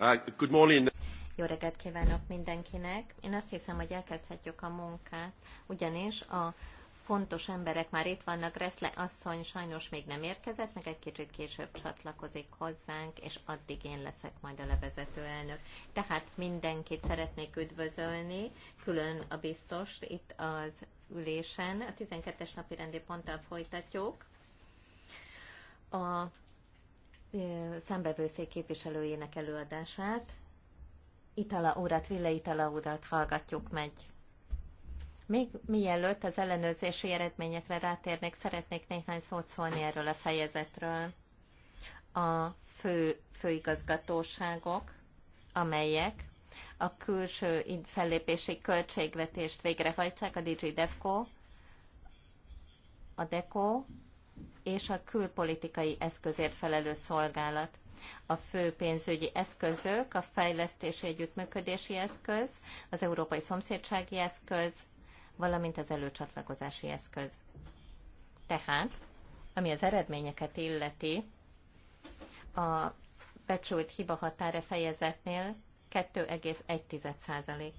Uh, good morning. Jó reggelt kívánok mindenkinek. Én azt hiszem, hogy elkezdhetjük a munkát, ugyanis a fontos emberek már itt vannak. Reszle asszony sajnos még nem érkezett, meg egy kicsit később csatlakozik hozzánk, és addig én leszek majd a levezető elnök. Tehát mindenkit szeretnék üdvözölni, külön a biztost itt az ülésen. A 12-es napi rendi ponttal folytatjuk. A szembevőszék képviselőjének előadását. Itala urat, Ville Itala urat hallgatjuk meg. Még mielőtt az ellenőrzési eredményekre rátérnék, szeretnék néhány szót szólni erről a fejezetről. A fő, főigazgatóságok, amelyek a külső fellépési költségvetést végrehajtják, a DigiDevCo, a DECO, és a külpolitikai eszközért felelő szolgálat. A fő pénzügyi eszközök a fejlesztési együttműködési eszköz, az európai szomszédsági eszköz, valamint az előcsatlakozási eszköz. Tehát, ami az eredményeket illeti, a becsült hiba határa fejezetnél 2,1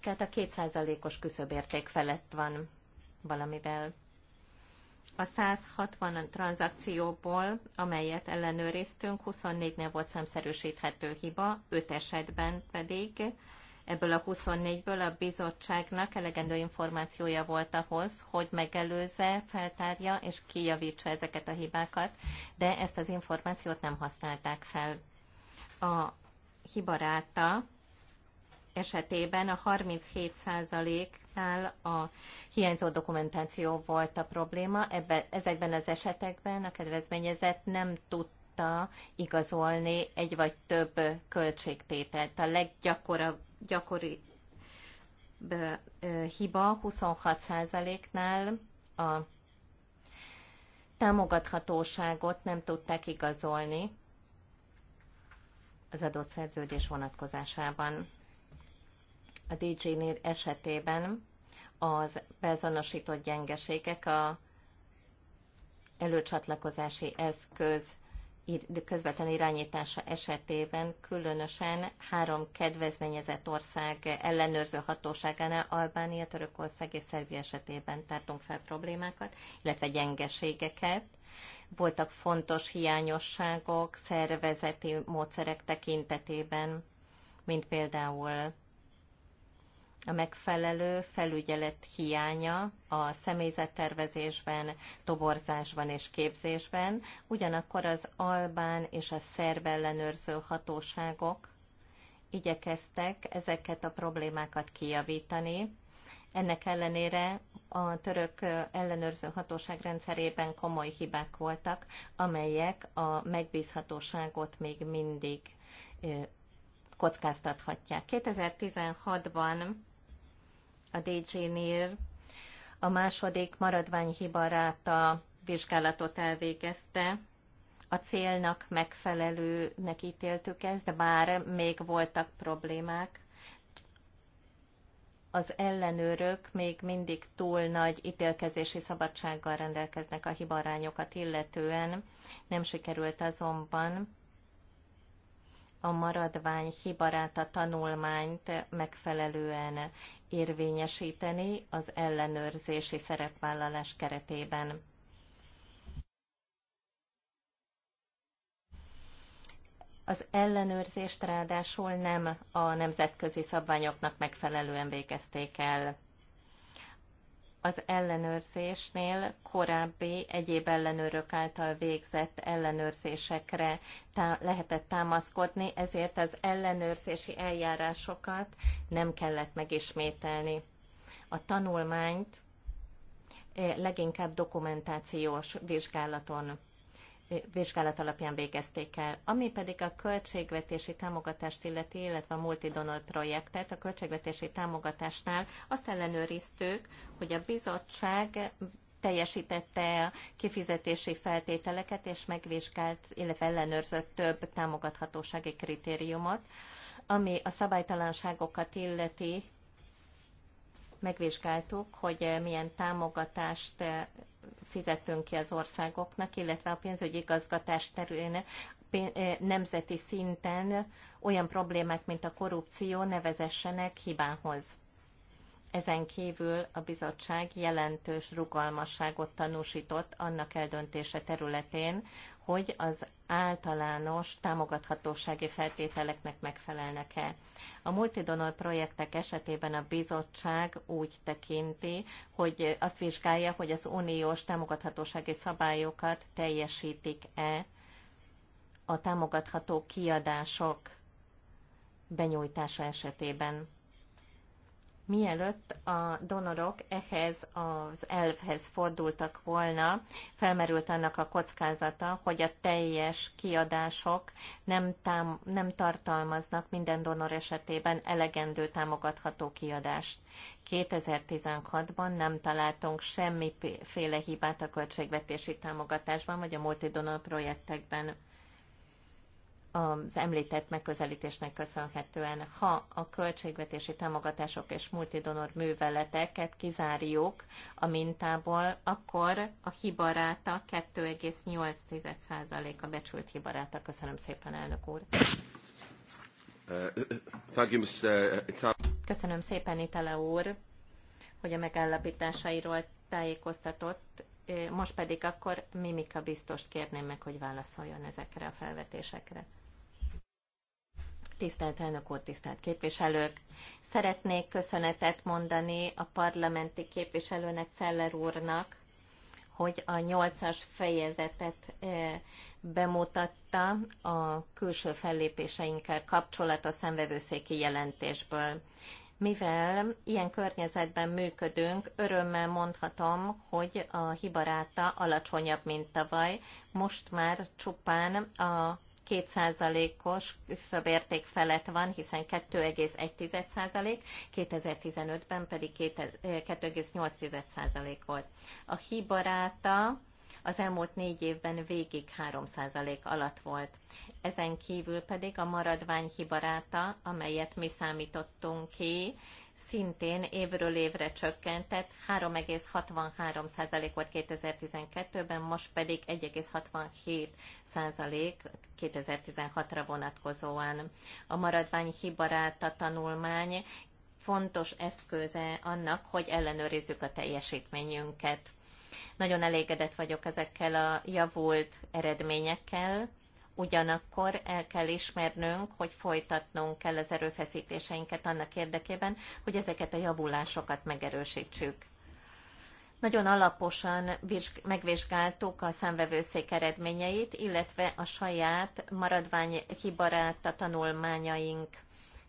tehát a kétszázalékos küszöbérték felett van valamivel. A 160 tranzakcióból, amelyet ellenőriztünk, 24-nél volt számszerűsíthető hiba, 5 esetben pedig ebből a 24-ből a bizottságnak elegendő információja volt ahhoz, hogy megelőzze, feltárja és kijavítsa ezeket a hibákat, de ezt az információt nem használták fel. A hibaráta esetében a 37% Ezeknál a hiányzó dokumentáció volt a probléma. Ebben, ezekben az esetekben a kedvezményezett nem tudta igazolni egy vagy több költségtételt. A leggyakoribb hiba 26%-nál a támogathatóságot nem tudták igazolni az adott szerződés vonatkozásában a DJ-nél esetében az beazonosított gyengeségek a előcsatlakozási eszköz közvetlen irányítása esetében különösen három kedvezményezett ország ellenőrző hatóságánál Albánia, Törökország és Szerbia esetében tártunk fel problémákat, illetve gyengeségeket. Voltak fontos hiányosságok szervezeti módszerek tekintetében, mint például a megfelelő felügyelet hiánya a személyzettervezésben, toborzásban és képzésben, ugyanakkor az albán és a szerb ellenőrző hatóságok igyekeztek ezeket a problémákat kijavítani. Ennek ellenére a török ellenőrző hatóság rendszerében komoly hibák voltak, amelyek a megbízhatóságot még mindig kockáztathatják. 2016-ban a DG-nél a második maradványhiba ráta vizsgálatot elvégezte. A célnak megfelelőnek ítéltük ezt, de bár még voltak problémák. Az ellenőrök még mindig túl nagy ítélkezési szabadsággal rendelkeznek a hibarányokat illetően. Nem sikerült azonban a maradvány hibarát a tanulmányt megfelelően érvényesíteni az ellenőrzési szerepvállalás keretében. Az ellenőrzést ráadásul nem a nemzetközi szabványoknak megfelelően végezték el az ellenőrzésnél korábbi egyéb ellenőrök által végzett ellenőrzésekre tá- lehetett támaszkodni, ezért az ellenőrzési eljárásokat nem kellett megismételni. A tanulmányt eh, leginkább dokumentációs vizsgálaton vizsgálat alapján végezték el. Ami pedig a költségvetési támogatást illeti, illetve a multidonor projektet, a költségvetési támogatásnál azt ellenőriztük, hogy a bizottság teljesítette a kifizetési feltételeket, és megvizsgált, illetve ellenőrzött több támogathatósági kritériumot, ami a szabálytalanságokat illeti, megvizsgáltuk, hogy milyen támogatást fizetünk ki az országoknak, illetve a pénzügyi igazgatás terén nemzeti szinten olyan problémák, mint a korrupció nevezessenek hibához. Ezen kívül a bizottság jelentős rugalmasságot tanúsított annak eldöntése területén, hogy az általános támogathatósági feltételeknek megfelelnek-e. A multidonor projektek esetében a bizottság úgy tekinti, hogy azt vizsgálja, hogy az uniós támogathatósági szabályokat teljesítik-e a támogatható kiadások benyújtása esetében mielőtt a donorok ehhez az elvhez fordultak volna, felmerült annak a kockázata, hogy a teljes kiadások nem, tám- nem tartalmaznak minden donor esetében elegendő támogatható kiadást. 2016-ban nem találtunk semmiféle hibát a költségvetési támogatásban vagy a multidonor projektekben az említett megközelítésnek köszönhetően, ha a költségvetési támogatások és multidonor műveleteket kizárjuk a mintából, akkor a hibaráta 2,8% a becsült hibaráta. Köszönöm szépen, elnök úr! Uh, Köszönöm szépen, Itele úr, hogy a megállapításairól tájékoztatott, most pedig akkor Mimika biztost kérném meg, hogy válaszoljon ezekre a felvetésekre. Tisztelt elnök úr, tisztelt képviselők! Szeretnék köszönetet mondani a parlamenti képviselőnek, Feller úrnak, hogy a nyolcas fejezetet e, bemutatta a külső fellépéseinkkel kapcsolatos szemvevőszéki jelentésből. Mivel ilyen környezetben működünk, örömmel mondhatom, hogy a hibaráta alacsonyabb, mint tavaly. Most már csupán a 2%-os küszöbérték felett van, hiszen 2,1%, 2015-ben pedig 2,8% volt. A hibaráta az elmúlt négy évben végig 3% alatt volt. Ezen kívül pedig a maradvány hibaráta, amelyet mi számítottunk ki, szintén évről évre csökkentett, 3,63% volt 2012-ben, most pedig 1,67% 2016-ra vonatkozóan. A maradvány hibaráta tanulmány fontos eszköze annak, hogy ellenőrizzük a teljesítményünket. Nagyon elégedett vagyok ezekkel a javult eredményekkel, Ugyanakkor el kell ismernünk, hogy folytatnunk kell az erőfeszítéseinket annak érdekében, hogy ezeket a javulásokat megerősítsük. Nagyon alaposan megvizsgáltuk a számvevőszék eredményeit, illetve a saját maradványhibarát a tanulmányaink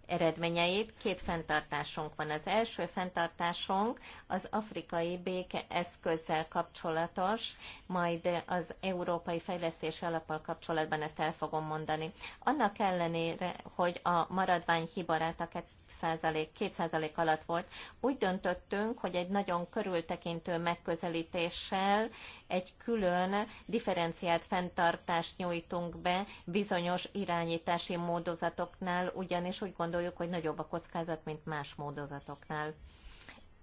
eredményeit. Két fenntartásunk van. Az első fenntartásunk az afrikai béke eszközzel kapcsolatos, majd az európai fejlesztési alappal kapcsolatban ezt el fogom mondani. Annak ellenére, hogy a maradvány a százalék, alatt volt. Úgy döntöttünk, hogy egy nagyon körültekintő megközelítéssel egy külön differenciált fenntartást nyújtunk be bizonyos irányítási módozatoknál, ugyanis úgy gondoljuk, hogy nagyobb a kockázat, mint más módozatoknál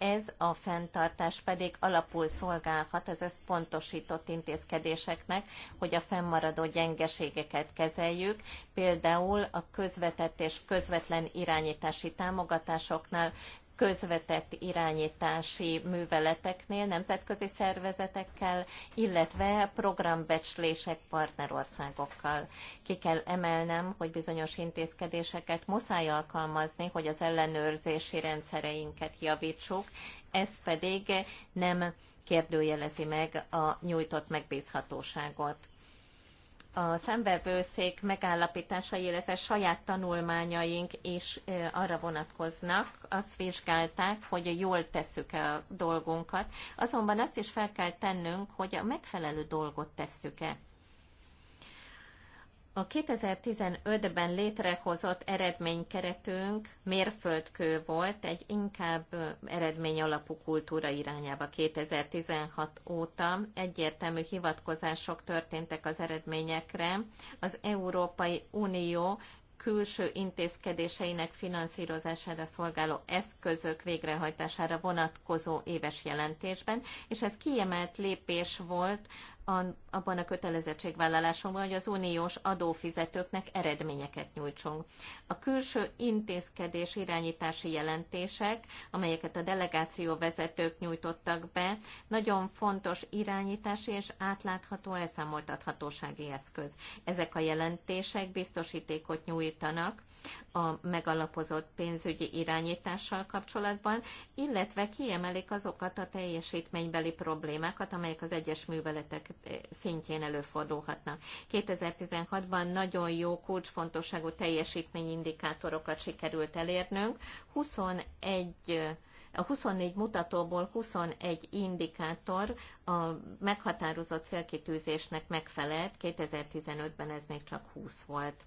ez a fenntartás pedig alapul szolgálhat az összpontosított intézkedéseknek, hogy a fennmaradó gyengeségeket kezeljük, például a közvetett és közvetlen irányítási támogatásoknál közvetett irányítási műveleteknél, nemzetközi szervezetekkel, illetve programbecslések partnerországokkal. Ki kell emelnem, hogy bizonyos intézkedéseket muszáj alkalmazni, hogy az ellenőrzési rendszereinket javítsuk, ez pedig nem kérdőjelezi meg a nyújtott megbízhatóságot a szembevőszék megállapításai, illetve saját tanulmányaink is arra vonatkoznak, azt vizsgálták, hogy jól tesszük -e a dolgunkat. Azonban azt is fel kell tennünk, hogy a megfelelő dolgot tesszük-e. A 2015-ben létrehozott eredménykeretünk mérföldkő volt, egy inkább eredmény alapú kultúra irányába 2016 óta. Egyértelmű hivatkozások történtek az eredményekre. Az Európai Unió külső intézkedéseinek finanszírozására szolgáló eszközök végrehajtására vonatkozó éves jelentésben, és ez kiemelt lépés volt abban a kötelezettségvállalásomban, hogy az uniós adófizetőknek eredményeket nyújtsunk. A külső intézkedés irányítási jelentések, amelyeket a delegáció vezetők nyújtottak be, nagyon fontos irányítási és átlátható elszámoltathatósági eszköz. Ezek a jelentések biztosítékot nyújtanak a megalapozott pénzügyi irányítással kapcsolatban, illetve kiemelik azokat a teljesítménybeli problémákat, amelyek az egyes műveletek eh, szintjén előfordulhatnak. 2016-ban nagyon jó kulcsfontosságú teljesítményindikátorokat sikerült elérnünk. 21 eh, a 24 mutatóból 21 indikátor a meghatározott célkitűzésnek megfelelt, 2015-ben ez még csak 20 volt.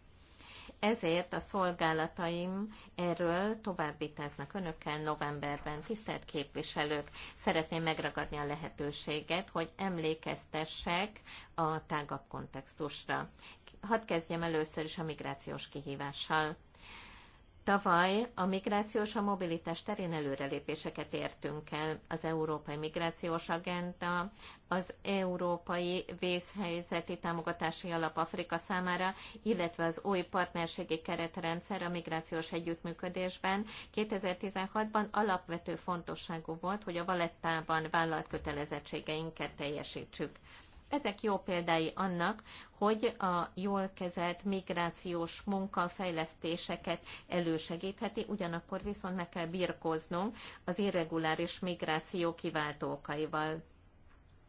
Ezért a szolgálataim erről tovább vitáznak önökkel novemberben. Tisztelt képviselők, szeretném megragadni a lehetőséget, hogy emlékeztessek a tágabb kontextusra. Hadd kezdjem először is a migrációs kihívással. Tavaly a migrációs a mobilitás terén előrelépéseket értünk el. Az Európai Migrációs Agenda, az Európai Vészhelyzeti Támogatási Alap Afrika számára, illetve az új partnerségi keretrendszer a migrációs együttműködésben 2016-ban alapvető fontosságú volt, hogy a Valettában vállalt kötelezettségeinket teljesítsük. Ezek jó példái annak, hogy a jól kezelt migrációs munkafejlesztéseket elősegítheti, ugyanakkor viszont meg kell birkoznunk az irreguláris migráció kiváltókaival.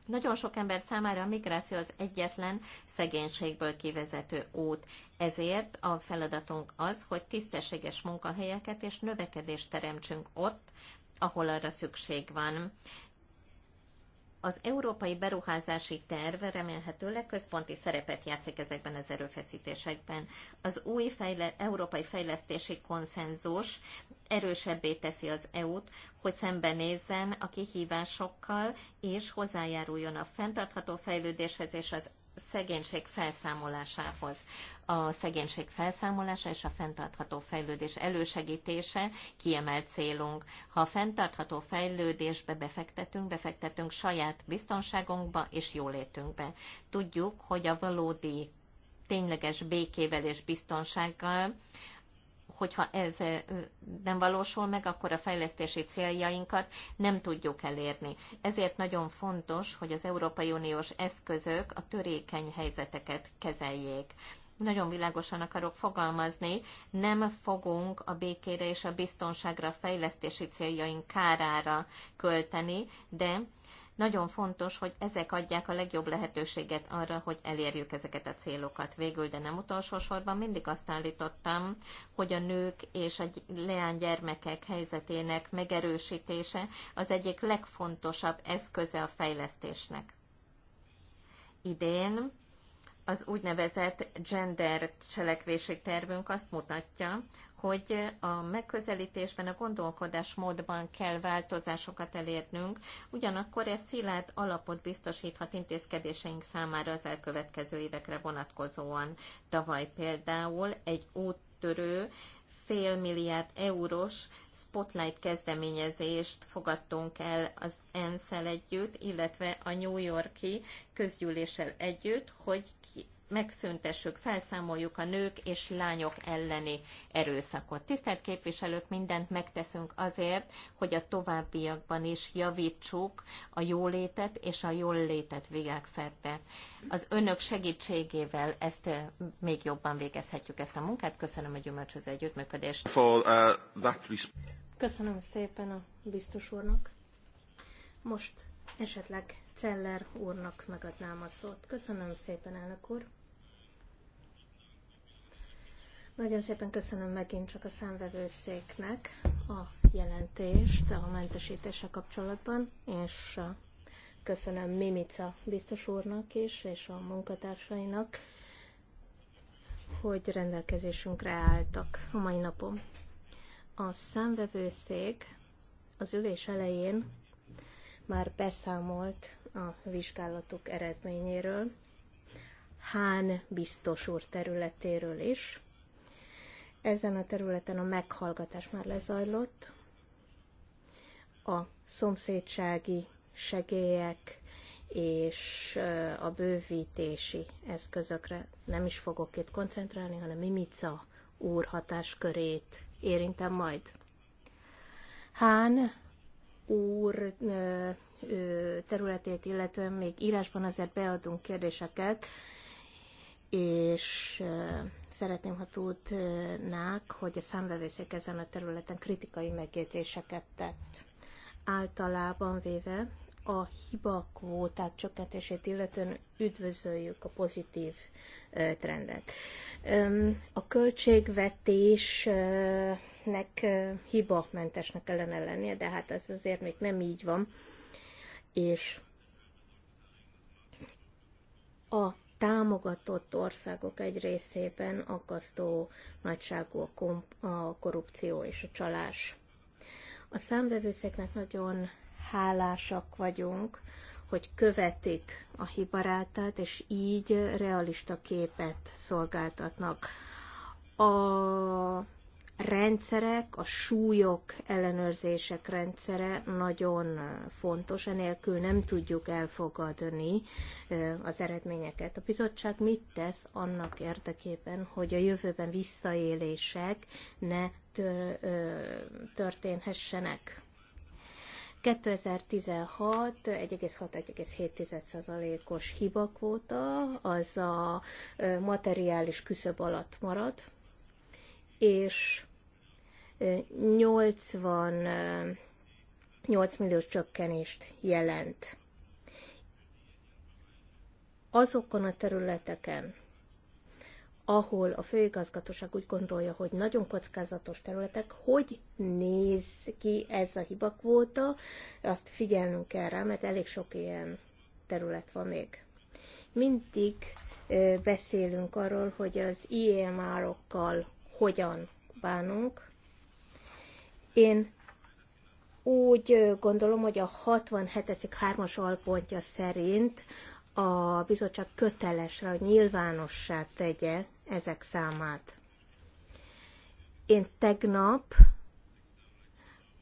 Nagyon sok ember számára a migráció az egyetlen szegénységből kivezető út. Ezért a feladatunk az, hogy tisztességes munkahelyeket és növekedést teremtsünk ott, ahol arra szükség van. Az európai beruházási terv remélhetőleg központi szerepet játszik ezekben az erőfeszítésekben. Az új fejle- európai fejlesztési konszenzus erősebbé teszi az EU-t, hogy szembenézzen a kihívásokkal, és hozzájáruljon a fenntartható fejlődéshez és az szegénység felszámolásához. A szegénység felszámolása és a fenntartható fejlődés elősegítése kiemelt célunk. Ha a fenntartható fejlődésbe befektetünk, befektetünk saját biztonságunkba és jólétünkbe. Tudjuk, hogy a valódi tényleges békével és biztonsággal hogyha ez nem valósul meg, akkor a fejlesztési céljainkat nem tudjuk elérni. Ezért nagyon fontos, hogy az Európai Uniós eszközök a törékeny helyzeteket kezeljék. Nagyon világosan akarok fogalmazni, nem fogunk a békére és a biztonságra a fejlesztési céljaink kárára költeni, de nagyon fontos, hogy ezek adják a legjobb lehetőséget arra, hogy elérjük ezeket a célokat. Végül, de nem utolsó sorban mindig azt állítottam, hogy a nők és a leánygyermekek helyzetének megerősítése az egyik legfontosabb eszköze a fejlesztésnek. Idén az úgynevezett gender cselekvési tervünk azt mutatja, hogy a megközelítésben, a gondolkodásmódban kell változásokat elérnünk, ugyanakkor ez szilárd alapot biztosíthat intézkedéseink számára az elkövetkező évekre vonatkozóan. Tavaly például egy úttörő félmilliárd eurós Spotlight kezdeményezést fogadtunk el az ENSZ-el együtt, illetve a New Yorki közgyűléssel együtt, hogy ki, megszüntessük, felszámoljuk a nők és lányok elleni erőszakot. Tisztelt képviselők, mindent megteszünk azért, hogy a továbbiakban is javítsuk a jólétet és a jól létet világszerte. Az önök segítségével ezt eh, még jobban végezhetjük ezt a munkát. Köszönöm a gyümölcsöző együttműködést. Eh, Köszönöm szépen a biztos úrnak. Most esetleg Celler úrnak megadnám a szót. Köszönöm szépen, elnök úr. Nagyon szépen köszönöm megint csak a számvevőszéknek a jelentést a mentesítése kapcsolatban, és uh, köszönöm Mimica biztos úrnak is, és a munkatársainak, hogy rendelkezésünkre álltak a mai napon. A számvevőszék az ülés elején már beszámolt a vizsgálatok eredményéről, Hán biztos úr területéről is. Ezen a területen a meghallgatás már lezajlott. A szomszédsági segélyek és a bővítési eszközökre nem is fogok itt koncentrálni, hanem Mimica úr hatáskörét érintem majd. Hán úr területét, illetően még írásban azért beadunk kérdéseket, és szeretném, ha tudnák, hogy a számbevészék ezen a területen kritikai megjegyzéseket tett. Általában véve a hiba kvóták csökkentését illetően üdvözöljük a pozitív trendet. A költségvetés ezeknek hibamentesnek kellene lennie, de hát ez azért még nem így van. És a támogatott országok egy részében akasztó, nagyságú a, a korrupció és a csalás. A számvevőszéknek nagyon hálásak vagyunk, hogy követik a hibarátát, és így realista képet szolgáltatnak. A rendszerek, a súlyok ellenőrzések rendszere nagyon fontos, enélkül nem tudjuk elfogadni az eredményeket. A bizottság mit tesz annak érdekében, hogy a jövőben visszaélések ne történhessenek? 2016 1,6-1,7%-os hibakvóta, az a materiális küszöb alatt marad, és 8 milliós csökkenést jelent. Azokon a területeken, ahol a főigazgatóság úgy gondolja, hogy nagyon kockázatos területek, hogy néz ki ez a hibakvóta, azt figyelnünk kell rá, mert elég sok ilyen terület van még. Mindig beszélünk arról, hogy az IMR-okkal hogyan bánunk. Én úgy gondolom, hogy a 67.3-as alpontja szerint a bizottság kötelesre, hogy nyilvánossá tegye ezek számát. Én tegnap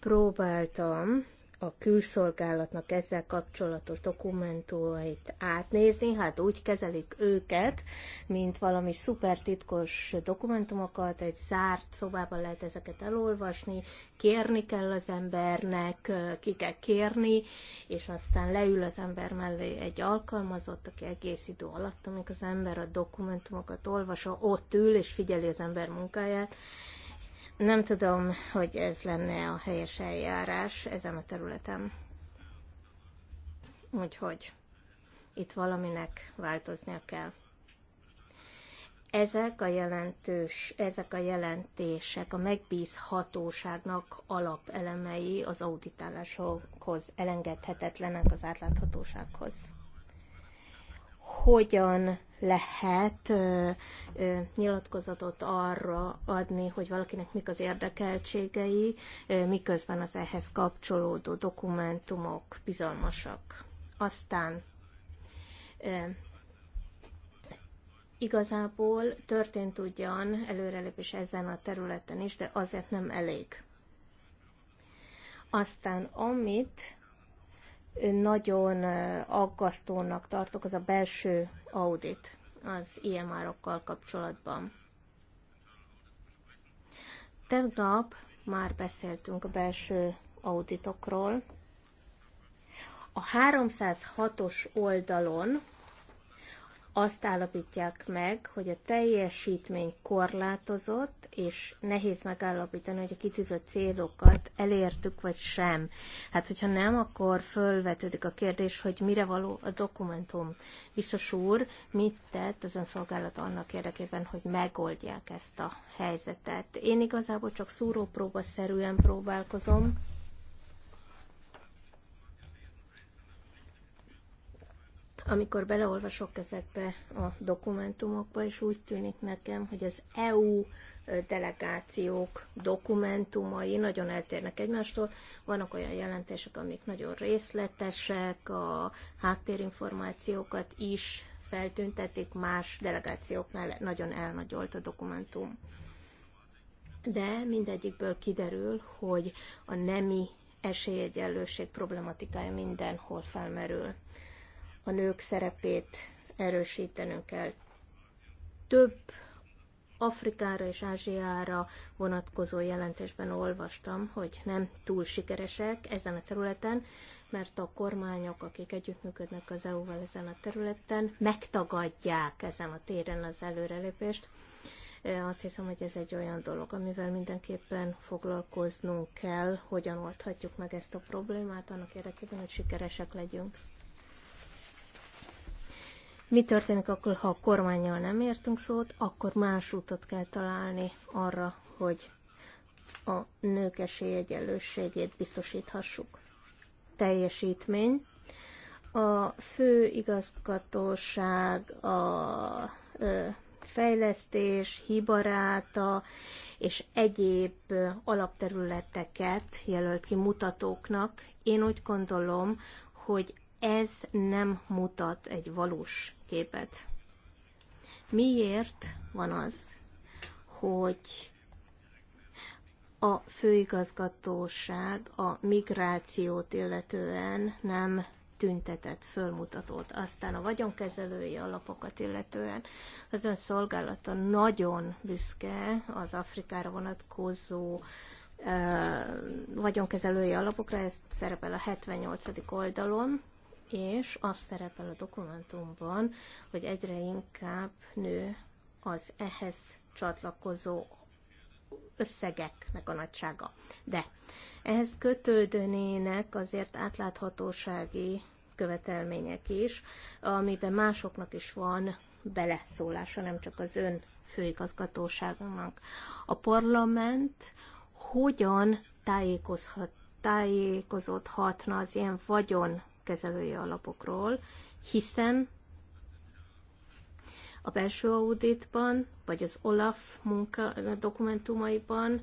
próbáltam a külszolgálatnak ezzel kapcsolatos dokumentumait átnézni, hát úgy kezelik őket, mint valami szuper titkos dokumentumokat, egy zárt szobában lehet ezeket elolvasni, kérni kell az embernek, ki kell kérni, és aztán leül az ember mellé egy alkalmazott, aki egész idő alatt, amikor az ember a dokumentumokat olvasa, ott ül és figyeli az ember munkáját, nem tudom, hogy ez lenne a helyes eljárás ezen a területen. Úgyhogy itt valaminek változnia kell. Ezek a, jelentős, ezek a jelentések a megbízhatóságnak alapelemei az auditálásokhoz, elengedhetetlenek az átláthatósághoz hogyan lehet ö, ö, nyilatkozatot arra adni, hogy valakinek mik az érdekeltségei, ö, miközben az ehhez kapcsolódó dokumentumok bizalmasak. Aztán ö, igazából történt ugyan előrelépés ezen a területen is, de azért nem elég. Aztán amit nagyon aggasztónak tartok, az a belső audit az IMR-okkal kapcsolatban. Tegnap már beszéltünk a belső auditokról. A 306-os oldalon azt állapítják meg, hogy a teljesítmény korlátozott, és nehéz megállapítani, hogy a kitűzött célokat elértük, vagy sem. Hát, hogyha nem, akkor fölvetődik a kérdés, hogy mire való a dokumentum. Biztos úr, mit tett az önszolgálat annak érdekében, hogy megoldják ezt a helyzetet? Én igazából csak szúrópróba szerűen próbálkozom, amikor beleolvasok ezekbe a dokumentumokba, és úgy tűnik nekem, hogy az EU delegációk dokumentumai nagyon eltérnek egymástól. Vannak olyan jelentések, amik nagyon részletesek, a háttérinformációkat is feltüntetik, más delegációknál nagyon elnagyolt a dokumentum. De mindegyikből kiderül, hogy a nemi esélyegyenlőség problematikája mindenhol felmerül a nők szerepét erősítenünk kell. Több Afrikára és Ázsiára vonatkozó jelentésben olvastam, hogy nem túl sikeresek ezen a területen, mert a kormányok, akik együttműködnek az EU-val ezen a területen, megtagadják ezen a téren az előrelépést. Azt hiszem, hogy ez egy olyan dolog, amivel mindenképpen foglalkoznunk kell, hogyan oldhatjuk meg ezt a problémát annak érdekében, hogy sikeresek legyünk. Mi történik akkor, ha a kormányjal nem értünk szót, akkor más útot kell találni arra, hogy a nők esélyegyenlőségét biztosíthassuk. Teljesítmény. A fő igazgatóság, a fejlesztés, hibaráta és egyéb alapterületeket jelölt ki mutatóknak. Én úgy gondolom, hogy ez nem mutat egy valós képet. Miért van az, hogy a főigazgatóság a migrációt illetően nem tüntetett fölmutatót. Aztán a vagyonkezelői alapokat illetően az ön szolgálata nagyon büszke az Afrikára vonatkozó eh, vagyonkezelői alapokra, ez szerepel a 78. oldalon, és az szerepel a dokumentumban, hogy egyre inkább nő az ehhez csatlakozó összegeknek a nagysága. De ehhez kötődnének azért átláthatósági követelmények is, amiben másoknak is van beleszólása, nem csak az ön főigazgatóságának. A parlament hogyan tájékozhat, tájékozódhatna az ilyen vagyon kezelői alapokról, hiszen a belső auditban, vagy az OLAF munka dokumentumaiban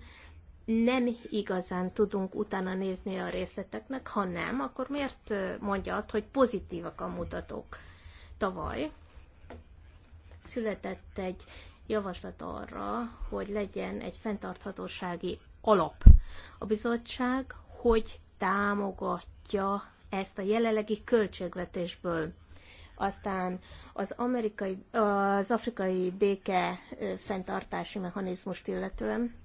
nem igazán tudunk utána nézni a részleteknek, ha nem, akkor miért mondja azt, hogy pozitívak a mutatók? Tavaly született egy javaslat arra, hogy legyen egy fenntarthatósági alap. A bizottság hogy támogatja ezt a jelenlegi költségvetésből. Aztán az, amerikai, az afrikai béke fenntartási mechanizmust illetően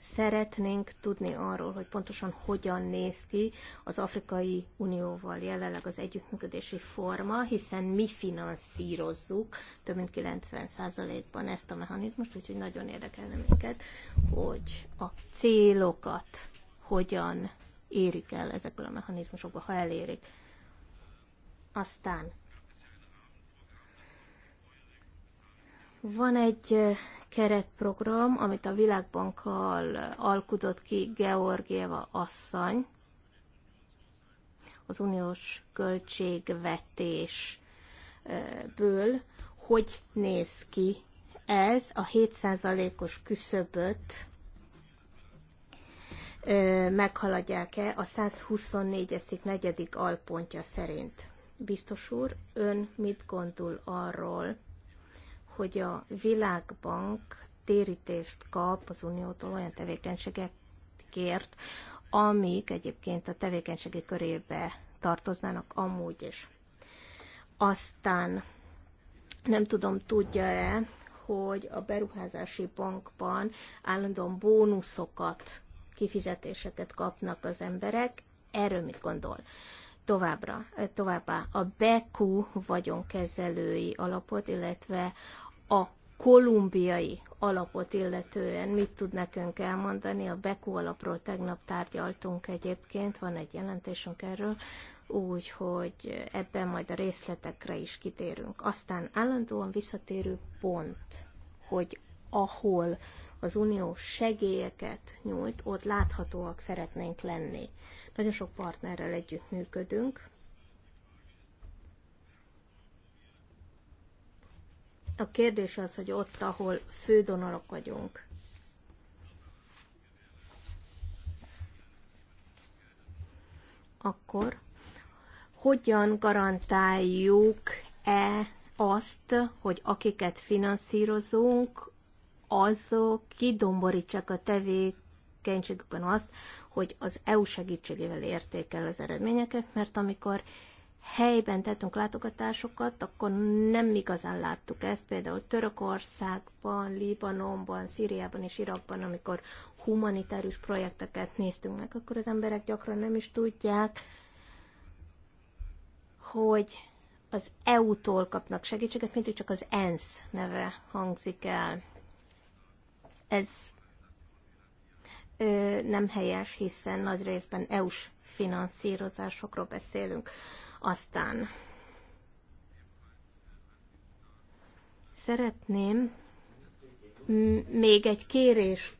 szeretnénk tudni arról, hogy pontosan hogyan néz ki az Afrikai Unióval jelenleg az együttműködési forma, hiszen mi finanszírozzuk több mint 90%-ban ezt a mechanizmust, úgyhogy nagyon érdekelne minket, hogy a célokat hogyan érik el ezekből a mechanizmusokból, ha elérik. Aztán van egy keretprogram, amit a Világbankkal alkudott ki Georgieva asszony, az uniós költségvetésből, hogy néz ki ez a 7%-os küszöböt meghaladják-e a 124 eszik negyedik alpontja szerint. Biztos úr, ön mit gondol arról, hogy a Világbank térítést kap az Uniótól olyan tevékenységekért, amik egyébként a tevékenységi körébe tartoznának amúgy is. Aztán nem tudom, tudja-e, hogy a beruházási bankban állandóan bónuszokat kifizetéseket kapnak az emberek. Erről mit gondol? Továbbra, továbbá a BQ vagyonkezelői alapot, illetve a kolumbiai alapot illetően mit tud nekünk elmondani. A BQ alapról tegnap tárgyaltunk egyébként, van egy jelentésünk erről, úgyhogy ebben majd a részletekre is kitérünk. Aztán állandóan visszatérő pont, hogy ahol az unió segélyeket nyújt, ott láthatóak szeretnénk lenni. Nagyon sok partnerrel együtt működünk. A kérdés az, hogy ott, ahol fődonorok vagyunk, akkor hogyan garantáljuk-e azt, hogy akiket finanszírozunk, azok kidomborítsák a tevékenységükben azt, hogy az EU segítségével el az eredményeket, mert amikor helyben tettünk látogatásokat, akkor nem igazán láttuk ezt, például Törökországban, Libanonban, Szíriában és Irakban, amikor humanitárius projekteket néztünk meg, akkor az emberek gyakran nem is tudják, hogy az EU-tól kapnak segítséget, mindig csak az ENSZ neve hangzik el. Ez ö, nem helyes, hiszen nagy részben EU-s finanszírozásokról beszélünk. Aztán szeretném még egy kérést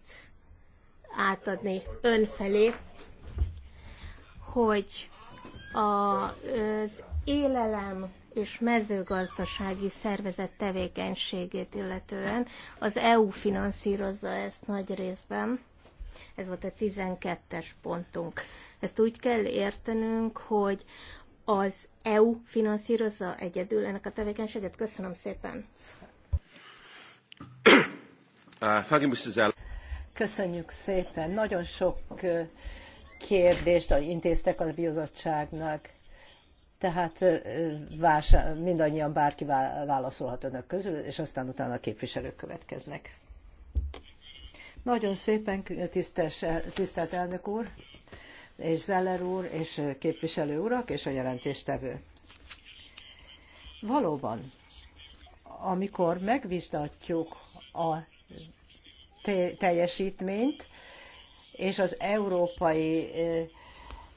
átadni önfelé, hogy a, az élelem és mezőgazdasági szervezet tevékenységét illetően. Az EU finanszírozza ezt nagy részben. Ez volt a 12-es pontunk. Ezt úgy kell értenünk, hogy az EU finanszírozza egyedül ennek a tevékenységet. Köszönöm szépen. Köszönjük szépen. Nagyon sok kérdést intéztek a bizottságnak tehát vása, mindannyian bárki válaszolhat önök közül, és aztán utána a képviselők következnek. Nagyon szépen, tisztes, tisztelt elnök úr, és Zeller úr, és képviselő urak, és a jelentéstevő. Valóban, amikor megvizsgatjuk a teljesítményt, és az európai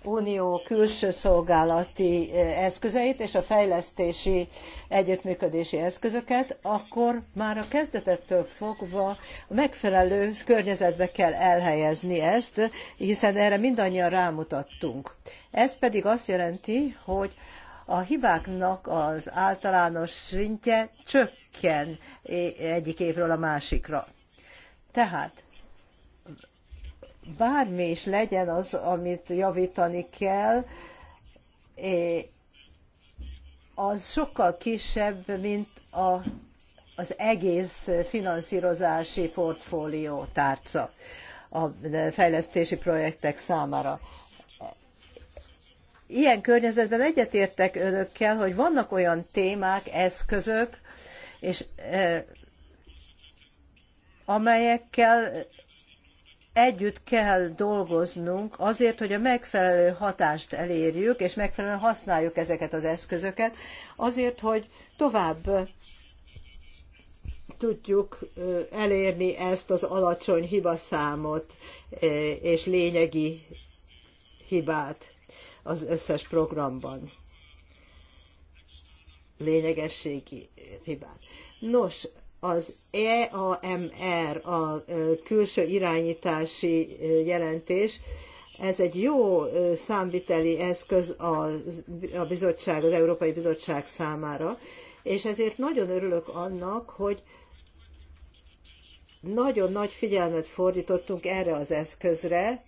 Unió külső szolgálati eszközeit és a fejlesztési együttműködési eszközöket, akkor már a kezdetektől fogva a megfelelő környezetbe kell elhelyezni ezt, hiszen erre mindannyian rámutattunk. Ez pedig azt jelenti, hogy a hibáknak az általános szintje csökken egyik évről a másikra. Tehát bármi is legyen az, amit javítani kell, az sokkal kisebb, mint a, az egész finanszírozási portfólió tárca a fejlesztési projektek számára. Ilyen környezetben egyetértek önökkel, hogy vannak olyan témák, eszközök, és eh, amelyekkel együtt kell dolgoznunk azért, hogy a megfelelő hatást elérjük, és megfelelően használjuk ezeket az eszközöket, azért, hogy tovább tudjuk elérni ezt az alacsony hibaszámot és lényegi hibát az összes programban. Lényegességi hibát. Nos, az EAMR, a külső irányítási jelentés, ez egy jó számviteli eszköz a bizottság, az Európai Bizottság számára, és ezért nagyon örülök annak, hogy nagyon nagy figyelmet fordítottunk erre az eszközre,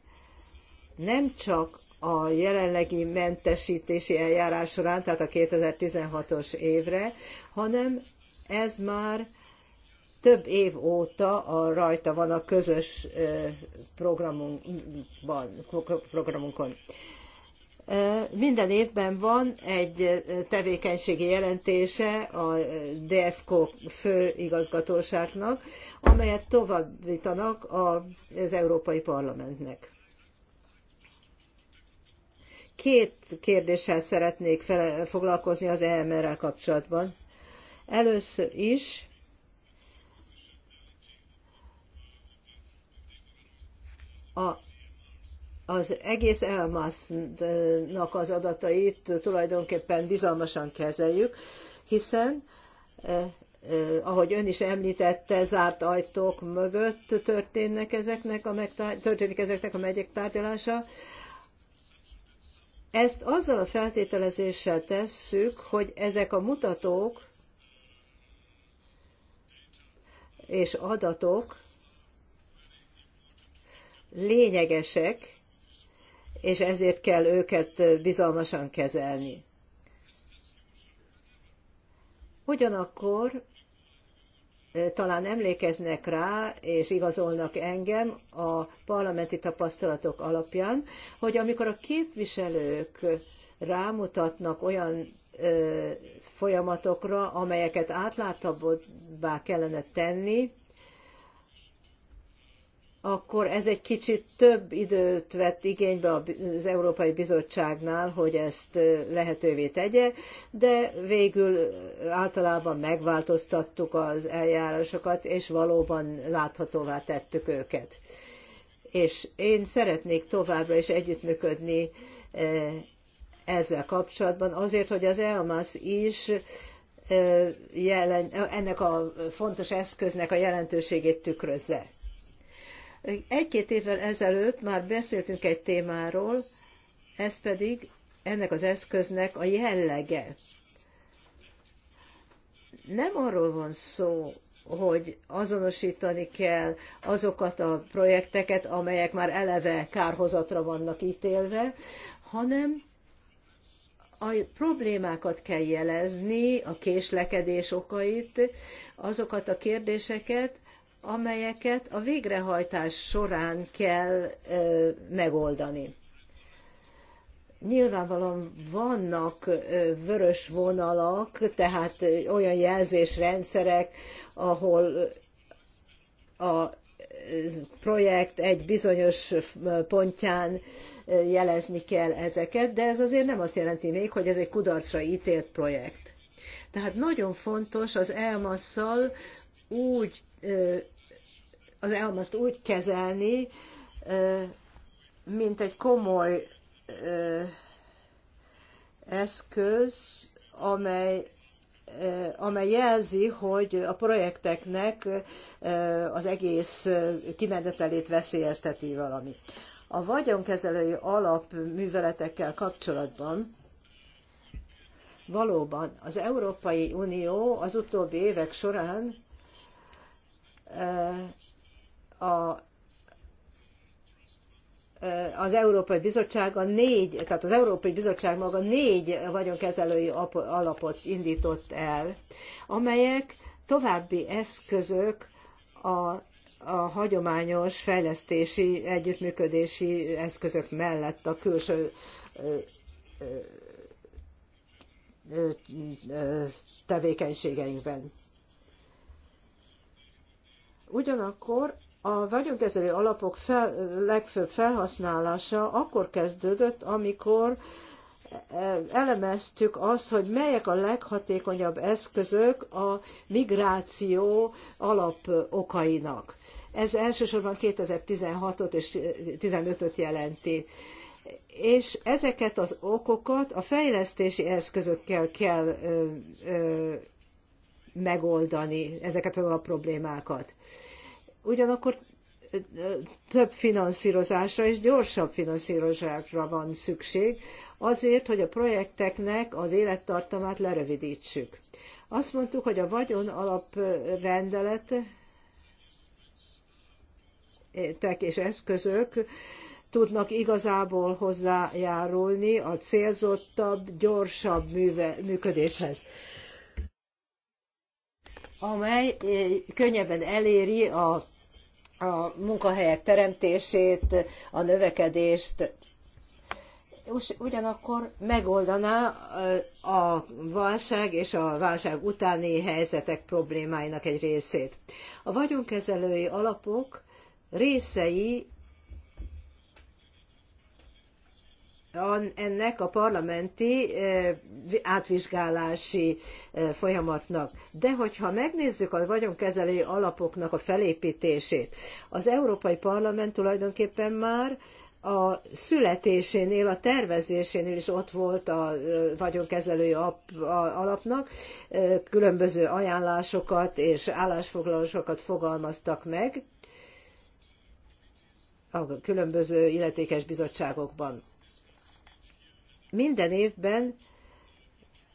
nem csak a jelenlegi mentesítési eljárás során, tehát a 2016-os évre, hanem ez már több év óta a rajta van a közös programunkban, programunkon. Minden évben van egy tevékenységi jelentése a DFK főigazgatóságnak, amelyet továbbítanak az Európai Parlamentnek. Két kérdéssel szeretnék foglalkozni az EMR-rel kapcsolatban. Először is a, az egész elmásznak az adatait tulajdonképpen bizalmasan kezeljük, hiszen eh, eh, ahogy ön is említette, zárt ajtók mögött történnek ezeknek a megtár- történik ezeknek a megyek tárgyalása. Ezt azzal a feltételezéssel tesszük, hogy ezek a mutatók és adatok lényegesek, és ezért kell őket bizalmasan kezelni. Ugyanakkor eh, talán emlékeznek rá, és igazolnak engem a parlamenti tapasztalatok alapján, hogy amikor a képviselők rámutatnak olyan ö, eh, folyamatokra, amelyeket átláthatóbbá kellene tenni, akkor ez egy kicsit több időt vett igénybe az Európai Bizottságnál, hogy ezt lehetővé tegye, de végül általában megváltoztattuk az eljárásokat, és valóban láthatóvá tettük őket. És én szeretnék továbbra is együttműködni ezzel kapcsolatban, azért, hogy az EAMAS is jelen, ennek a fontos eszköznek a jelentőségét tükrözze egy-két évvel ezelőtt már beszéltünk egy témáról, ez pedig ennek az eszköznek a jellege. Nem arról van szó, hogy azonosítani kell azokat a projekteket, amelyek már eleve kárhozatra vannak ítélve, hanem a problémákat kell jelezni, a késlekedés okait, azokat a kérdéseket, amelyeket a végrehajtás során kell megoldani. Nyilvánvalóan vannak vörös vonalak, tehát olyan jelzésrendszerek, ahol a projekt egy bizonyos pontján jelezni kell ezeket, de ez azért nem azt jelenti még, hogy ez egy kudarcra ítélt projekt. Tehát nagyon fontos az elmasszal úgy az elmaszt úgy kezelni, mint egy komoly eszköz, amely amely jelzi, hogy a projekteknek az egész kimenetelét veszélyezteti valami. A vagyonkezelői alapműveletekkel kapcsolatban valóban az Európai Unió az utóbbi évek során a az Európai Bizottság a négy, tehát az Európai Bizottság maga négy vagyonkezelői alapot indított el, amelyek további eszközök a a hagyományos fejlesztési, együttműködési eszközök mellett a külső tevékenységeinkben. Ugyanakkor a vagyonkezelő alapok fel, legfőbb felhasználása akkor kezdődött, amikor elemeztük azt, hogy melyek a leghatékonyabb eszközök a migráció alapokainak. Ez elsősorban 2016-ot és 2015-öt jelenti. És ezeket az okokat a fejlesztési eszközökkel kell ö, ö, megoldani ezeket a problémákat. Ugyanakkor több finanszírozásra és gyorsabb finanszírozásra van szükség, azért, hogy a projekteknek az élettartamát lerövidítsük. Azt mondtuk, hogy a vagyon alaprendelet és eszközök tudnak igazából hozzájárulni a célzottabb, gyorsabb műve, működéshez amely eh, könnyebben eléri a, a munkahelyek teremtését, a növekedést, ugyanakkor megoldaná eh, a válság és a válság utáni helyzetek problémáinak egy részét. A vagyonkezelői alapok részei ennek a parlamenti e, átvizsgálási e, folyamatnak. De hogyha megnézzük a vagyonkezelő alapoknak a felépítését, az Európai Parlament tulajdonképpen már a születésénél, a tervezésénél is ott volt a e, vagyonkezelő alapnak, különböző ajánlásokat és állásfoglalásokat fogalmaztak meg a különböző illetékes bizottságokban minden évben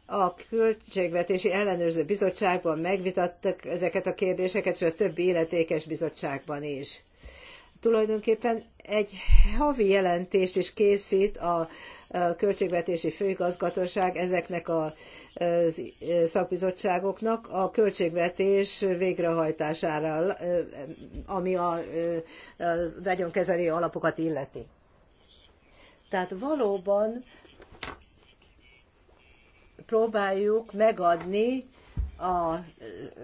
a Költségvetési Ellenőrző Bizottságban megvitattak ezeket a kérdéseket, és a többi illetékes bizottságban is. Tulajdonképpen egy havi jelentést is készít a Költségvetési Főigazgatóság ezeknek a szakbizottságoknak a költségvetés végrehajtására, ami a vagyonkezelő alapokat illeti. Tehát valóban próbáljuk megadni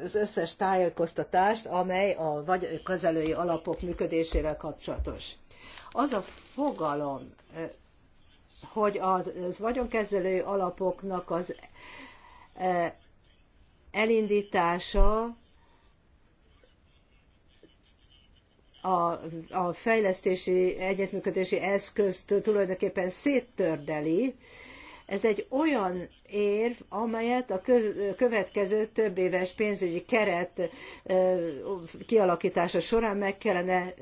az összes tájékoztatást, amely a vagy kezelői alapok működésével kapcsolatos. Az a fogalom, eh, hogy az vagyonkezelői alapoknak az eh, elindítása a, a fejlesztési együttműködési eszközt tulajdonképpen széttördeli, ez egy olyan érv, amelyet a következő több éves pénzügyi keret kialakítása során meg kellene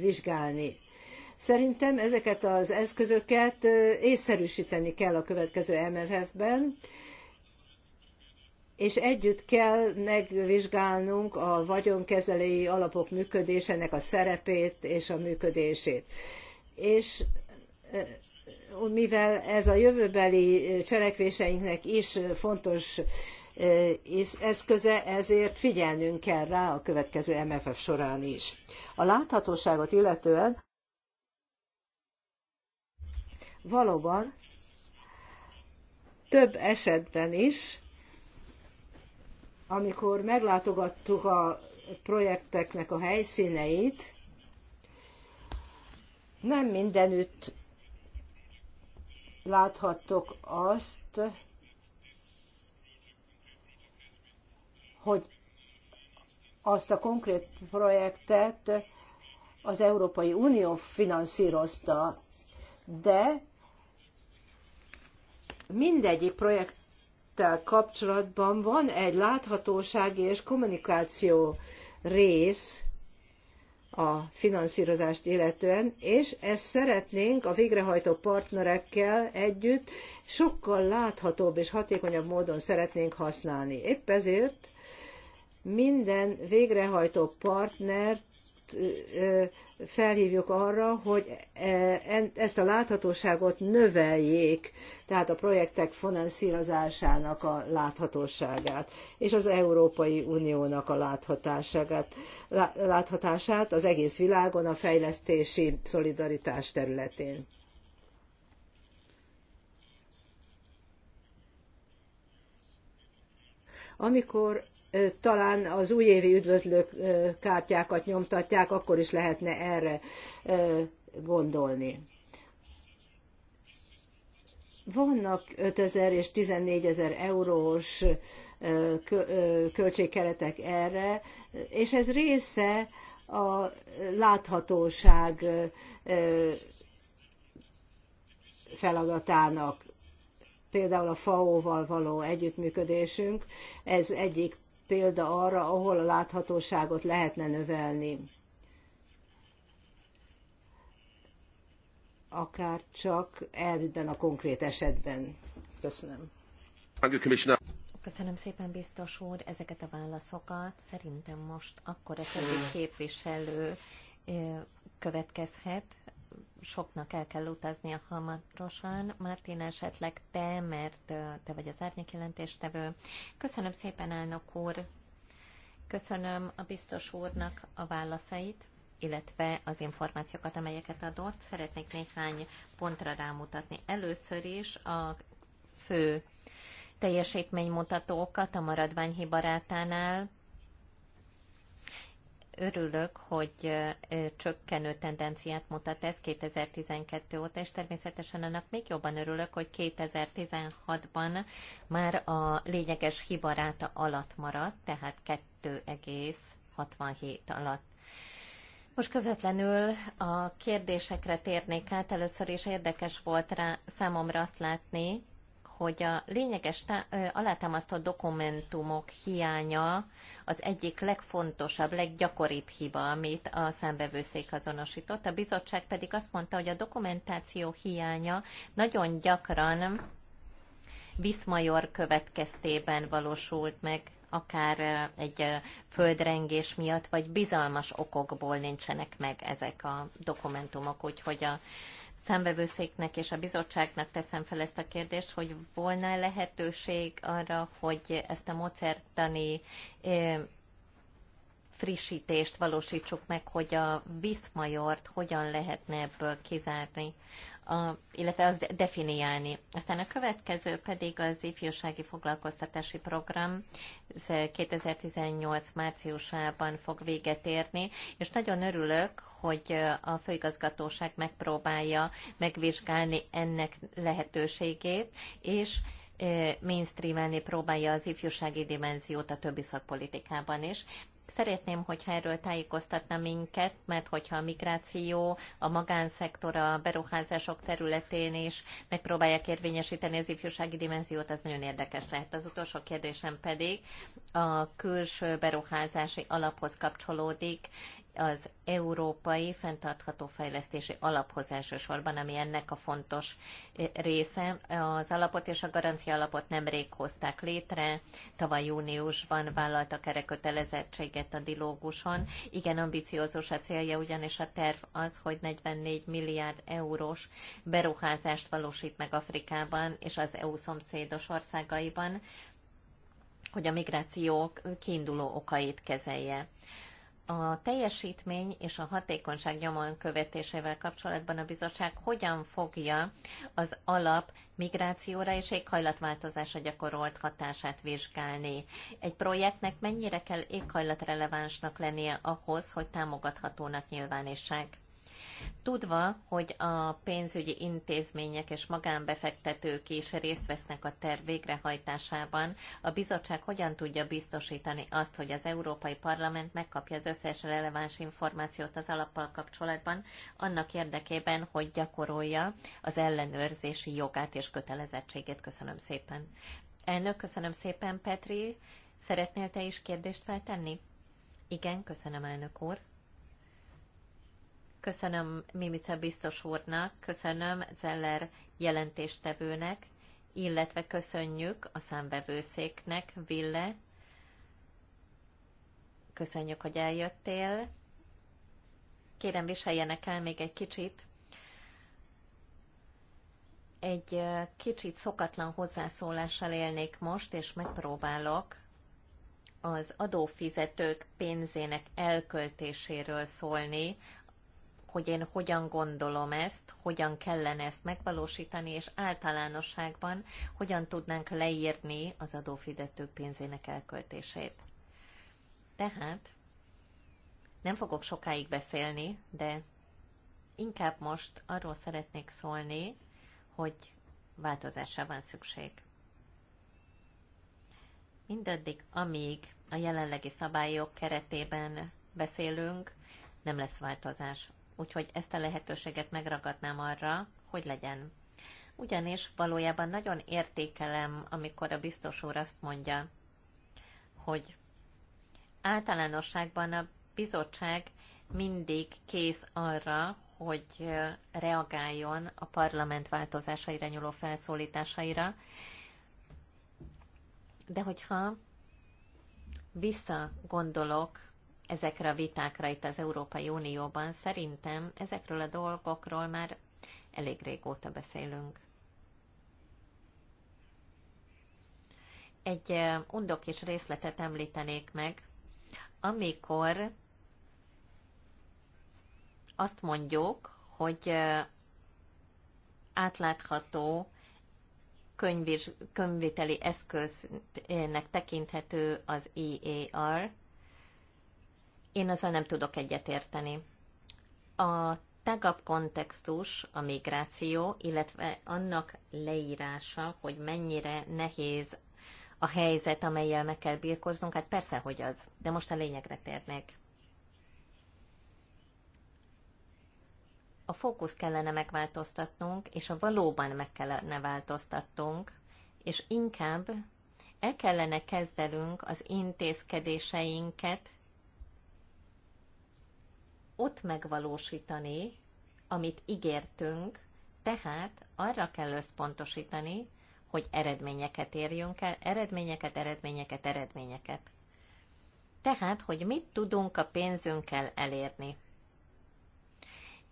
vizsgálni. Szerintem ezeket az eszközöket észszerűsíteni kell a következő MFF-ben, és együtt kell megvizsgálnunk a vagyonkezelői alapok működésének a szerepét és a működését. És mivel ez a jövőbeli cselekvéseinknek is fontos és eszköze, ezért figyelnünk kell rá a következő MFF során is. A láthatóságot illetően valóban több esetben is, amikor meglátogattuk a projekteknek a helyszíneit, nem mindenütt láthattok azt, hogy azt a konkrét projektet az Európai Unió finanszírozta, de mindegyik projekttel kapcsolatban van egy láthatósági és kommunikáció rész, a finanszírozást illetően, és ezt szeretnénk a végrehajtó partnerekkel együtt sokkal láthatóbb és hatékonyabb módon szeretnénk használni. Épp ezért minden végrehajtó partnert felhívjuk arra, hogy e, ezt a láthatóságot növeljék, tehát a projektek finanszírozásának a láthatóságát, és az Európai Uniónak a láthatását, láthatását az egész világon a fejlesztési szolidaritás területén. Amikor talán az újévi üdvözlő kártyákat nyomtatják, akkor is lehetne erre gondolni. Vannak 5000 és 14000 eurós költségkeretek erre, és ez része a láthatóság feladatának. Például a FAO-val való együttműködésünk, ez egyik példa arra, ahol a láthatóságot lehetne növelni. Akár csak elvidben a konkrét esetben. Köszönöm. Köszönöm szépen, biztos úr, ezeket a válaszokat. Szerintem most akkor a többi hmm. képviselő következhet, soknak el kell utaznia hamarosan. Martin, esetleg te, mert te vagy az árnyékjelentéstevő. Köszönöm szépen, elnök úr. Köszönöm a biztos úrnak a válaszait illetve az információkat, amelyeket adott. Szeretnék néhány pontra rámutatni. Először is a fő teljesítménymutatókat a maradványhibarátánál örülök, hogy csökkenő tendenciát mutat ez 2012 óta, és természetesen annak még jobban örülök, hogy 2016-ban már a lényeges hibaráta alatt maradt, tehát 2,67 alatt. Most közvetlenül a kérdésekre térnék át. Először is érdekes volt rá számomra azt látni, hogy a lényeges alátámasztott dokumentumok hiánya az egyik legfontosabb, leggyakoribb hiba, amit a számbevőszék azonosított. A bizottság pedig azt mondta, hogy a dokumentáció hiánya nagyon gyakran Viszmajor következtében valósult meg, akár egy földrengés miatt, vagy bizalmas okokból nincsenek meg ezek a dokumentumok, úgyhogy a számbevőszéknek és a bizottságnak teszem fel ezt a kérdést, hogy volna lehetőség arra, hogy ezt a módszertani frissítést valósítsuk meg, hogy a viszmajort hogyan lehetne ebből kizárni a, illetve az definiálni. Aztán a következő pedig az ifjúsági foglalkoztatási program 2018 eh, márciusában fog véget érni, és nagyon örülök, hogy eh, a főigazgatóság megpróbálja megvizsgálni ennek lehetőségét, és eh, mainstreamelni próbálja az ifjúsági dimenziót a többi szakpolitikában is. Szeretném, hogyha erről tájékoztatna minket, mert hogyha a migráció, a magánszektor, a beruházások területén is megpróbálják érvényesíteni az ifjúsági dimenziót, az nagyon érdekes lehet. Az utolsó kérdésem pedig a külső beruházási alaphoz kapcsolódik az Európai Fentartható Fejlesztési Alaphoz elsősorban, ami ennek a fontos eh, része. Az alapot és a garancia alapot nemrég hozták létre, tavaly júniusban vállaltak erre kötelezettséget a dilóguson. Igen, ambiciózus a célja, ugyanis a terv az, hogy 44 milliárd eurós beruházást valósít meg Afrikában és az EU szomszédos országaiban, hogy a migrációk kiinduló okait kezelje a teljesítmény és a hatékonyság nyomon követésével kapcsolatban a bizottság hogyan fogja az alap migrációra és éghajlatváltozásra gyakorolt hatását vizsgálni. Egy projektnek mennyire kell éghajlatrelevánsnak lennie ahhoz, hogy támogathatónak nyilvánítsák? Tudva, hogy a pénzügyi intézmények és magánbefektetők is részt vesznek a terv végrehajtásában, a bizottság hogyan tudja biztosítani azt, hogy az Európai Parlament megkapja az összes releváns információt az alappal kapcsolatban, annak érdekében, hogy gyakorolja az ellenőrzési jogát és kötelezettségét. Köszönöm szépen. Elnök, köszönöm szépen, Petri. Szeretnél te is kérdést feltenni? Igen, köszönöm, elnök úr. Köszönöm Mimice biztos úrnak, köszönöm Zeller jelentéstevőnek, illetve köszönjük a számbevőszéknek, Ville. Köszönjük, hogy eljöttél. Kérem, viseljenek el még egy kicsit. Egy kicsit szokatlan hozzászólással élnék most, és megpróbálok az adófizetők pénzének elköltéséről szólni hogy én hogyan gondolom ezt, hogyan kellene ezt megvalósítani, és általánosságban hogyan tudnánk leírni az adófizetők pénzének elköltését. Tehát nem fogok sokáig beszélni, de inkább most arról szeretnék szólni, hogy változásra van szükség. Mindaddig, amíg a jelenlegi szabályok keretében beszélünk, nem lesz változás. Úgyhogy ezt a lehetőséget megragadnám arra, hogy legyen. Ugyanis valójában nagyon értékelem, amikor a biztos úr azt mondja, hogy általánosságban a bizottság mindig kész arra, hogy reagáljon a parlament változásaira nyúló felszólításaira, de hogyha visszagondolok ezekre a vitákra itt az Európai Unióban. Szerintem ezekről a dolgokról már elég régóta beszélünk. Egy eh, undok és részletet említenék meg, amikor azt mondjuk, hogy eh, átlátható könyvis, könyviteli eszköznek tekinthető az EAR, én azzal nem tudok egyetérteni. A tágabb kontextus, a migráció, illetve annak leírása, hogy mennyire nehéz a helyzet, amelyel meg kell birkoznunk, hát persze, hogy az. De most a lényegre térnék. A fókusz kellene megváltoztatnunk, és a valóban meg kellene változtatnunk, és inkább el kellene kezdenünk az intézkedéseinket ott megvalósítani, amit ígértünk, tehát arra kell összpontosítani, hogy eredményeket érjünk el, eredményeket, eredményeket, eredményeket. Tehát, hogy mit tudunk a pénzünkkel elérni.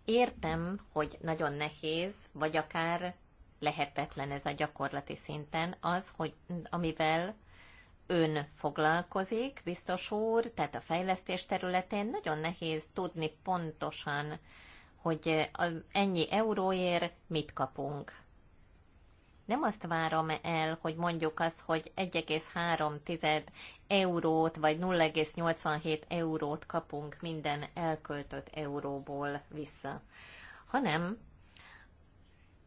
Értem, hogy nagyon nehéz, vagy akár lehetetlen ez a gyakorlati szinten az, hogy amivel ön foglalkozik, biztos úr, tehát a fejlesztés területén nagyon nehéz tudni pontosan, hogy ennyi euróért mit kapunk. Nem azt várom el, hogy mondjuk azt, hogy 1,3 eurót vagy 0,87 eurót kapunk minden elköltött euróból vissza, hanem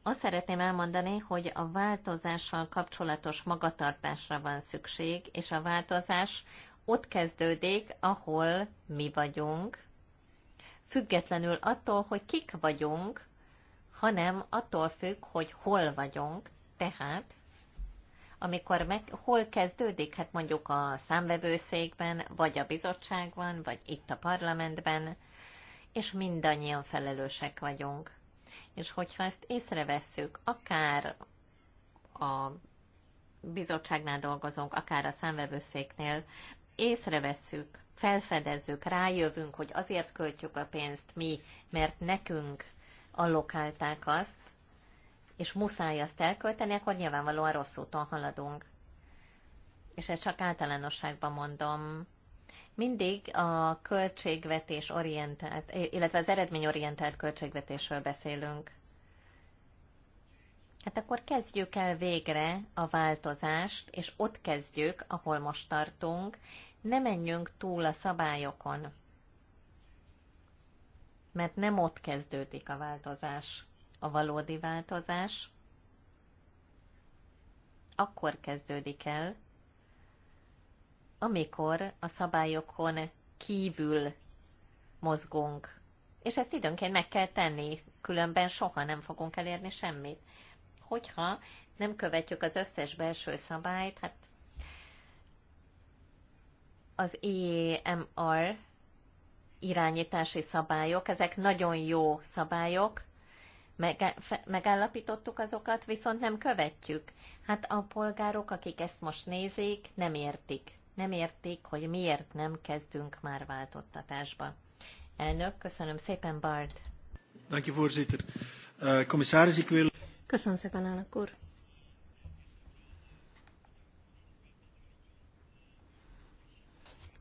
azt szeretném elmondani, hogy a változással kapcsolatos magatartásra van szükség, és a változás ott kezdődik, ahol mi vagyunk, függetlenül attól, hogy kik vagyunk, hanem attól függ, hogy hol vagyunk, tehát amikor meg, hol kezdődik, hát mondjuk a számvevőszékben, vagy a bizottságban, vagy itt a parlamentben, és mindannyian felelősek vagyunk. És hogyha ezt észrevesszük, akár a bizottságnál dolgozunk, akár a számvevőszéknél, észrevesszük, felfedezzük, rájövünk, hogy azért költjük a pénzt mi, mert nekünk allokálták azt, és muszáj azt elkölteni, akkor nyilvánvalóan rossz úton haladunk. És ezt csak általánosságban mondom, mindig a költségvetés orientált, illetve az eredményorientált költségvetésről beszélünk. Hát akkor kezdjük el végre a változást, és ott kezdjük, ahol most tartunk. Ne menjünk túl a szabályokon, mert nem ott kezdődik a változás, a valódi változás. Akkor kezdődik el, amikor a szabályokon kívül mozgunk. És ezt időnként meg kell tenni, különben soha nem fogunk elérni semmit. Hogyha nem követjük az összes belső szabályt, hát az EMR irányítási szabályok, ezek nagyon jó szabályok, megállapítottuk azokat, viszont nem követjük. Hát a polgárok, akik ezt most nézik, nem értik nem értik, hogy miért nem kezdünk már változtatásba. Elnök, köszönöm szépen, Bard. Eh, ik wil... Köszönöm szépen, elnök úr.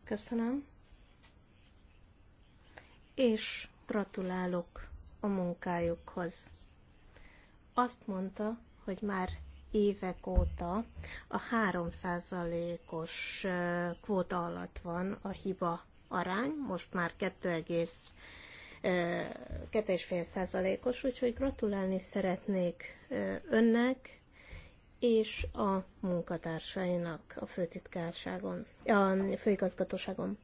Köszönöm. És gratulálok a munkájukhoz. Azt mondta, hogy már évek óta a 3%-os kvóta alatt van a hiba arány, most már 2,5%-os, úgyhogy gratulálni szeretnék önnek és a munkatársainak a főtitkárságon, a főigazgatóságon.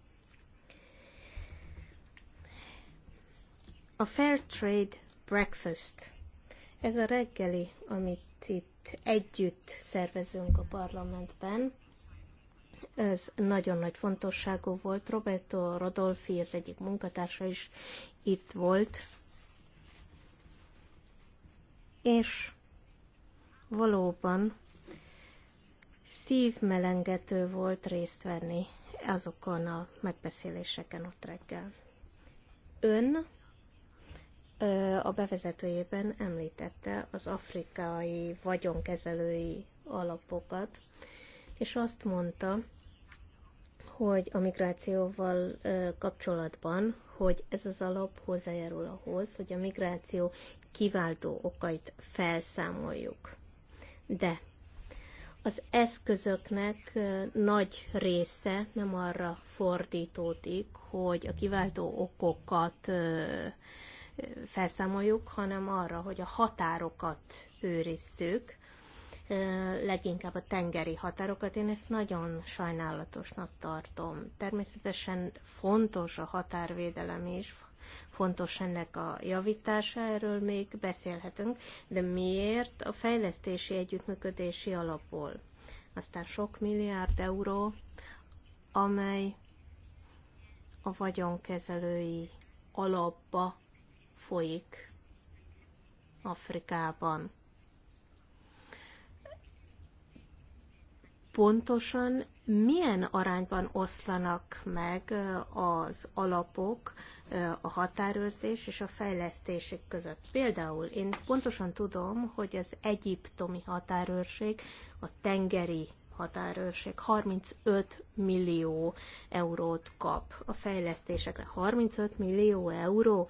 A Fair Trade Breakfast. Ez a reggeli, amit itt együtt szervezünk a parlamentben, ez nagyon nagy fontosságú volt. Roberto Rodolfi, az egyik munkatársa is itt volt. És valóban szívmelengető volt részt venni azokon a megbeszéléseken ott reggel. Ön a bevezetőjében említette az afrikai vagyonkezelői alapokat, és azt mondta, hogy a migrációval kapcsolatban, hogy ez az alap hozzájárul ahhoz, hogy a migráció kiváltó okait felszámoljuk. De az eszközöknek nagy része nem arra fordítódik, hogy a kiváltó okokat felszámoljuk, hanem arra, hogy a határokat őrizzük, leginkább a tengeri határokat. Én ezt nagyon sajnálatosnak tartom. Természetesen fontos a határvédelem is, fontos ennek a javítása, erről még beszélhetünk, de miért a fejlesztési együttműködési alapból? Aztán sok milliárd euró, amely a vagyonkezelői alapba folyik Afrikában. Pontosan milyen arányban oszlanak meg az alapok a határőrzés és a fejlesztések között? Például én pontosan tudom, hogy az egyiptomi határőrség, a tengeri határőrség 35 millió eurót kap a fejlesztésekre. 35 millió euró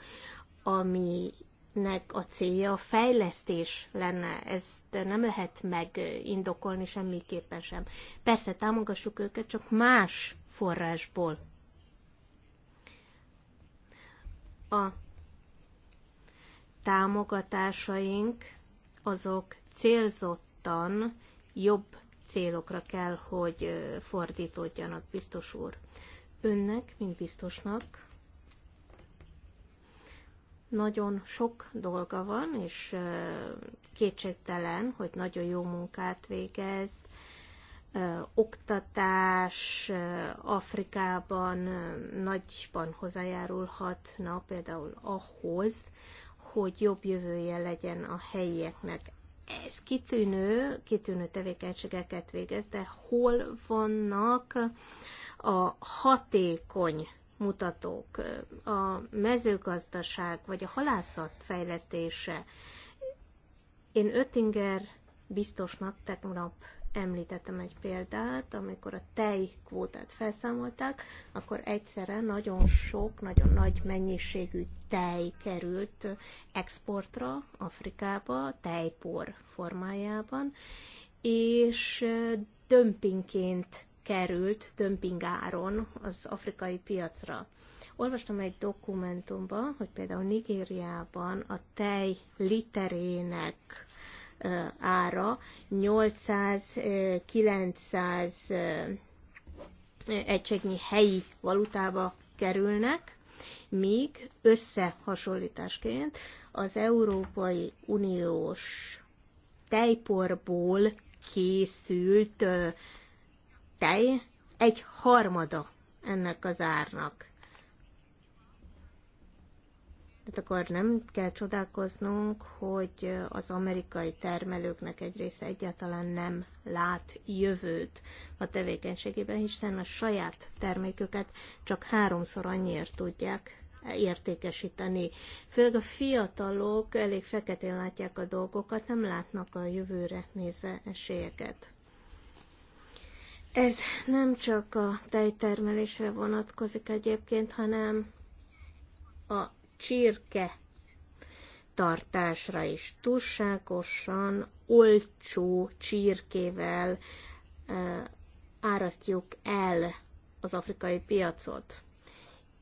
aminek a célja a fejlesztés lenne. Ezt nem lehet megindokolni semmiképpen sem. Persze támogassuk őket, csak más forrásból. A támogatásaink azok célzottan jobb célokra kell, hogy fordítódjanak, biztos úr. Önnek, mint biztosnak, nagyon sok dolga van, és kétségtelen, hogy nagyon jó munkát végez, oktatás Afrikában nagyban hozzájárulhatna például ahhoz, hogy jobb jövője legyen a helyieknek. Ez kitűnő, kitűnő tevékenységeket végez, de hol vannak a hatékony mutatók, a mezőgazdaság vagy a halászat fejlesztése. Én Öttinger biztosnak tegnap említettem egy példát, amikor a tejkvótát felszámolták, akkor egyszerre nagyon sok, nagyon nagy mennyiségű tej került exportra Afrikába, tejpor formájában, és dömpingként került dömpingáron az afrikai piacra. Olvastam egy dokumentumban, hogy például Nigériában a tej literének ára 800-900 egységnyi helyi valutába kerülnek, míg összehasonlításként az Európai Uniós tejporból készült tej egy harmada ennek az árnak. Tehát akkor nem kell csodálkoznunk, hogy az amerikai termelőknek egy része egyáltalán nem lát jövőt a tevékenységében, hiszen a saját terméküket csak háromszor annyiért tudják értékesíteni. Főleg a fiatalok elég feketén látják a dolgokat, nem látnak a jövőre nézve esélyeket. Ez nem csak a tejtermelésre vonatkozik egyébként, hanem a csirke tartásra is. Túlságosan olcsó csirkével árasztjuk el az afrikai piacot,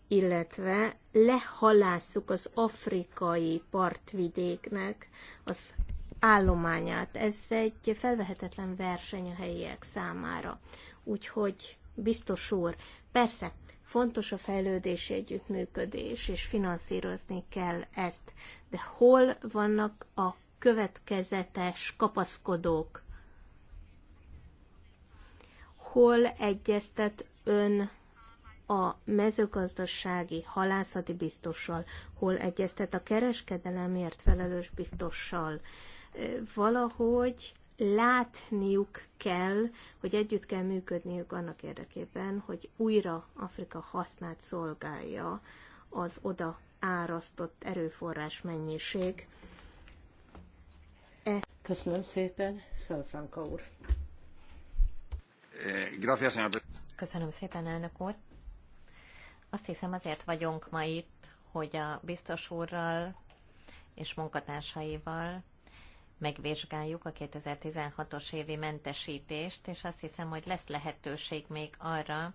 illetve lehalásszuk az afrikai partvidéknek az állományát. Ez egy felvehetetlen verseny a helyiek számára. Úgyhogy biztos úr, persze, fontos a fejlődési együttműködés, és finanszírozni kell ezt. De hol vannak a következetes kapaszkodók? Hol egyeztet ön a mezőgazdasági halászati biztossal, hol egyeztet a kereskedelemért felelős biztossal? valahogy látniuk kell, hogy együtt kell működniük annak érdekében, hogy újra Afrika hasznát szolgálja az oda árasztott erőforrás mennyiség. E Köszönöm szépen, Franka úr. Eh, Köszönöm szépen, elnök úr. Azt hiszem azért vagyunk ma itt, hogy a biztos úrral és munkatársaival megvizsgáljuk a 2016-os évi mentesítést, és azt hiszem, hogy lesz lehetőség még arra,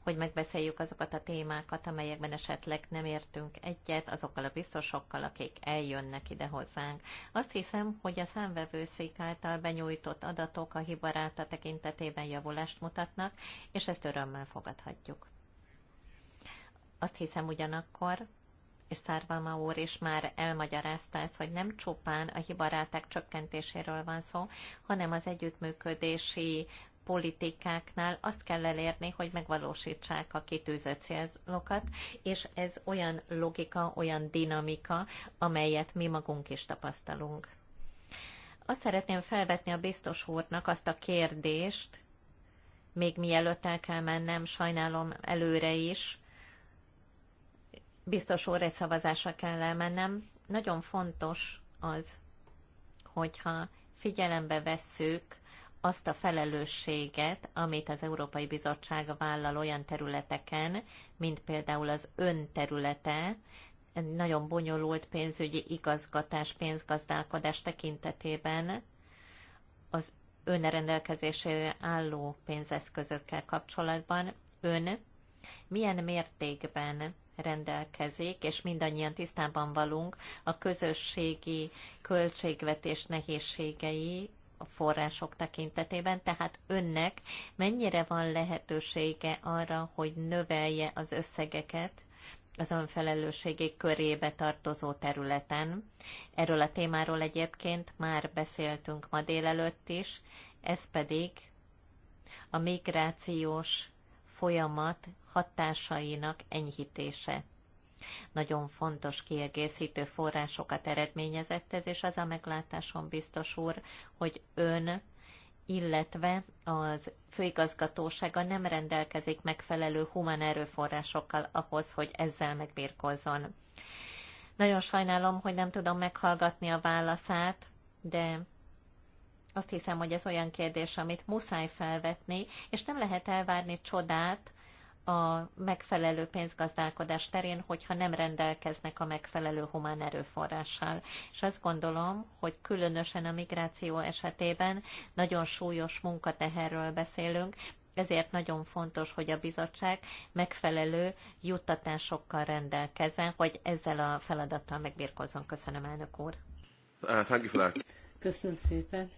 hogy megbeszéljük azokat a témákat, amelyekben esetleg nem értünk egyet, azokkal a biztosokkal, akik eljönnek ide hozzánk. Azt hiszem, hogy a számvevőszék által benyújtott adatok a hibaráta tekintetében javulást mutatnak, és ezt örömmel fogadhatjuk. Azt hiszem ugyanakkor, és Szárvalma úr is már elmagyarázta ezt, hogy nem csupán a hibaráták csökkentéséről van szó, hanem az együttműködési politikáknál azt kell elérni, hogy megvalósítsák a kitűzött célokat, és ez olyan logika, olyan dinamika, amelyet mi magunk is tapasztalunk. Azt szeretném felvetni a biztos úrnak azt a kérdést, még mielőtt el kell mennem, sajnálom előre is, biztos úr egy szavazásra kell elmennem. Nagyon fontos az, hogyha figyelembe vesszük azt a felelősséget, amit az Európai Bizottság vállal olyan területeken, mint például az ön területe, nagyon bonyolult pénzügyi igazgatás, pénzgazdálkodás tekintetében az önrendelkezésére álló pénzeszközökkel kapcsolatban ön milyen mértékben rendelkezik, és mindannyian tisztában valunk a közösségi költségvetés nehézségei a források tekintetében, tehát önnek mennyire van lehetősége arra, hogy növelje az összegeket az önfelelősségé körébe tartozó területen. Erről a témáról egyébként már beszéltünk ma délelőtt is, ez pedig a migrációs folyamat hatásainak enyhítése. Nagyon fontos kiegészítő forrásokat eredményezett ez, és az a meglátásom biztos úr, hogy ön illetve az főigazgatósága nem rendelkezik megfelelő humán erőforrásokkal ahhoz, hogy ezzel megbírkozzon. Nagyon sajnálom, hogy nem tudom meghallgatni a válaszát, de azt hiszem, hogy ez olyan kérdés, amit muszáj felvetni, és nem lehet elvárni csodát a megfelelő pénzgazdálkodás terén, hogyha nem rendelkeznek a megfelelő humán erőforrással. És azt gondolom, hogy különösen a migráció esetében nagyon súlyos munkateherről beszélünk, ezért nagyon fontos, hogy a bizottság megfelelő juttatásokkal rendelkezzen, hogy ezzel a feladattal megbírkozzon. Köszönöm, elnök úr. Uh, Köszönöm szépen.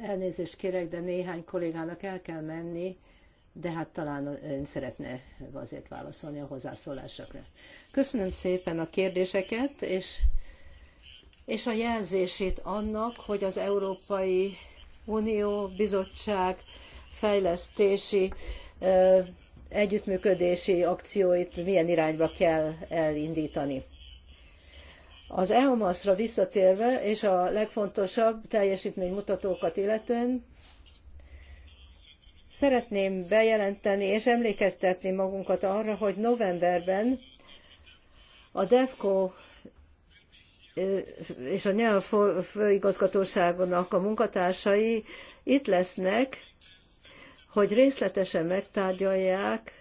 Elnézést kérek, de néhány kollégának el kell menni, de hát talán ön szeretne azért válaszolni a hozzászólásokra. Köszönöm szépen a kérdéseket, és, és a jelzését annak, hogy az Európai Unió Bizottság fejlesztési együttműködési akcióit milyen irányba kell elindítani. Az EOMAS-ra visszatérve, és a legfontosabb teljesítménymutatókat illetően, szeretném bejelenteni és emlékeztetni magunkat arra, hogy novemberben a DEFCO és a nyelv főigazgatóságonak a munkatársai itt lesznek, hogy részletesen megtárgyalják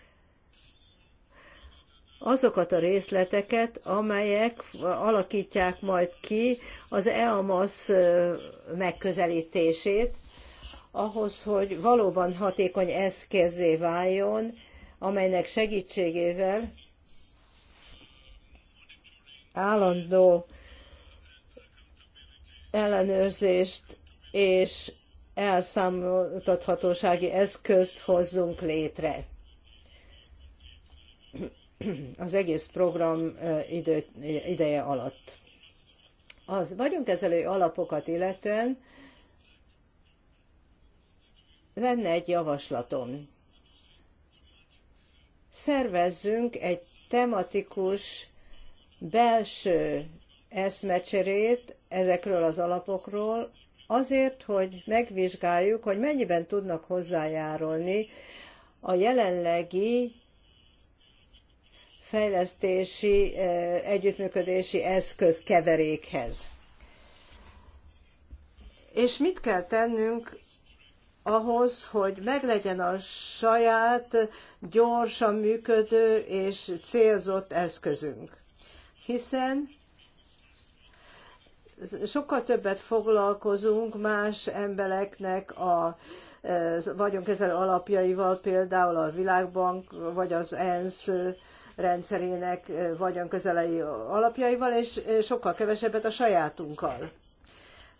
azokat a részleteket, amelyek alakítják majd ki az EAMAS megközelítését, ahhoz, hogy valóban hatékony eszközé váljon, amelynek segítségével állandó ellenőrzést és elszámoltathatósági eszközt hozzunk létre az egész program idő, ideje alatt. Az vagyonkezelői alapokat illetően lenne egy javaslatom. Szervezzünk egy tematikus belső eszmecserét ezekről az alapokról, azért, hogy megvizsgáljuk, hogy mennyiben tudnak hozzájárulni a jelenlegi fejlesztési együttműködési eszköz keverékhez. És mit kell tennünk ahhoz, hogy meglegyen a saját gyorsan működő és célzott eszközünk. Hiszen sokkal többet foglalkozunk más embereknek a vagyonkezelő alapjaival, például a Világbank vagy az ENSZ rendszerének közelei alapjaival, és sokkal kevesebbet a sajátunkkal.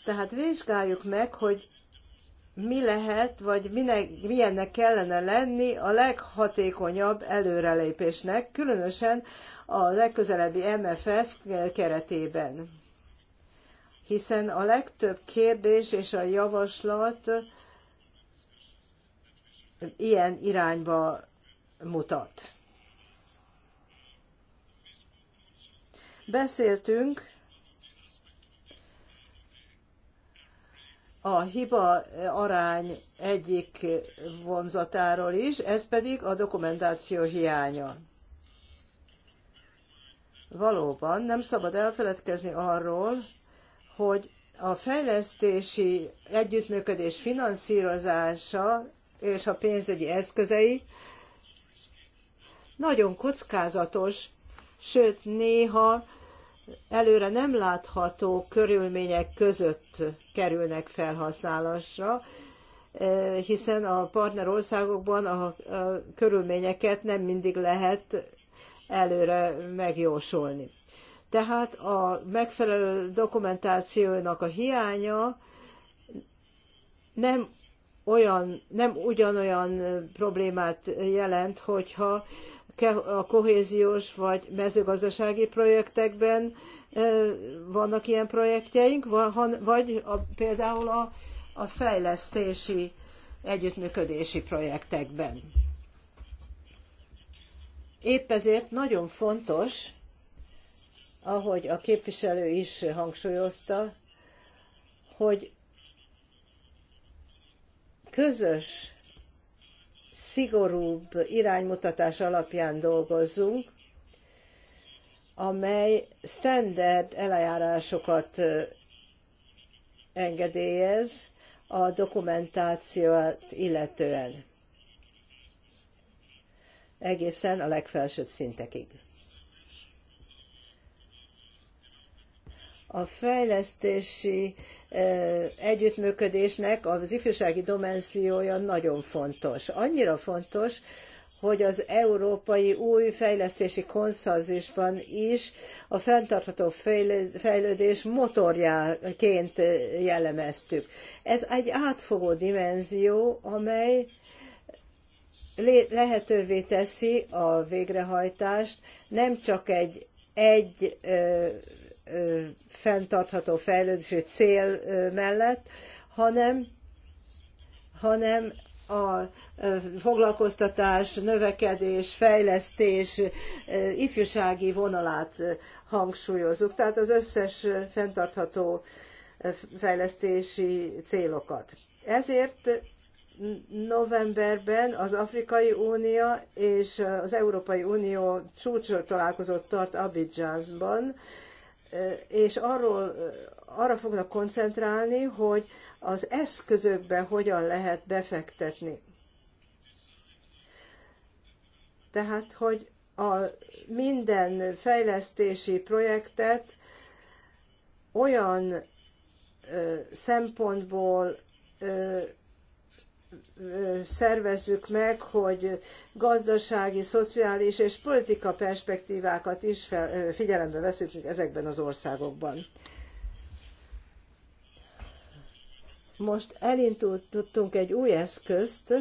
Tehát vizsgáljuk meg, hogy mi lehet, vagy minek, milyennek kellene lenni a leghatékonyabb előrelépésnek, különösen a legközelebbi MFF keretében. Hiszen a legtöbb kérdés és a javaslat ilyen irányba mutat. Beszéltünk a hiba arány egyik vonzatáról is, ez pedig a dokumentáció hiánya. Valóban nem szabad elfeledkezni arról, hogy a fejlesztési együttműködés finanszírozása és a pénzügyi eszközei nagyon kockázatos, sőt néha előre nem látható körülmények között kerülnek felhasználásra, eh, hiszen a partnerországokban a körülményeket nem mindig lehet előre megjósolni. Tehát a megfelelő dokumentációnak a hiánya nem olyan, nem ugyanolyan problémát jelent, hogyha a kohéziós vagy mezőgazdasági projektekben vannak ilyen projektjeink, vagy a, például a, a fejlesztési együttműködési projektekben. Épp ezért nagyon fontos, ahogy a képviselő is hangsúlyozta, hogy közös szigorúbb iránymutatás alapján dolgozzunk, amely standard elejárásokat engedélyez a dokumentációt illetően egészen a legfelsőbb szintekig. a fejlesztési eh, együttműködésnek az ifjúsági dimenziója nagyon fontos. Annyira fontos, hogy az Európai Új Fejlesztési Konszenzusban is a fenntartható fejlődés motorjaként jellemeztük. Ez egy átfogó dimenzió, amely lehetővé teszi a végrehajtást nem csak egy egy fenntartható fejlődési cél mellett, hanem, hanem a foglalkoztatás, növekedés, fejlesztés, ifjúsági vonalát hangsúlyozzuk, tehát az összes fenntartható fejlesztési célokat. Ezért novemberben az Afrikai Unió és az Európai Unió csúcsra találkozott tart Abidjanban, és arról, arra fognak koncentrálni, hogy az eszközökbe hogyan lehet befektetni. Tehát, hogy a minden fejlesztési projektet olyan ö, szempontból ö, szervezzük meg, hogy gazdasági, szociális és politika perspektívákat is fel, figyelembe veszünk ezekben az országokban. Most elindultunk egy új eszközt,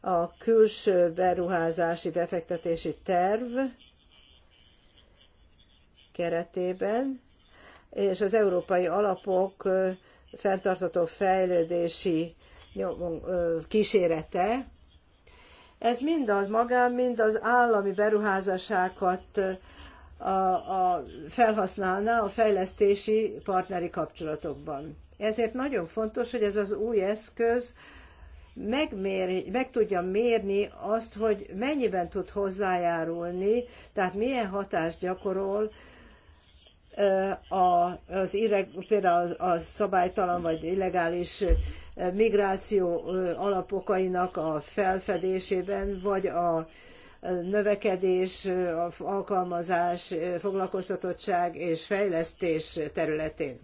a külső beruházási befektetési terv keretében, és az európai alapok fenntartható fejlődési kísérete. Ez mind az magán, mind az állami beruházásákat a, a felhasználná a fejlesztési partneri kapcsolatokban. Ezért nagyon fontos, hogy ez az új eszköz megmér, meg tudja mérni azt, hogy mennyiben tud hozzájárulni, tehát milyen hatást gyakorol a, az, például a szabálytalan vagy illegális migráció alapokainak a felfedésében, vagy a növekedés, alkalmazás, foglalkoztatottság és fejlesztés területén.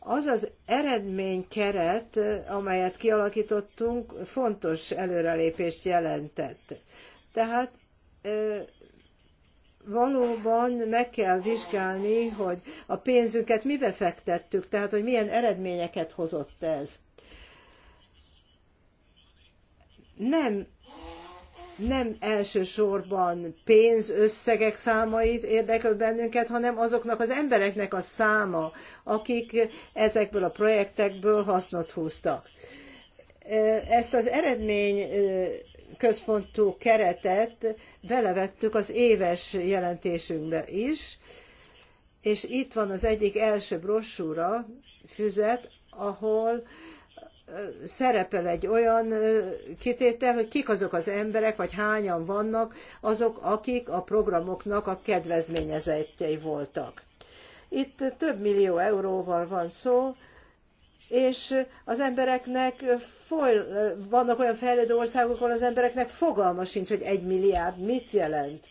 Az az eredménykeret, amelyet kialakítottunk, fontos előrelépést jelentett. Tehát valóban meg kell vizsgálni, hogy a pénzünket mibe fektettük, tehát hogy milyen eredményeket hozott ez. Nem, nem elsősorban pénzösszegek számait érdekel bennünket, hanem azoknak az embereknek a száma, akik ezekből a projektekből hasznot húztak. Ezt az eredmény központú keretet belevettük az éves jelentésünkbe is, és itt van az egyik első brosúra, füzet, ahol szerepel egy olyan kitétel, hogy kik azok az emberek, vagy hányan vannak azok, akik a programoknak a kedvezményezettjei voltak. Itt több millió euróval van szó, és az embereknek foly, vannak olyan fejlődő országok, ahol az embereknek fogalma sincs, hogy egy milliárd mit jelent.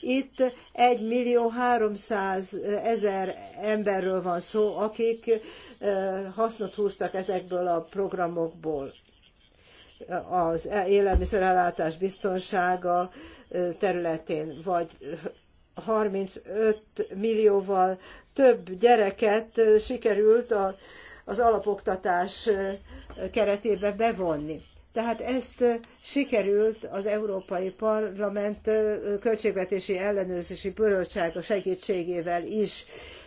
Itt egy millió háromszáz ezer emberről van szó, akik hasznot húztak ezekből a programokból. Az élelmiszerellátás biztonsága területén, vagy 35 millióval több gyereket sikerült a az alapoktatás keretébe bevonni. Tehát ezt sikerült az Európai Parlament költségvetési ellenőrzési bizottsága segítségével is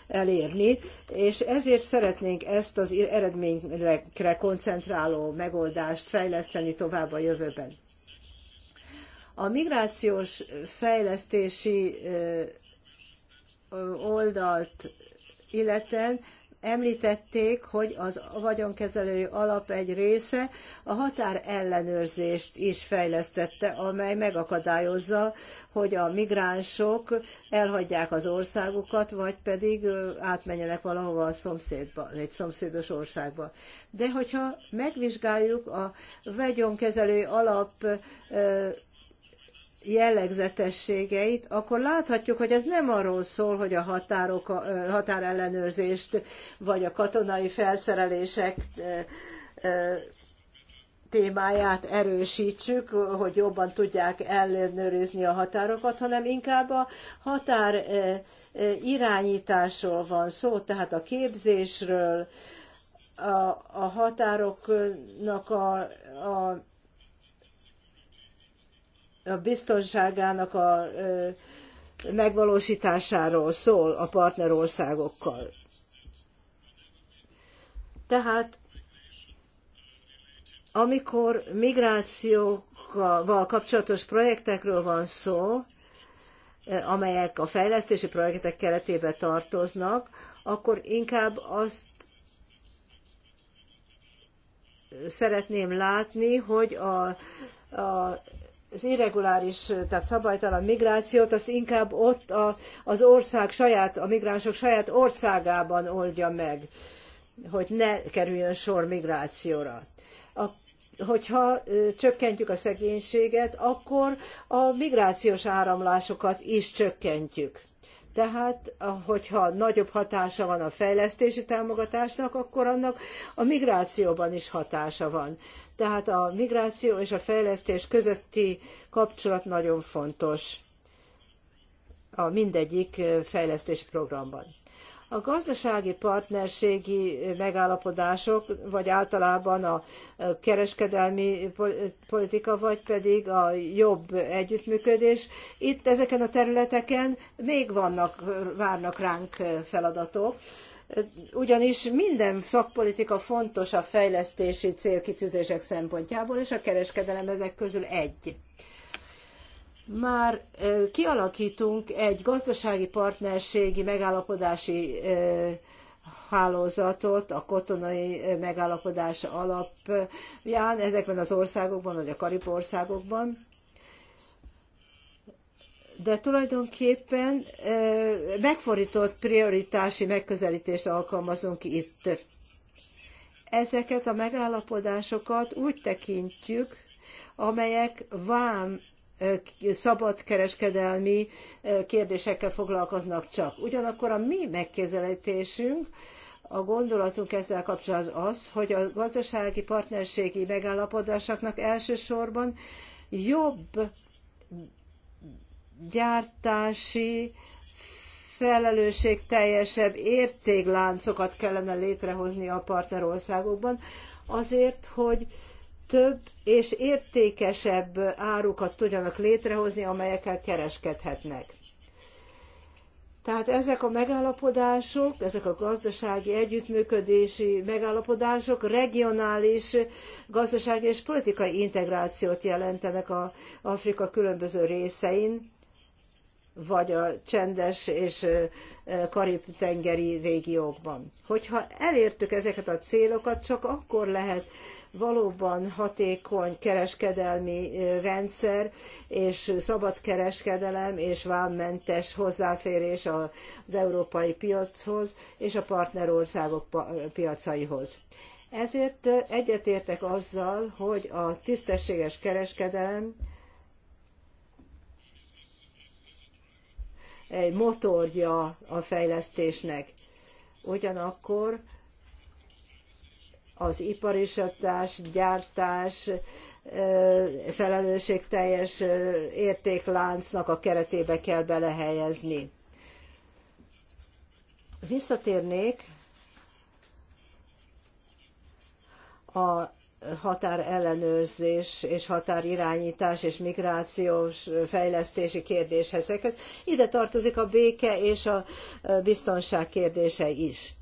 elérni, és ezért szeretnénk ezt az eredményekre koncentráló megoldást fejleszteni tovább a jövőben. A migrációs fejlesztési oldalt illeten említették, hogy az vagyonkezelői alap egy része a határ ellenőrzést is fejlesztette, amely megakadályozza, hogy a migránsok elhagyják az országukat, vagy pedig átmenjenek valahova a szomszédba, egy szomszédos országba. De hogyha megvizsgáljuk a vagyonkezelői alap jellegzetességeit, akkor láthatjuk, hogy ez nem arról szól, hogy a határok, határellenőrzést vagy a katonai felszerelések témáját erősítsük, hogy jobban tudják ellenőrizni a határokat, hanem inkább a határ irányításról van szó, tehát a képzésről, a, a határoknak a, a a biztonságának a megvalósításáról szól a partnerországokkal. Tehát amikor migrációval kapcsolatos projektekről van szó, eh, amelyek a fejlesztési projektek keretébe tartoznak, akkor inkább azt szeretném látni, hogy a, a az irreguláris, tehát szabálytalan migrációt, azt inkább ott a, az ország saját, a migránsok saját országában oldja meg, hogy ne kerüljön sor migrációra. A, hogyha csökkentjük a szegénységet, akkor a migrációs áramlásokat is csökkentjük. Tehát, hogyha nagyobb hatása van a fejlesztési támogatásnak, akkor annak a migrációban is hatása van. Tehát a migráció és a fejlesztés közötti kapcsolat nagyon fontos a mindegyik fejlesztési programban. A gazdasági partnerségi megállapodások, vagy általában a kereskedelmi politika, vagy pedig a jobb együttműködés, itt ezeken a területeken még vannak, várnak ránk feladatok ugyanis minden szakpolitika fontos a fejlesztési célkitűzések szempontjából, és a kereskedelem ezek közül egy. Már kialakítunk egy gazdasági partnerségi megállapodási hálózatot a kotonai megállapodás alapján ezekben az országokban, vagy a karib országokban de tulajdonképpen megfordított prioritási megközelítést alkalmazunk itt. Ezeket a megállapodásokat úgy tekintjük, amelyek vám szabadkereskedelmi kérdésekkel foglalkoznak csak. Ugyanakkor a mi megközelítésünk, a gondolatunk ezzel kapcsolatban az, az, hogy a gazdasági partnerségi megállapodásoknak elsősorban jobb gyártási felelősség teljesebb értékláncokat kellene létrehozni a partnerországokban, azért, hogy több és értékesebb árukat tudjanak létrehozni, amelyekkel kereskedhetnek. Tehát ezek a megállapodások, ezek a gazdasági együttműködési megállapodások regionális gazdasági és politikai integrációt jelentenek a Afrika különböző részein, vagy a csendes és karib-tengeri régiókban. Hogyha elértük ezeket a célokat, csak akkor lehet valóban hatékony kereskedelmi rendszer és szabad kereskedelem és vámmentes hozzáférés az európai piachoz és a partnerországok piacaihoz. Ezért egyetértek azzal, hogy a tisztességes kereskedelem egy motorja a fejlesztésnek. Ugyanakkor az iparisatás, gyártás, felelősségteljes értékláncnak a keretébe kell belehelyezni. Visszatérnék a határellenőrzés és határirányítás és migrációs fejlesztési kérdésekhez. Ide tartozik a béke és a biztonság kérdése is.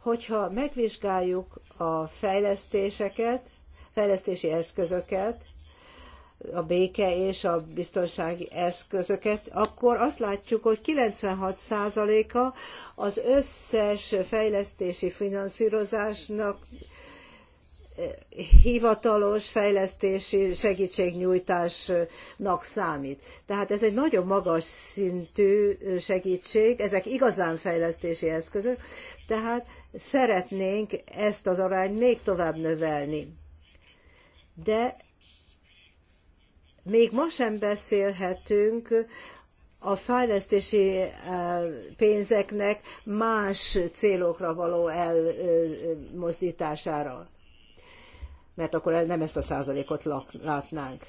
Hogyha megvizsgáljuk a fejlesztéseket, fejlesztési eszközöket, a béke és a biztonsági eszközöket, akkor azt látjuk, hogy 96%-a az összes fejlesztési finanszírozásnak hivatalos fejlesztési segítségnyújtásnak számít. Tehát ez egy nagyon magas szintű segítség, ezek igazán fejlesztési eszközök, tehát szeretnénk ezt az arányt még tovább növelni. De még ma sem beszélhetünk a fejlesztési eh, pénzeknek más célokra való elmozdítására mert akkor nem ezt a százalékot látnánk.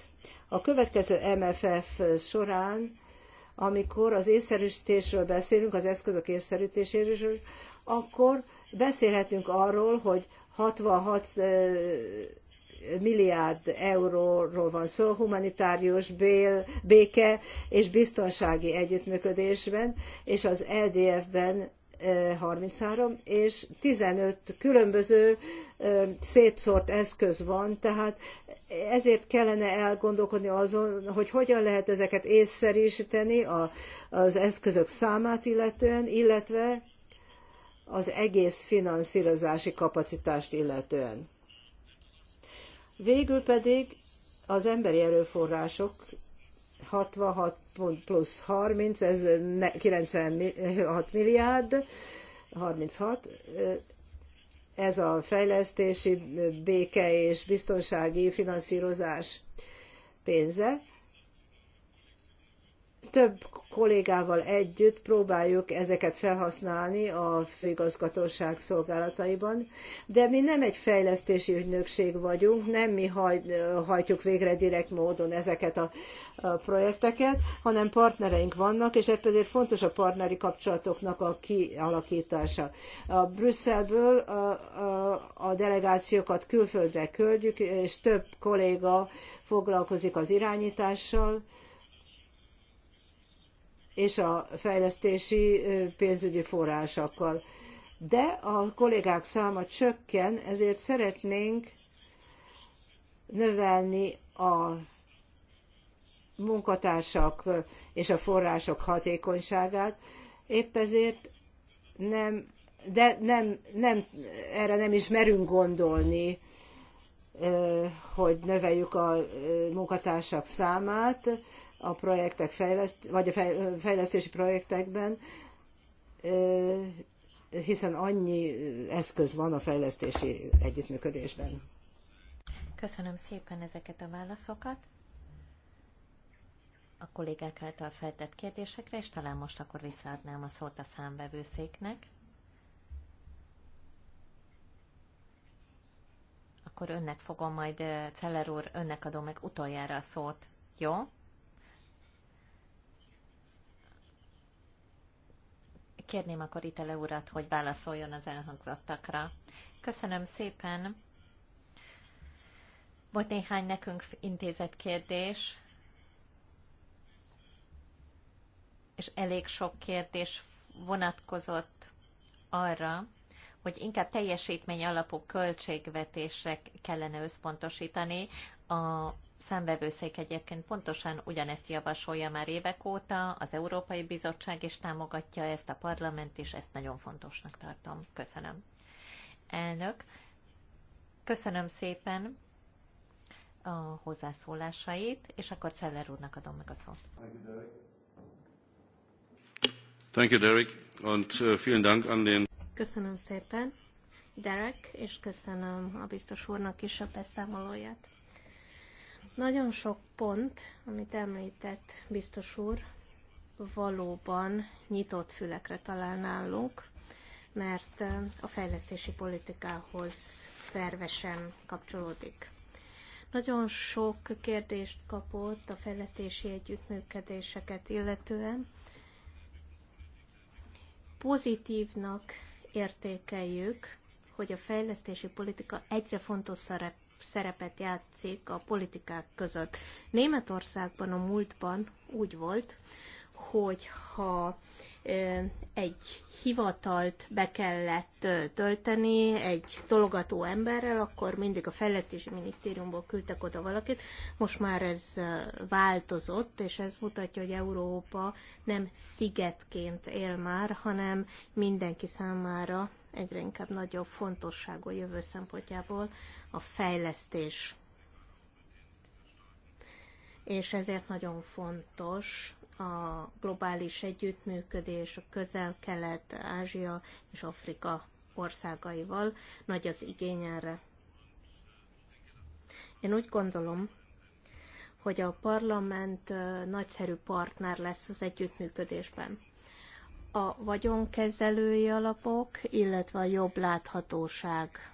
A következő MFF során, amikor az észszerűsítésről beszélünk, az eszközök észszerűsítéséről, akkor beszélhetünk arról, hogy 66 milliárd euróról van szó, humanitárius bél, béke és biztonsági együttműködésben, és az LDF-ben e 33, és 15 különböző szétszórt eszköz van, tehát ezért kellene elgondolkodni azon, hogy hogyan lehet ezeket észszerűsíteni az eszközök számát illetően, illetve az egész finanszírozási kapacitást illetően. Végül pedig az emberi erőforrások 66 plusz 30, ez 96 milliárd, 36, ez a fejlesztési, béke és biztonsági finanszírozás pénze több kollégával együtt próbáljuk ezeket felhasználni a főigazgatóság szolgálataiban, de mi nem egy fejlesztési ügynökség vagyunk, nem mi hajtjuk végre direkt módon ezeket a, projekteket, hanem partnereink vannak, és ezért fontos a partneri kapcsolatoknak a kialakítása. A Brüsszelből a, a, a delegációkat külföldre küldjük, és több kolléga foglalkozik az irányítással, és a fejlesztési pénzügyi forrásokkal. De a kollégák száma csökken, ezért szeretnénk növelni a munkatársak és a források hatékonyságát. Épp ezért nem, de nem, nem, erre nem is merünk gondolni, hogy növeljük a munkatársak számát, a projektek fejleszt, vagy a fejlesztési projektekben, hiszen annyi eszköz van a fejlesztési együttműködésben. Köszönöm szépen ezeket a válaszokat a kollégák által feltett kérdésekre, és talán most akkor visszaadnám a szót a számbevőszéknek. Akkor önnek fogom majd, Celler úr, önnek adom meg utoljára a szót. Jó? Kérném akkor Itele urat, hogy válaszoljon az elhangzottakra. Köszönöm szépen. Volt néhány nekünk intézett kérdés, és elég sok kérdés vonatkozott arra, hogy inkább teljesítmény alapú költségvetésre kellene összpontosítani a számvevőszék egyébként pontosan ugyanezt javasolja már évek óta, az Európai Bizottság is támogatja ezt, a parlament is, ezt nagyon fontosnak tartom. Köszönöm. Elnök, köszönöm szépen a hozzászólásait, és akkor Celler úrnak adom meg a szót. Thank you, Derek, und uh, vielen Dank an den... Köszönöm szépen, Derek, és köszönöm a biztos úrnak is a beszámolóját. Nagyon sok pont, amit említett biztos úr, valóban nyitott fülekre talál nálunk, mert eh, a fejlesztési politikához szervesen kapcsolódik. Nagyon sok kérdést kapott a fejlesztési együttműködéseket illetően. Pozitívnak értékeljük, hogy a fejlesztési politika egyre fontos szerep szerepet játszik a politikák között. Németországban a múltban úgy volt, hogy ha egy hivatalt be kellett tölteni egy tologató emberrel, akkor mindig a fejlesztési minisztériumból küldtek oda valakit. Most már ez változott, és ez mutatja, hogy Európa nem szigetként él már, hanem mindenki számára egyre inkább nagyobb fontosságú a jövő szempontjából a fejlesztés. És ezért nagyon fontos a globális együttműködés a közel-kelet, Ázsia és Afrika országaival. Nagy az igény erre. Én úgy gondolom, hogy a parlament nagyszerű partner lesz az együttműködésben a vagyonkezelői alapok, illetve a jobb láthatóság.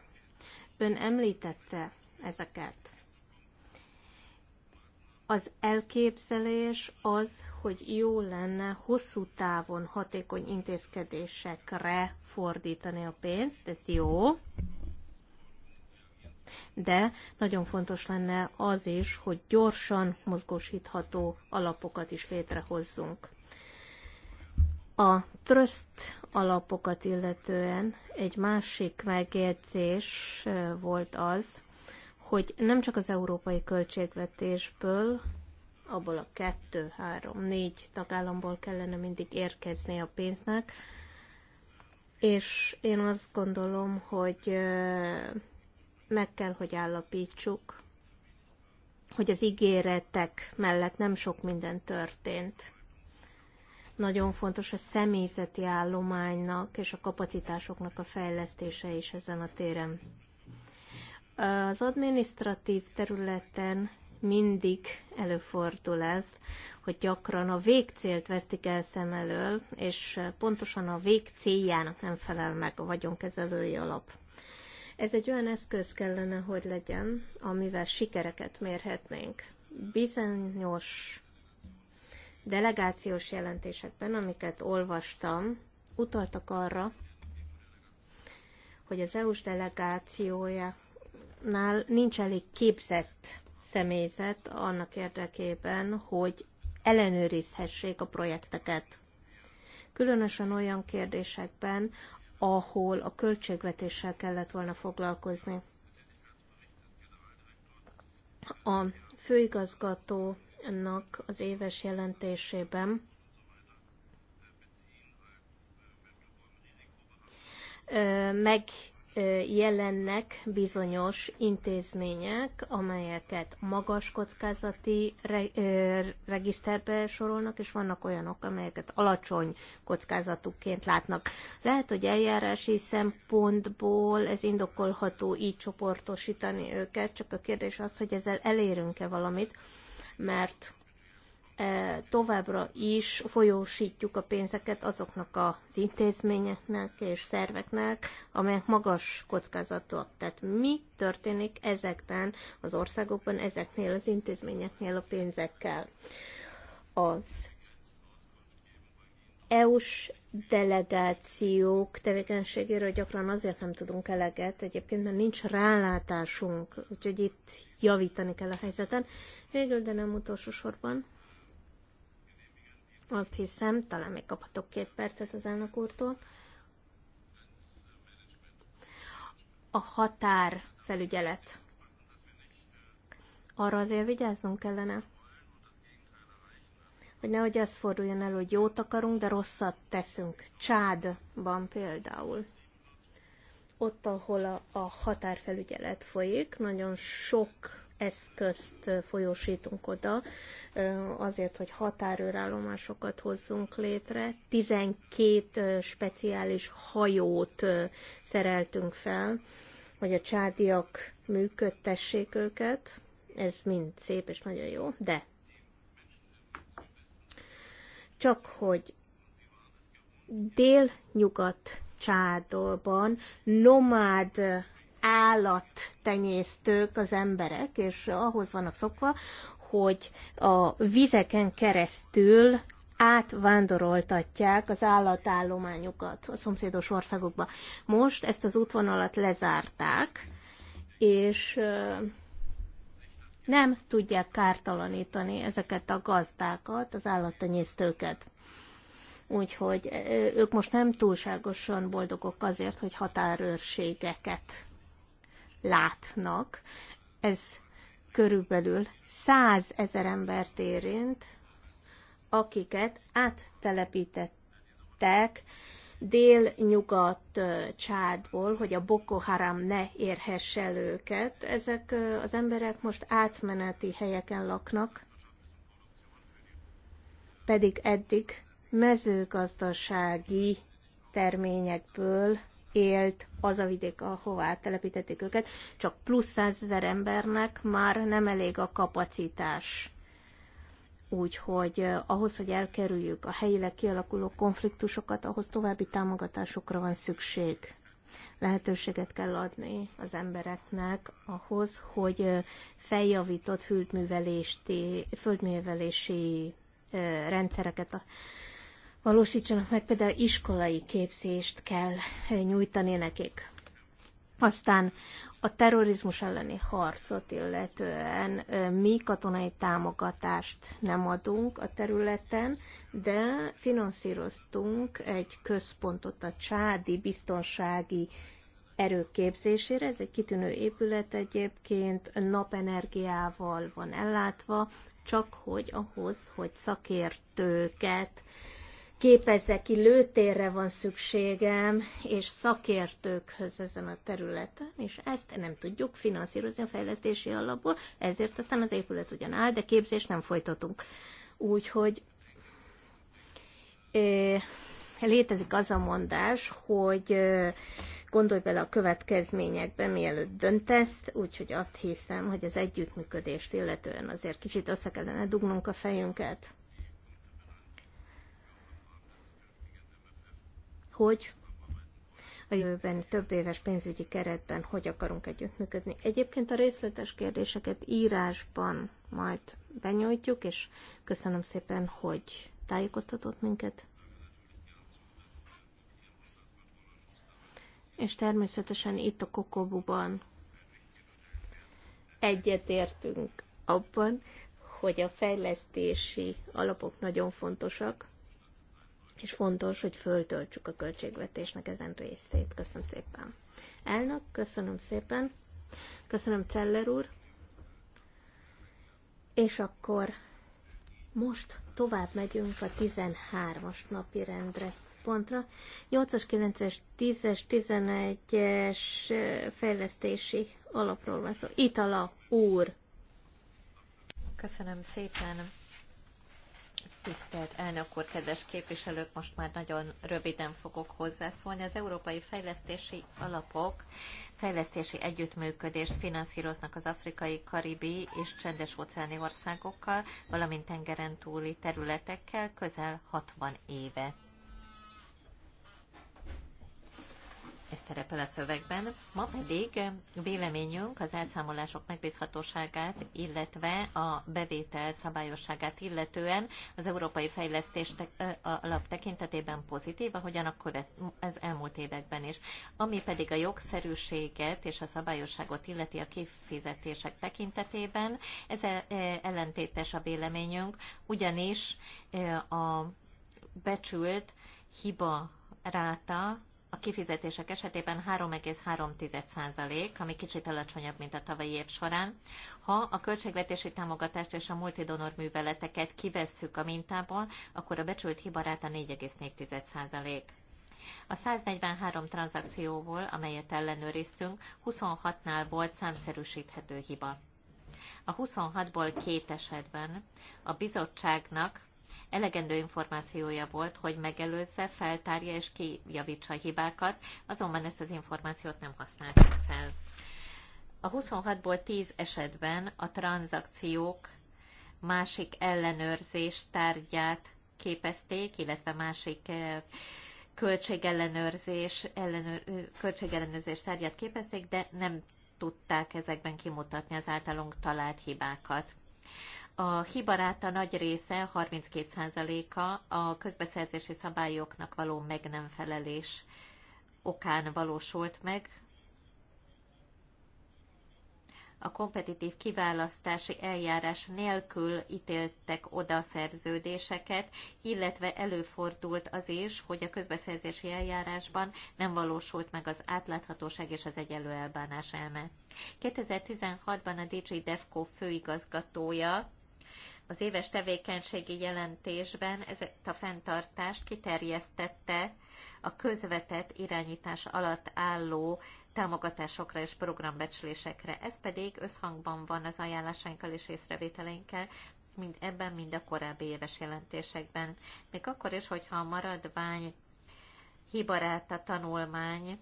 Ön említette ezeket. Az elképzelés az, hogy jó lenne hosszú távon hatékony intézkedésekre fordítani a pénzt, ez jó. De nagyon fontos lenne az is, hogy gyorsan mozgósítható alapokat is létrehozzunk. A tröszt alapokat illetően egy másik megjegyzés volt az, hogy nem csak az európai költségvetésből, abból a kettő, három, négy tagállamból kellene mindig érkezni a pénznek, és én azt gondolom, hogy meg kell, hogy állapítsuk, hogy az ígéretek mellett nem sok minden történt. Nagyon fontos a személyzeti állománynak és a kapacitásoknak a fejlesztése is ezen a téren. Az adminisztratív területen mindig előfordul ez, hogy gyakran a végcélt vesztik el szem elől, és pontosan a végcéljának nem felel meg a vagyonkezelői alap. Ez egy olyan eszköz kellene, hogy legyen, amivel sikereket mérhetnénk. Bizonyos delegációs jelentésekben, amiket olvastam, utaltak arra, hogy az EU-s delegációjánál nincs elég képzett személyzet annak érdekében, hogy ellenőrizhessék a projekteket. Különösen olyan kérdésekben, ahol a költségvetéssel kellett volna foglalkozni. A főigazgató nak az éves jelentésében megjelennek bizonyos intézmények, amelyeket magas kockázati regiszterbe sorolnak, és vannak olyanok, amelyeket alacsony kockázatukként látnak. Lehet, hogy eljárási szempontból ez indokolható így csoportosítani őket, csak a kérdés az, hogy ezzel elérünk-e valamit, mert e, továbbra is folyósítjuk a pénzeket azoknak az intézményeknek és szerveknek, amelyek magas kockázatúak. Tehát mi történik ezekben az országokban, ezeknél az intézményeknél a pénzekkel? Az EU-s delegációk tevékenységéről gyakran azért nem tudunk eleget, egyébként mert nincs rálátásunk, úgyhogy itt javítani kell a helyzeten. Végül, de nem utolsó sorban, azt hiszem, talán még kaphatok két percet az elnök úrtól, a határ felügyelet. Arra azért vigyáznunk kellene, hogy nehogy az forduljon elő, hogy jót akarunk, de rosszat teszünk. Csádban például. Ott, ahol a, a határfelügyelet folyik, nagyon sok eszközt folyósítunk oda, azért, hogy határőrállomásokat hozzunk létre. 12 speciális hajót szereltünk fel, hogy a csádiak működtessék őket. Ez mind szép és nagyon jó, de csak hogy délnyugat csádolban nomád állattenyésztők az emberek, és ahhoz vannak szokva, hogy a vizeken keresztül átvándoroltatják az állatállományokat a szomszédos országokba. Most ezt az útvonalat lezárták, és nem tudják kártalanítani ezeket a gazdákat, az állattenyésztőket. Úgyhogy ők most nem túlságosan boldogok azért, hogy határőrségeket látnak. Ez körülbelül százezer embert érint, akiket áttelepítettek délnyugat csádból, hogy a Boko Haram ne érhesse el őket. Ezek az emberek most átmeneti helyeken laknak, pedig eddig mezőgazdasági terményekből élt az a vidék, ahová telepítették őket, csak plusz százezer embernek már nem elég a kapacitás Úgyhogy eh, ahhoz, hogy elkerüljük a helyileg kialakuló konfliktusokat, ahhoz további támogatásokra van szükség. Lehetőséget kell adni az embereknek ahhoz, hogy eh, feljavított földművelési eh, rendszereket valósítsanak meg, például iskolai képzést kell nyújtani nekik. Aztán a terrorizmus elleni harcot illetően mi katonai támogatást nem adunk a területen, de finanszíroztunk egy központot a csádi biztonsági erők képzésére. Ez egy kitűnő épület egyébként, napenergiával van ellátva, csak hogy ahhoz, hogy szakértőket képezze ki, lőtérre van szükségem, és szakértőkhöz ezen a területen, és ezt nem tudjuk finanszírozni a fejlesztési alapból, ezért aztán az épület ugyan áll, de képzést nem folytatunk. Úgyhogy létezik az a mondás, hogy gondolj bele a következményekbe, mielőtt döntesz, úgyhogy azt hiszem, hogy az együttműködést illetően azért kicsit össze kellene dugnunk a fejünket. hogy a jövőben több éves pénzügyi keretben hogy akarunk együttműködni. Egyébként a részletes kérdéseket írásban majd benyújtjuk, és köszönöm szépen, hogy tájékoztatott minket. És természetesen itt a Kokobuban egyetértünk abban, hogy a fejlesztési alapok nagyon fontosak, és fontos, hogy föltöltsük a költségvetésnek ezen részét. Köszönöm szépen. Elnök, köszönöm szépen. Köszönöm Celler úr. És akkor most tovább megyünk a 13-as napi rendre pontra. 8-as, 9-es, 10-es, 11-es fejlesztési alapról van szó. Itala úr. Köszönöm szépen. Tisztelt elnök úr, kedves képviselők, most már nagyon röviden fogok hozzászólni. Az Európai Fejlesztési Alapok fejlesztési együttműködést finanszíroznak az afrikai, karibi és csendes óceáni országokkal, valamint tengeren túli területekkel közel 60 éve. ez szerepel a szövegben. Ma pedig véleményünk az elszámolások megbízhatóságát, illetve a bevétel szabályosságát illetően az európai fejlesztés alap tekintetében pozitív, ahogyan a követ, az elmúlt években is. Ami pedig a jogszerűséget és a szabályosságot illeti a kifizetések tekintetében, ez e- e- ellentétes a véleményünk, ugyanis e, a becsült hiba ráta a kifizetések esetében 3,3%, ami kicsit alacsonyabb, mint a tavalyi év során. Ha a költségvetési támogatást és a multidonor műveleteket kivesszük a mintából, akkor a becsült hibaráta 4,4%. A 143 tranzakcióból, amelyet ellenőriztünk, 26-nál volt számszerűsíthető hiba. A 26-ból két esetben a bizottságnak Elegendő információja volt, hogy megelőzze, feltárja és kijavítsa a hibákat, azonban ezt az információt nem használták fel. A 26-ból 10 esetben a tranzakciók másik ellenőrzés tárgyát képezték, illetve másik eh, költségellenőrzés, ellenőr, költségellenőrzés tárgyát képezték, de nem tudták ezekben kimutatni az általunk talált hibákat. A hibaráta nagy része, 32%-a a közbeszerzési szabályoknak való meg nem felelés okán valósult meg. A kompetitív kiválasztási eljárás nélkül ítéltek oda szerződéseket, illetve előfordult az is, hogy a közbeszerzési eljárásban nem valósult meg az átláthatóság és az egyenlő elbánás elme. 2016-ban a DJ DEFCO főigazgatója az éves tevékenységi jelentésben ezt a fenntartást kiterjesztette a közvetett irányítás alatt álló támogatásokra és programbecslésekre. Ez pedig összhangban van az ajánlásainkkal és észrevételeinkkel, mind ebben, mind a korábbi éves jelentésekben. Még akkor is, hogyha a maradvány hibaráta tanulmány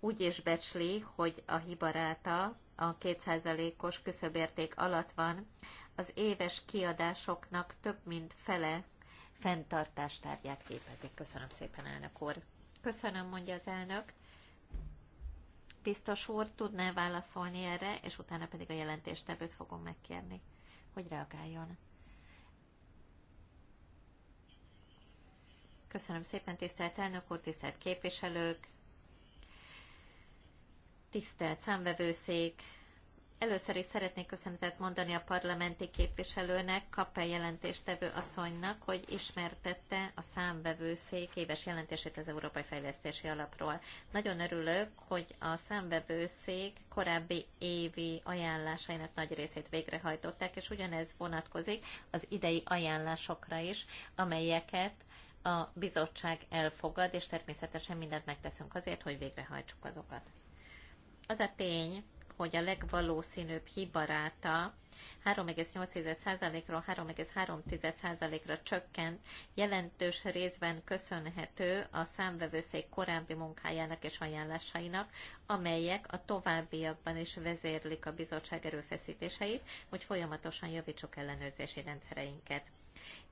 úgy is becsli, hogy a hibaráta a kétszázalékos küszöbérték alatt van, az éves kiadásoknak több mint fele fenntartástárgyát képezik. Köszönöm szépen, elnök úr. Köszönöm, mondja az elnök. Biztos úr, tudná válaszolni erre, és utána pedig a jelentéstevőt fogom megkérni, hogy reagáljon. Köszönöm szépen, tisztelt elnök úr, tisztelt képviselők, tisztelt számvevőszék, Először is szeretnék köszönetet mondani a parlamenti képviselőnek, Kappel jelentéstevő asszonynak, hogy ismertette a számvevőszék éves jelentését az Európai Fejlesztési Alapról. Nagyon örülök, hogy a számvevőszék korábbi évi ajánlásainak nagy részét végrehajtották, és ugyanez vonatkozik az idei ajánlásokra is, amelyeket a bizottság elfogad, és természetesen mindent megteszünk azért, hogy végrehajtsuk azokat. Az a tény, hogy a legvalószínűbb hibaráta 3,8%-ról 3,3%-ra csökkent, jelentős részben köszönhető a számvevőszék korábbi munkájának és ajánlásainak, amelyek a továbbiakban is vezérlik a bizottság erőfeszítéseit, hogy folyamatosan javítsuk ellenőrzési rendszereinket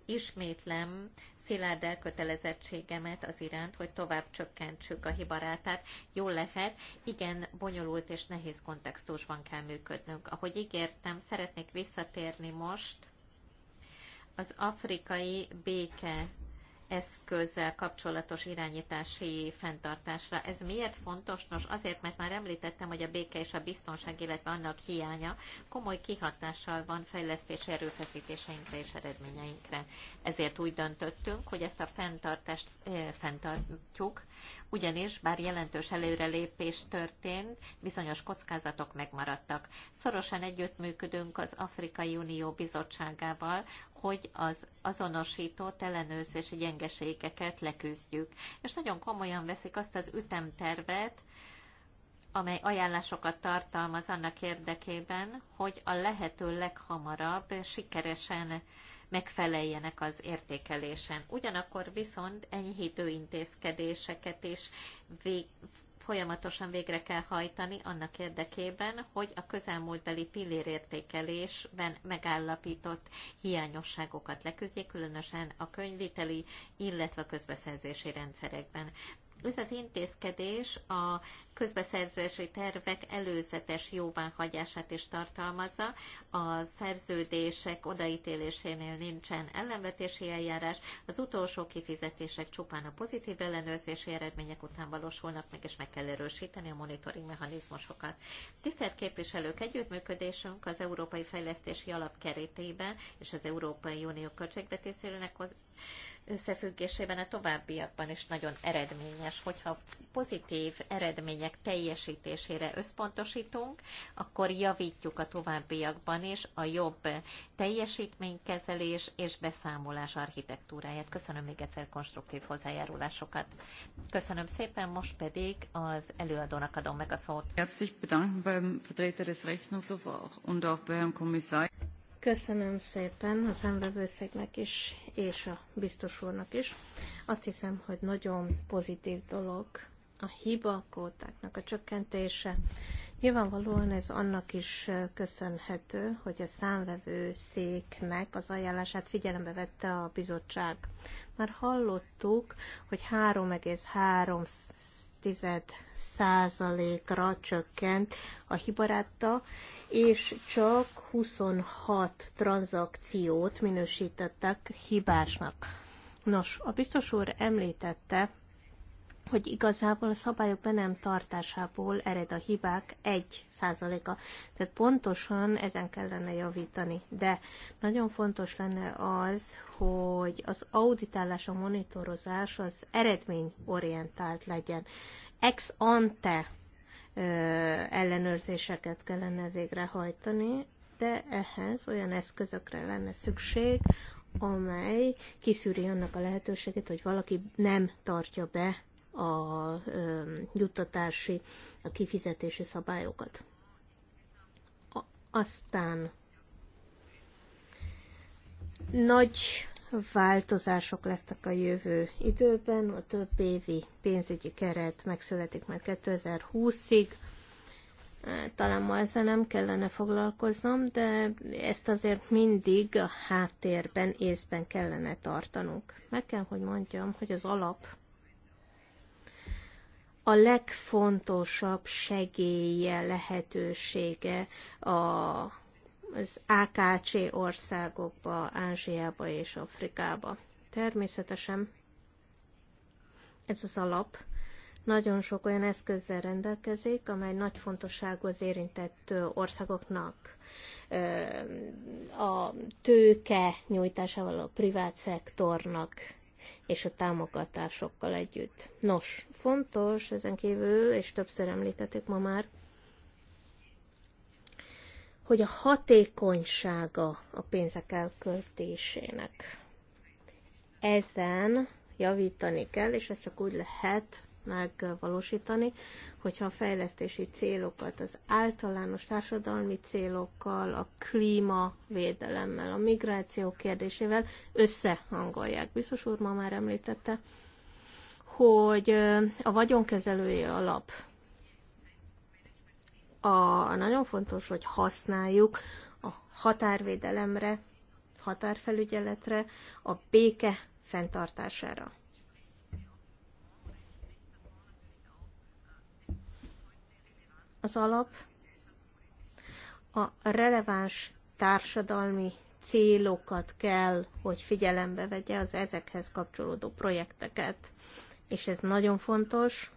ismétlem szilárd elkötelezettségemet az iránt, hogy tovább csökkentsük a hibarátát. Jól lehet, igen, bonyolult és nehéz kontextusban kell működnünk. Ahogy ígértem, szeretnék visszatérni most az afrikai béke eszközzel kapcsolatos irányítási fenntartásra. Ez miért fontos? Nos, azért, mert már említettem, hogy a béke és a biztonság, illetve annak hiánya komoly kihatással van fejlesztési erőfeszítéseinkre és eredményeinkre. Ezért úgy döntöttünk, hogy ezt a fenntartást e, fenntartjuk ugyanis bár jelentős előrelépés történt, bizonyos kockázatok megmaradtak. Szorosan együttműködünk az Afrikai Unió Bizottságával, hogy az azonosított ellenőrzési gyengeségeket leküzdjük. És nagyon komolyan veszik azt az ütemtervet, amely ajánlásokat tartalmaz annak érdekében, hogy a lehető leghamarabb sikeresen megfeleljenek az értékelésen. Ugyanakkor viszont enyhítő intézkedéseket is vég, folyamatosan végre kell hajtani annak érdekében, hogy a közelmúltbeli pillérértékelésben megállapított hiányosságokat leküzdjék, különösen a könyviteli, illetve a közbeszerzési rendszerekben. Ez az intézkedés a közbeszerzési tervek előzetes jóváhagyását is tartalmazza. A szerződések odaítélésénél nincsen ellenvetési eljárás, az utolsó kifizetések csupán a pozitív ellenőrzési eredmények után valósulnak meg, és meg kell erősíteni a monitoring mechanizmusokat. Tisztelt képviselők, együttműködésünk az Európai Fejlesztési Alap keretében és az Európai Unió költségvetésének összefüggésében a továbbiakban is nagyon eredményes, hogyha pozitív eredmények eredmények teljesítésére összpontosítunk, akkor javítjuk a továbbiakban is a jobb teljesítménykezelés és beszámolás architektúráját. Köszönöm még egyszer konstruktív hozzájárulásokat. Köszönöm szépen, most pedig az előadónak adom meg a szót. beim Vertreter des und auch Kommissar. Köszönöm szépen az emberbőszegnek is, és a biztos úrnak is. Azt hiszem, hogy nagyon pozitív dolog a hibakótáknak a csökkentése. Nyilvánvalóan ez annak is köszönhető, hogy a széknek az ajánlását figyelembe vette a bizottság. Már hallottuk, hogy 3,3 százalékra csökkent a hibaráta, és csak 26 tranzakciót minősítettek hibásnak. Nos, a biztos úr említette, hogy igazából a szabályok be nem tartásából ered a hibák 1 százaléka, Tehát pontosan ezen kellene javítani. De nagyon fontos lenne az, hogy az auditálás, a monitorozás az eredményorientált legyen. Ex ante ellenőrzéseket kellene végrehajtani, de ehhez olyan eszközökre lenne szükség, amely kiszűri annak a lehetőségét, hogy valaki nem tartja be a juttatási, a kifizetési szabályokat. Aztán nagy változások lesznek a jövő időben, a több évi pénzügyi keret megszületik már 2020-ig, talán ma ezzel nem kellene foglalkoznom, de ezt azért mindig a háttérben, észben kellene tartanunk. Meg kell, hogy mondjam, hogy az alap a legfontosabb segélye, lehetősége a, az AKC országokba, Ázsiába és Afrikába. Természetesen ez az alap nagyon sok olyan eszközzel rendelkezik, amely nagy fontosságú az érintett országoknak. A tőke nyújtásával a privát szektornak és a támogatásokkal együtt. Nos, fontos ezen kívül, és többször említették ma már, hogy a hatékonysága a pénzek elköltésének. Ezen javítani kell, és ez csak úgy lehet, megvalósítani, hogyha a fejlesztési célokat az általános társadalmi célokkal, a klímavédelemmel, a migráció kérdésével összehangolják. Biztos úr ma már említette, hogy a vagyonkezelői alap a, nagyon fontos, hogy használjuk a határvédelemre, határfelügyeletre, a béke fenntartására. az alap a releváns társadalmi célokat kell, hogy figyelembe vegye az ezekhez kapcsolódó projekteket. És ez nagyon fontos.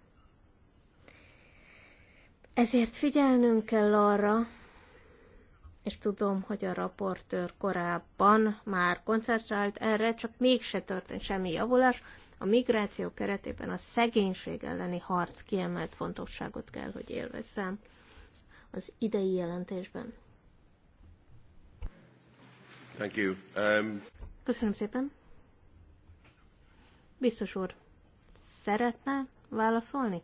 Ezért figyelnünk kell arra, és tudom, hogy a raportőr korábban már koncentrált erre, csak mégse történt semmi javulás, a migráció keretében a szegénység elleni harc kiemelt fontosságot kell, hogy élvezzem az idei jelentésben. Thank you. Um... Köszönöm szépen. Biztos úr, szeretne válaszolni?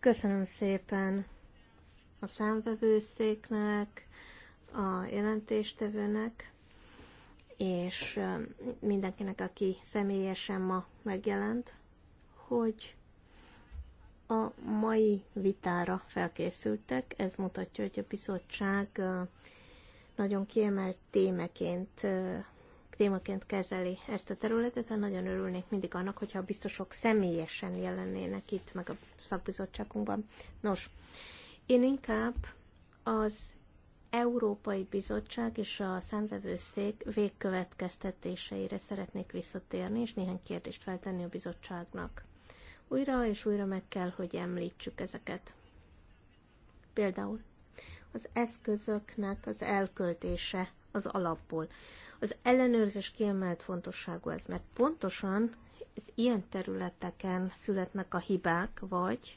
Köszönöm szépen a számvevőszéknek, a jelentéstevőnek, és mindenkinek, aki személyesen ma megjelent, hogy a mai vitára felkészültek. Ez mutatja, hogy a bizottság nagyon kiemelt témeként, témaként kezeli ezt a területet, hát nagyon örülnék mindig annak, hogyha a biztosok személyesen jelennének itt, meg a szakbizottságunkban. Nos, én inkább az Európai Bizottság és a számvevőszék végkövetkeztetéseire szeretnék visszatérni, és néhány kérdést feltenni a bizottságnak. Újra és újra meg kell, hogy említsük ezeket. Például az eszközöknek az elköltése az alapból. Az ellenőrzés kiemelt fontosságú ez, mert pontosan az ilyen területeken születnek a hibák, vagy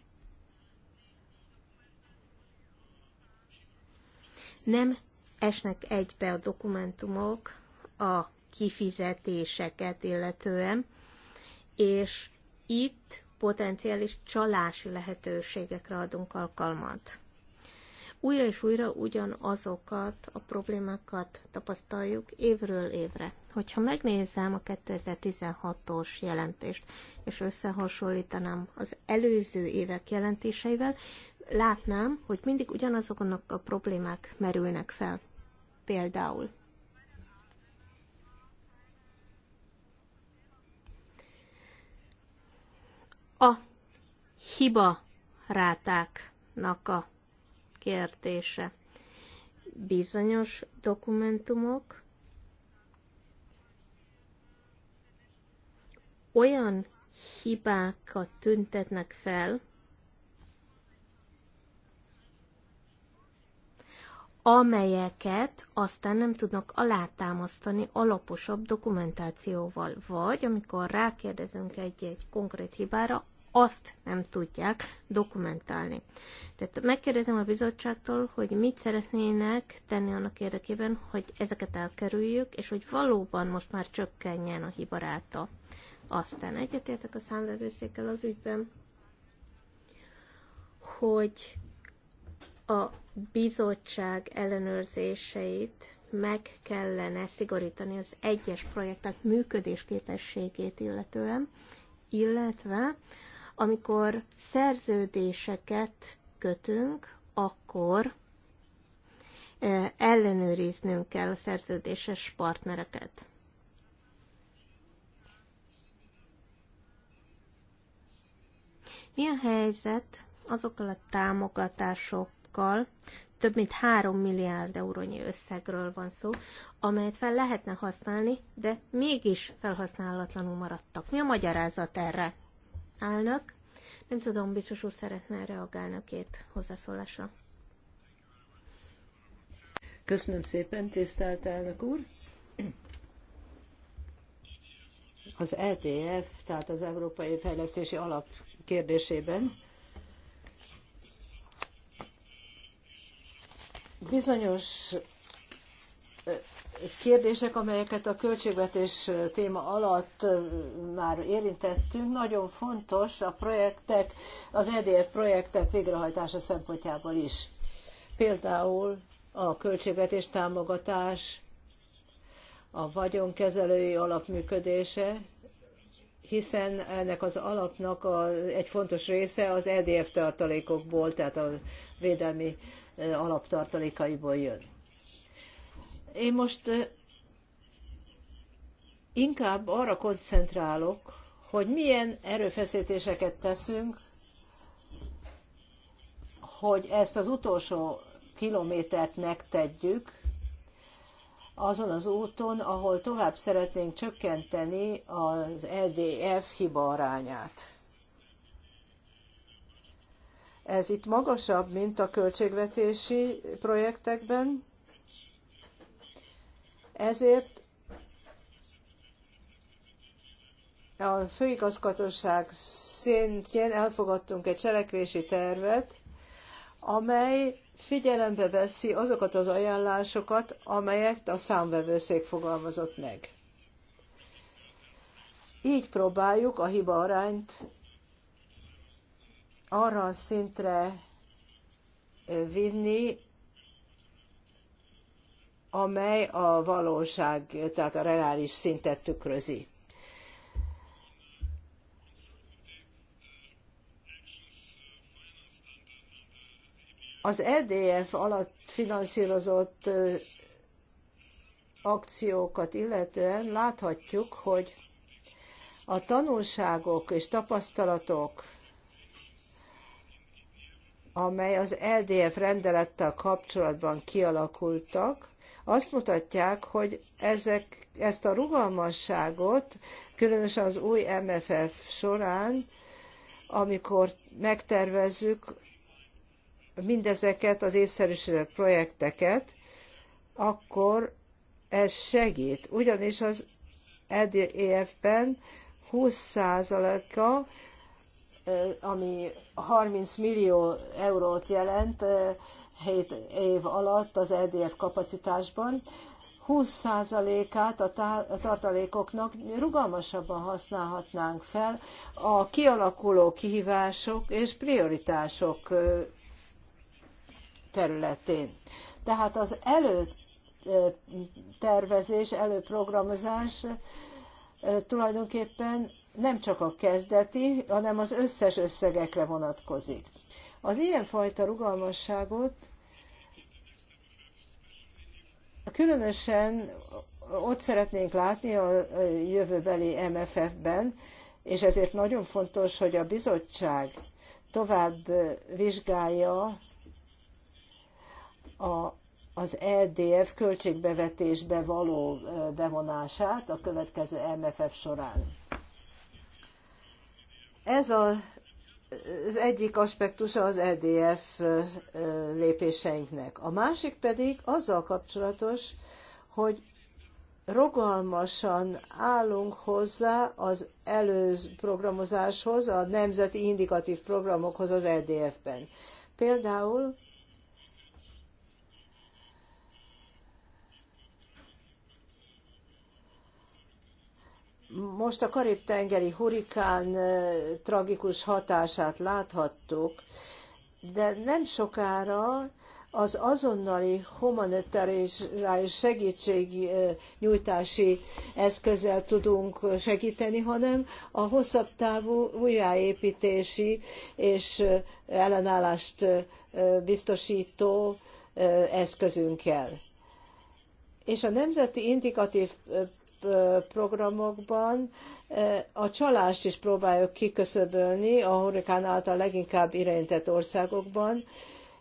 nem esnek egybe a dokumentumok a kifizetéseket illetően, és itt potenciális csalási lehetőségekre adunk alkalmat. Újra és újra ugyanazokat a problémákat tapasztaljuk évről évre. Hogyha megnézem a 2016-os jelentést, és összehasonlítanám az előző évek jelentéseivel, látnám, hogy mindig ugyanazoknak a problémák merülnek fel. Például a hiba rátáknak a kérdése. Bizonyos dokumentumok olyan hibákat tüntetnek fel, amelyeket aztán nem tudnak alátámasztani alaposabb dokumentációval, vagy amikor rákérdezünk egy-egy konkrét hibára, azt nem tudják dokumentálni. Tehát megkérdezem a bizottságtól, hogy mit szeretnének tenni annak érdekében, hogy ezeket elkerüljük, és hogy valóban most már csökkenjen a hibaráta. Aztán egyetértek a számvevőszékkel az ügyben, hogy a bizottság ellenőrzéseit meg kellene szigorítani az egyes projektek működésképességét illetően, illetve amikor szerződéseket kötünk, akkor e, ellenőriznünk kell a szerződéses partnereket. Mi a helyzet azokkal a támogatások országokkal, több mint 3 milliárd eurónyi összegről van szó, amelyet fel lehetne használni, de mégis felhasználatlanul maradtak. Mi a magyarázat erre? Állnak? Nem tudom, biztos úr szeretne reagálni a két hozzászólásra. Köszönöm szépen, tisztelt elnök úr! Az ETF, tehát az Európai Fejlesztési Alap kérdésében Bizonyos kérdések, amelyeket a költségvetés téma alatt már érintettünk, nagyon fontos a projektek, az EDF projektek végrehajtása szempontjából is. Például a költségvetés támogatás, a vagyonkezelői alap működése, hiszen ennek az alapnak a, egy fontos része az EDF tartalékokból, tehát a védelmi alaptartalékaiból jön. Én most inkább arra koncentrálok, hogy milyen erőfeszítéseket teszünk, hogy ezt az utolsó kilométert megtegyük, azon az úton, ahol tovább szeretnénk csökkenteni az EDF hiba arányát. Ez itt magasabb, mint a költségvetési projektekben, ezért a főigazgatóság szintjén elfogadtunk egy cselekvési tervet, amely figyelembe veszi azokat az ajánlásokat, amelyek a számvevőszék fogalmazott meg. Így próbáljuk a hiba arányt arra a szintre vinni, amely a valóság, tehát a reális szintet tükrözi. Az EDF alatt finanszírozott akciókat illetően láthatjuk, hogy a tanulságok és tapasztalatok amely az LDF rendelettel kapcsolatban kialakultak, azt mutatják, hogy ezek, ezt a rugalmasságot, különösen az új MFF során, amikor megtervezzük mindezeket az észszerűsített projekteket, akkor ez segít. Ugyanis az EDF-ben 20%-a ami 30 millió eurót jelent 7 év alatt az EDF kapacitásban, 20%-át a, a tartalékoknak rugalmasabban használhatnánk fel a kialakuló kihívások és prioritások területén. Tehát az előtervezés, előprogramozás tulajdonképpen nem csak a kezdeti, hanem az összes összegekre vonatkozik. Az ilyenfajta rugalmasságot különösen ott szeretnénk látni a jövőbeli MFF-ben, és ezért nagyon fontos, hogy a bizottság tovább vizsgálja a, az EDF költségbevetésbe való bevonását a következő MFF során. Ez a, az egyik aspektusa az EDF lépéseinknek. A másik pedig azzal kapcsolatos, hogy rogalmasan állunk hozzá az előz programozáshoz, a nemzeti indikatív programokhoz az EDF-ben. Például Most a Karib-tengeri hurikán tragikus hatását láthattuk, de nem sokára az azonnali humanitárius segítségnyújtási eszközzel tudunk segíteni, hanem a hosszabb távú újjáépítési és ellenállást biztosító eszközünkkel. És a nemzeti indikatív programokban eh, a csalást is próbáljuk kiköszöbölni a hurrikán által leginkább irányített országokban,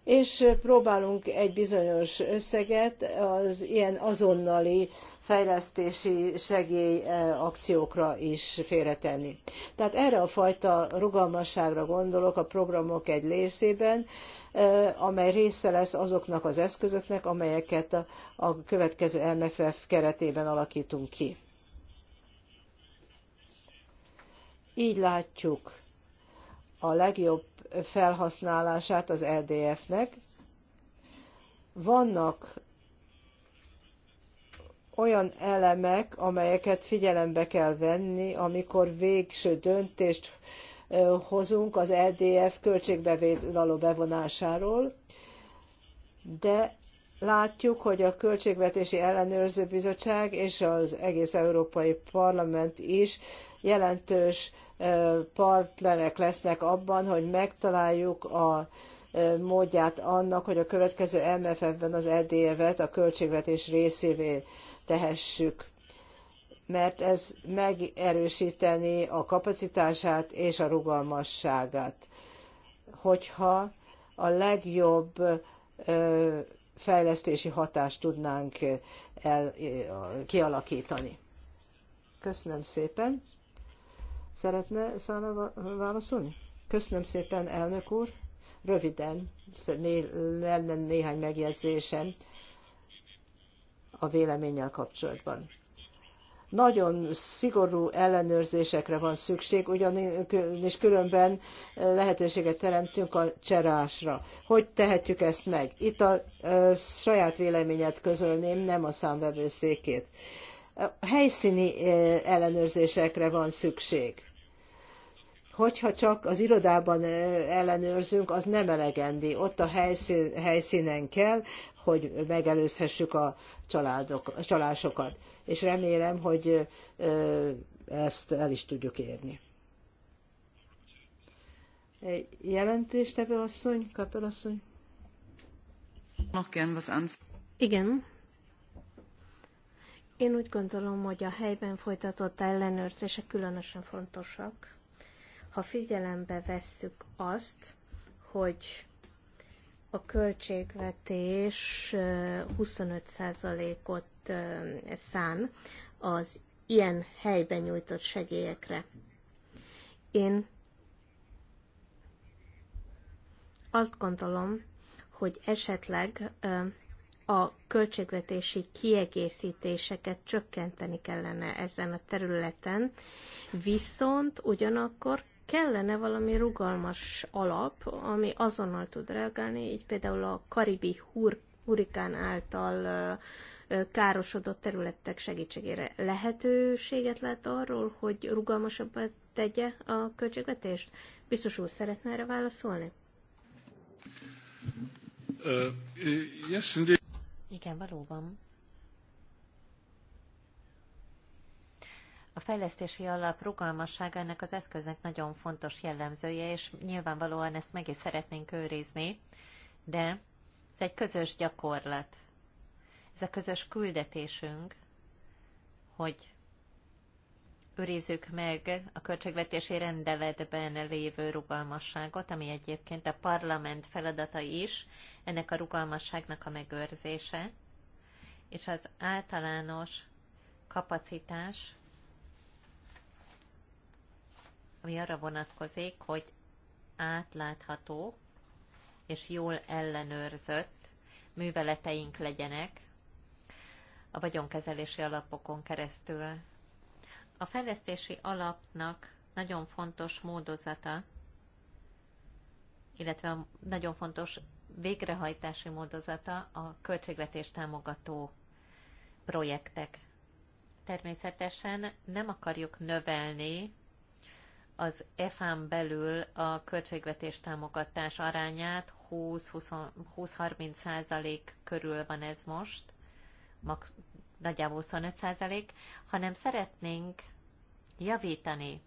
és próbálunk egy bizonyos összeget az ilyen azonnali fejlesztési segélyakciókra eh, is félretenni. Tehát erre a fajta rugalmasságra gondolok a programok egy részében, Eh, amely része lesz azoknak az eszközöknek, amelyeket a következő MFF keretében alakítunk ki. Így látjuk a legjobb felhasználását az LDF-nek. E Vannak olyan elemek, amelyeket figyelembe kell venni, amikor végső döntést hozunk az LDF e költségbevételő bevonásáról, de látjuk, hogy a Költségvetési Ellenőrző Bizottság és az egész Európai Parlament is jelentős partnerek lesznek abban, hogy megtaláljuk a módját annak, hogy a következő MFF-ben az EDF-et a költségvetés részévé tehessük mert ez megerősíteni a kapacitását és a rugalmasságát. Hogyha a legjobb fejlesztési hatást tudnánk el, kialakítani. Köszönöm szépen. Szeretne szállna válaszolni? Köszönöm szépen, elnök úr. Röviden, lenne néhány megjegyzésem a véleménnyel kapcsolatban. Nagyon szigorú ellenőrzésekre van szükség, ugyanis különben lehetőséget teremtünk a cserásra. Hogy tehetjük ezt meg? Itt a saját véleményet közölném, nem a számvevőszékét. Helyszíni ellenőrzésekre van szükség hogyha csak az irodában ellenőrzünk, az nem elegendi. Ott a helyszín, helyszínen kell hogy megelőzhessük a, családok, a csalásokat. És remélem, hogy ezt el is tudjuk érni. Jelentéstevő asszony, Kapel asszony? Igen. Én úgy gondolom, hogy a helyben folytatott ellenőrzések különösen fontosak. Ha figyelembe vesszük azt, hogy a költségvetés 25%-ot szán az ilyen helyben nyújtott segélyekre. Én azt gondolom, hogy esetleg a költségvetési kiegészítéseket csökkenteni kellene ezen a területen, viszont ugyanakkor kellene valami rugalmas alap, ami azonnal tud reagálni, így például a karibi hur hurikán által károsodott területek segítségére lehetőséget lát arról, hogy rugalmasabbá tegye a költségvetést? Biztos úr szeretne erre válaszolni? Uh, yes, indeed. Igen, valóban. A fejlesztési alap rugalmassága ennek az eszköznek nagyon fontos jellemzője, és nyilvánvalóan ezt meg is szeretnénk őrizni, de ez egy közös gyakorlat. Ez a közös küldetésünk, hogy őrizzük meg a költségvetési rendeletben lévő rugalmasságot, ami egyébként a parlament feladata is, ennek a rugalmasságnak a megőrzése, és az általános kapacitás ami arra vonatkozik, hogy átlátható és jól ellenőrzött műveleteink legyenek a vagyonkezelési alapokon keresztül. A fejlesztési alapnak nagyon fontos módozata, illetve nagyon fontos végrehajtási módozata a költségvetés támogató projektek. Természetesen nem akarjuk növelni az EFAM belül a költségvetés támogatás arányát 20-30 százalék körül van ez most, mag, nagyjából 25 százalék, hanem szeretnénk javítani,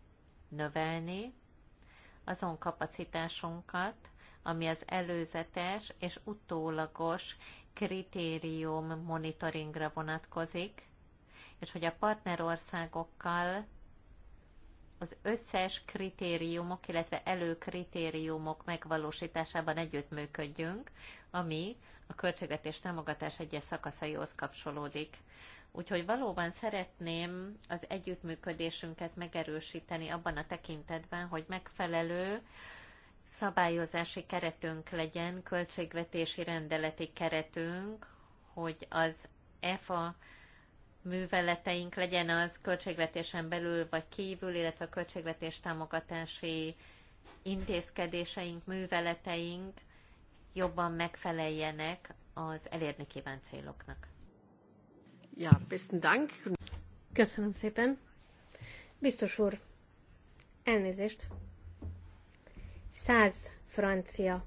növelni azon kapacitásunkat, ami az előzetes és utólagos kritérium monitoringra vonatkozik, és hogy a partnerországokkal az összes kritériumok, illetve előkritériumok megvalósításában együttműködjünk, ami a költségvetés támogatás egyes szakaszaihoz kapcsolódik. Úgyhogy valóban szeretném az együttműködésünket megerősíteni abban a tekintetben, hogy megfelelő szabályozási keretünk legyen, költségvetési rendeleti keretünk, hogy az EFA műveleteink, legyen az költségvetésen belül vagy kívül, illetve a költségvetés támogatási intézkedéseink, műveleteink jobban megfeleljenek az elérni kívánt céloknak. Ja, besten Dank. Köszönöm szépen. Biztos úr, elnézést. Száz francia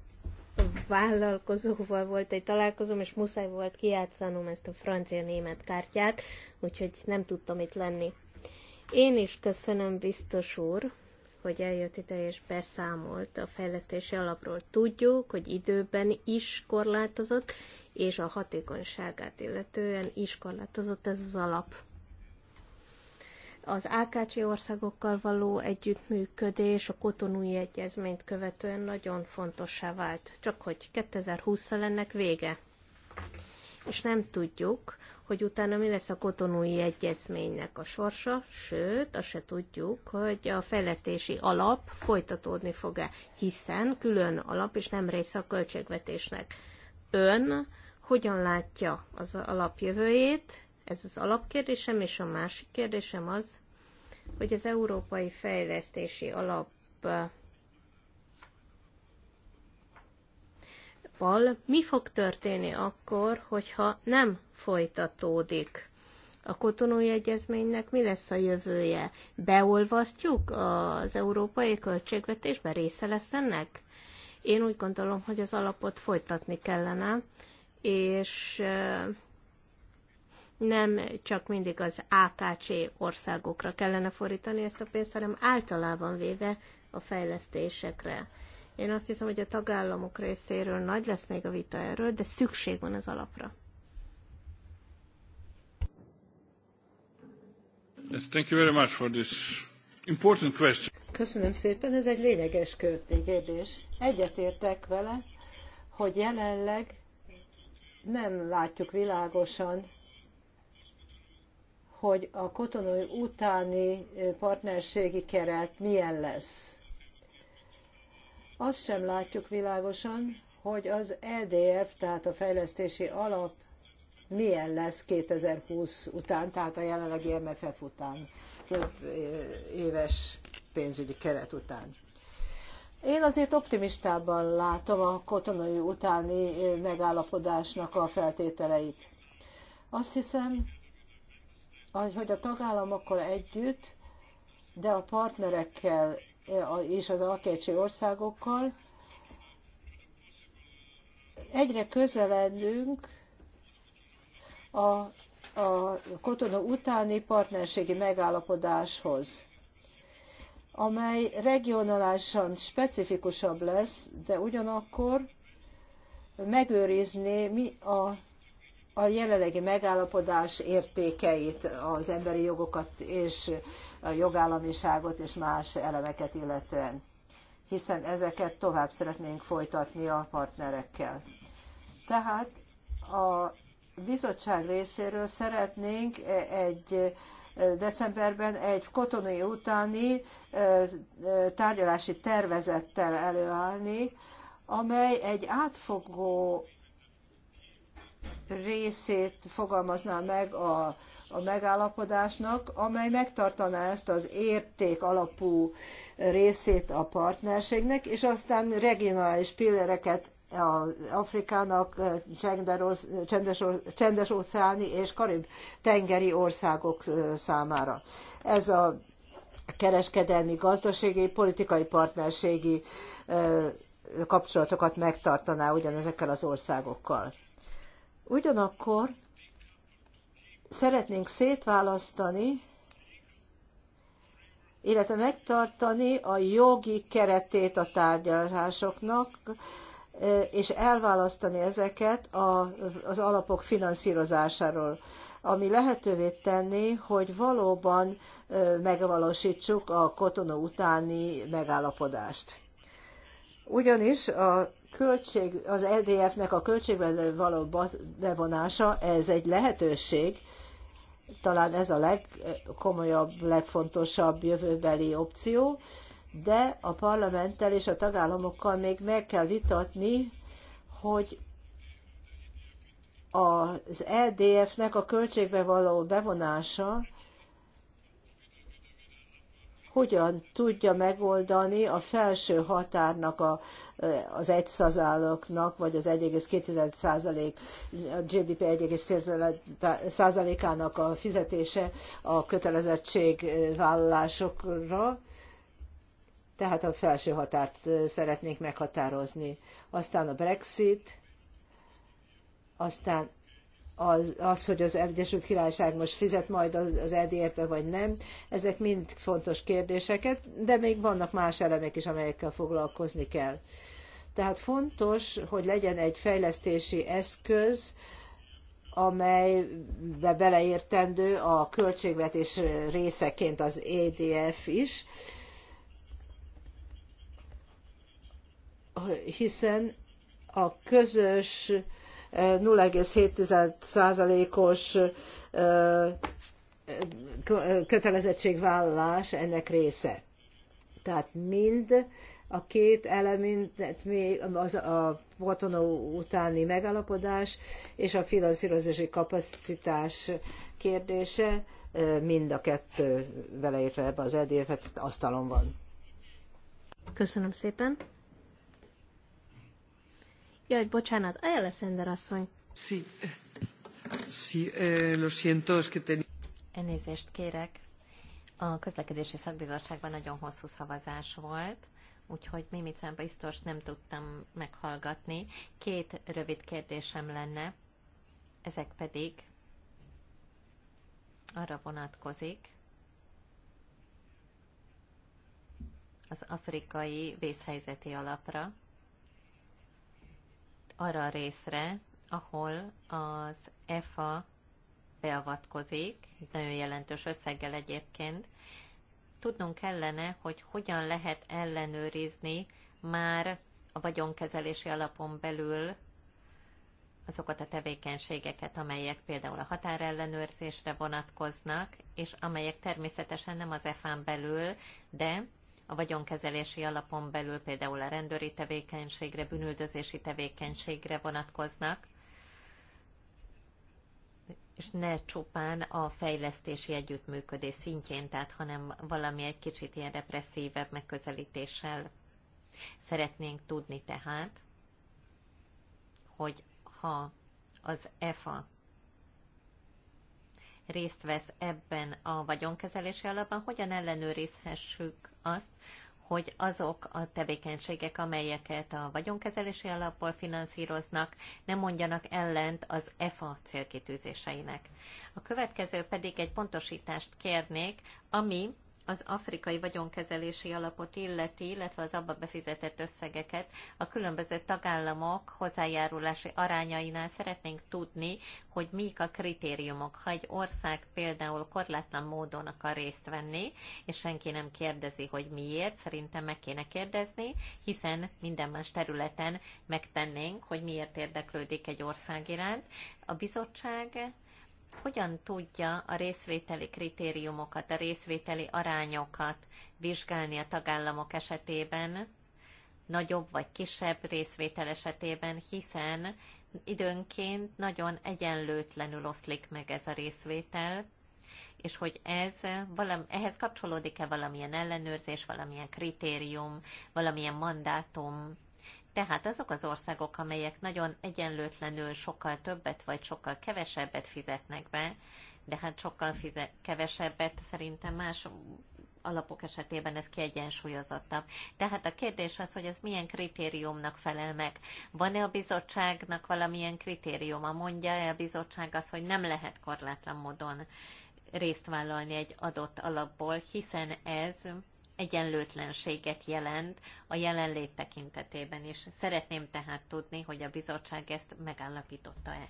vállalkozóval volt egy találkozom, és muszáj volt kiátszanom ezt a francia-német kártyát, úgyhogy nem tudtam itt lenni. Én is köszönöm, biztos úr, hogy eljött ide és beszámolt a fejlesztési alapról. Tudjuk, hogy időben is korlátozott, és a hatékonyságát illetően is korlátozott ez az alap az AKC országokkal való együttműködés a kotonúi egyezményt követően nagyon fontossá vált, csak hogy 2020-szal ennek vége. És nem tudjuk, hogy utána mi lesz a kotonúi egyezménynek a sorsa, sőt, azt se tudjuk, hogy a fejlesztési alap folytatódni fog-e, hiszen külön alap és nem része a költségvetésnek. Ön hogyan látja az alapjövőjét, ez az alapkérdésem, és a másik kérdésem az, hogy az Európai Fejlesztési Alap mi fog történni akkor, hogyha nem folytatódik a kotonói egyezménynek mi lesz a jövője? Beolvasztjuk az európai költségvetésbe? Része lesz ennek? Én úgy gondolom, hogy az alapot folytatni kellene, és nem csak mindig az AKC országokra kellene fordítani ezt a pénzt, hanem általában véve a fejlesztésekre. Én azt hiszem, hogy a tagállamok részéről nagy lesz még a vita erről, de szükség van az alapra. Yes, thank you very much for this important question. Köszönöm szépen, ez egy lényeges kérdés. Egyetértek vele, hogy jelenleg nem látjuk világosan, hogy a kotonai utáni partnerségi keret milyen lesz. Azt sem látjuk világosan, hogy az EDF, tehát a fejlesztési alap milyen lesz 2020 után, tehát a jelenlegi MFF után, több éves pénzügyi keret után. Én azért optimistában látom a kotonai utáni megállapodásnak a feltételeit. Azt hiszem, hogy a tagállamokkal együtt, de a partnerekkel e, és az alkécsi országokkal egyre közeledünk a, a Kotonó utáni partnerségi megállapodáshoz amely regionálisan specifikusabb lesz, de ugyanakkor megőrizni mi a a jelenlegi megállapodás értékeit, az emberi jogokat és a jogállamiságot és más elemeket illetően, hiszen ezeket tovább szeretnénk folytatni a partnerekkel. Tehát a bizottság részéről szeretnénk egy decemberben egy kotonai utáni tárgyalási tervezettel előállni, amely egy átfogó részét fogalmazná meg a, a megállapodásnak, amely megtartaná ezt az érték alapú részét a partnerségnek, és aztán regionális pillereket az Afrikának, csenderos, csendes óceáni és karib tengeri országok számára. Ez a kereskedelmi, gazdasági, politikai partnerségi kapcsolatokat megtartaná ugyanezekkel az országokkal. Ugyanakkor szeretnénk szétválasztani, illetve megtartani a jogi keretét a tárgyalásoknak, és elválasztani ezeket az alapok finanszírozásáról, ami lehetővé tenni, hogy valóban megvalósítsuk a kotona utáni megállapodást. Ugyanis a költség, az LDF-nek e a költségben való bevonása, ez egy lehetőség, talán ez a legkomolyabb, legfontosabb jövőbeli opció, de a parlamenttel és a tagállamokkal még meg kell vitatni, hogy az EDF-nek a költségbe való bevonása hogyan tudja megoldani a felső határnak a, az egy százaloknak, vagy az 1,2 százalék, a GDP 1,2 százalékának a fizetése a kötelezettségvállalásokra, tehát a felső határt szeretnék meghatározni. Aztán a Brexit, aztán az, az, hogy az Egyesült Királyság most fizet majd az EDF-be, vagy nem, ezek mind fontos kérdéseket, de még vannak más elemek is, amelyekkel foglalkozni kell. Tehát fontos, hogy legyen egy fejlesztési eszköz, amelybe beleértendő a költségvetés részeként az EDF is, hiszen a közös 0,7%-os kötelezettségvállalás ennek része. Tehát mind a két elemet, az a Botonó utáni megállapodás és a finanszírozási kapacitás kérdése, mind a kettő beleértve ebbe az edf asztalon van. Köszönöm szépen. Jaj, bocsánat, Ayala Sender asszony. Sí. Sí, eh, lo siento, es que ten... Elnézést kérek. A közlekedési szakbizottságban nagyon hosszú szavazás volt, úgyhogy Mimicán biztos nem tudtam meghallgatni. Két rövid kérdésem lenne, ezek pedig arra vonatkozik, az afrikai vészhelyzeti alapra, arra a részre, ahol az EFA beavatkozik, nagyon jelentős összeggel egyébként, tudnunk kellene, hogy hogyan lehet ellenőrizni már a vagyonkezelési alapon belül azokat a tevékenységeket, amelyek például a határellenőrzésre vonatkoznak, és amelyek természetesen nem az EFA-n belül, de a vagyonkezelési alapon belül például a rendőri tevékenységre, bűnüldözési tevékenységre vonatkoznak, és ne csupán a fejlesztési együttműködés szintjén, tehát hanem valami egy kicsit ilyen represszívebb megközelítéssel szeretnénk tudni tehát, hogy ha az EFA részt vesz ebben a vagyonkezelési alapban, hogyan ellenőrizhessük azt, hogy azok a tevékenységek, amelyeket a vagyonkezelési alapból finanszíroznak, nem mondjanak ellent az EFA célkitűzéseinek. A következő pedig egy pontosítást kérnék, ami az afrikai vagyonkezelési alapot illeti, illetve az abba befizetett összegeket, a különböző tagállamok hozzájárulási arányainál szeretnénk tudni, hogy mik a kritériumok. Ha egy ország például korlátlan módon akar részt venni, és senki nem kérdezi, hogy miért, szerintem meg kéne kérdezni, hiszen minden más területen megtennénk, hogy miért érdeklődik egy ország iránt. A bizottság hogyan tudja a részvételi kritériumokat, a részvételi arányokat vizsgálni a tagállamok esetében, nagyobb vagy kisebb részvétel esetében, hiszen időnként nagyon egyenlőtlenül oszlik meg ez a részvétel, és hogy ez valami, ehhez kapcsolódik-e valamilyen ellenőrzés, valamilyen kritérium, valamilyen mandátum, tehát azok az országok, amelyek nagyon egyenlőtlenül sokkal többet vagy sokkal kevesebbet fizetnek be, de hát sokkal fize- kevesebbet szerintem más alapok esetében ez kiegyensúlyozottabb. Tehát a kérdés az, hogy ez milyen kritériumnak felel meg. Van-e a bizottságnak valamilyen kritériuma? Mondja-e a bizottság az, hogy nem lehet korlátlan módon részt vállalni egy adott alapból, hiszen ez egyenlőtlenséget jelent a jelenlét tekintetében, és szeretném tehát tudni, hogy a bizottság ezt megállapította-e.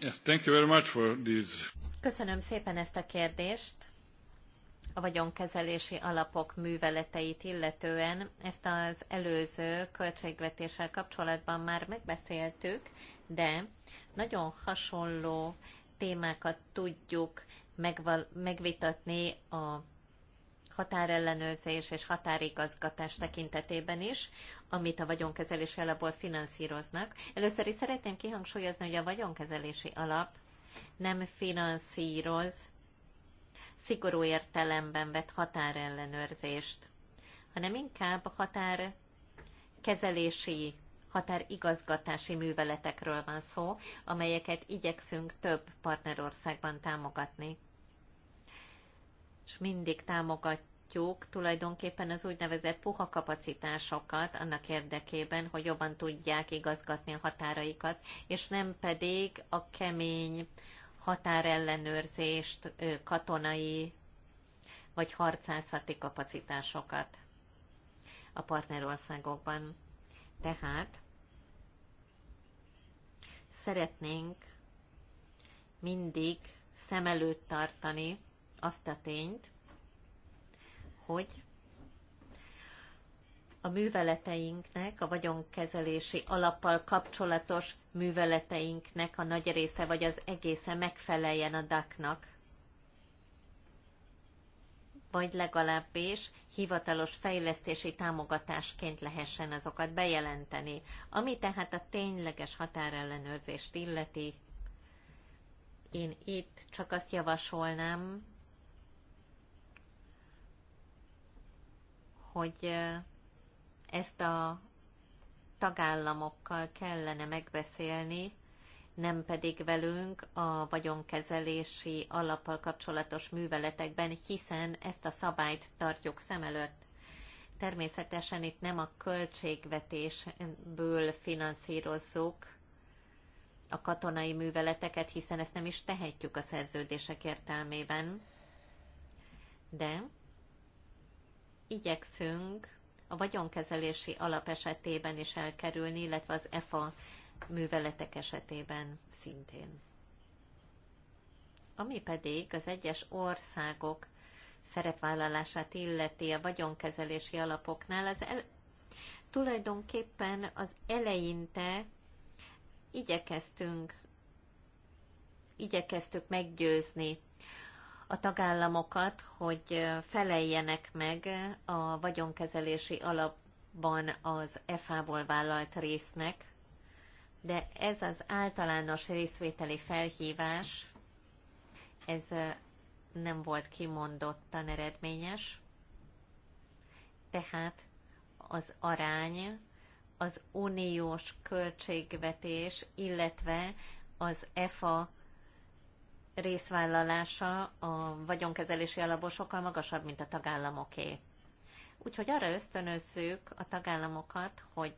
Yes, thank you very much for this. Köszönöm szépen ezt a kérdést a vagyonkezelési alapok műveleteit illetően. Ezt az előző költségvetéssel kapcsolatban már megbeszéltük, de nagyon hasonló témákat tudjuk megval- megvitatni a határellenőrzés és határigazgatás tekintetében is, amit a vagyonkezelési alapból finanszíroznak. Először is szeretném kihangsúlyozni, hogy a vagyonkezelési alap nem finanszíroz szigorú értelemben vett határellenőrzést, hanem inkább a kezelési határigazgatási műveletekről van szó, amelyeket igyekszünk több partnerországban támogatni. És mindig támogatjuk támogatjuk tulajdonképpen az úgynevezett puha kapacitásokat annak érdekében, hogy jobban tudják igazgatni a határaikat, és nem pedig a kemény határellenőrzést, katonai vagy harcászati kapacitásokat a partnerországokban. Tehát szeretnénk mindig szem előtt tartani azt a tényt, hogy a műveleteinknek, a vagyonkezelési alappal kapcsolatos műveleteinknek a nagy része vagy az egésze megfeleljen a DAC-nak vagy legalábbis hivatalos fejlesztési támogatásként lehessen azokat bejelenteni. Ami tehát a tényleges határellenőrzést illeti, én itt csak azt javasolnám, hogy ezt a tagállamokkal kellene megbeszélni, nem pedig velünk a vagyonkezelési alappal kapcsolatos műveletekben, hiszen ezt a szabályt tartjuk szem előtt. Természetesen itt nem a költségvetésből finanszírozzuk a katonai műveleteket, hiszen ezt nem is tehetjük a szerződések értelmében. De igyekszünk a vagyonkezelési alap esetében is elkerülni, illetve az EFA műveletek esetében szintén. Ami pedig az egyes országok szerepvállalását illeti a vagyonkezelési alapoknál, az el, tulajdonképpen az eleinte igyekeztünk, igyekeztük meggyőzni a tagállamokat, hogy feleljenek meg a vagyonkezelési alapban az fa ból vállalt résznek, de ez az általános részvételi felhívás, ez nem volt kimondottan eredményes, tehát az arány az uniós költségvetés, illetve az EFA részvállalása a vagyonkezelési alapból sokkal magasabb, mint a tagállamoké. Úgyhogy arra ösztönözzük a tagállamokat, hogy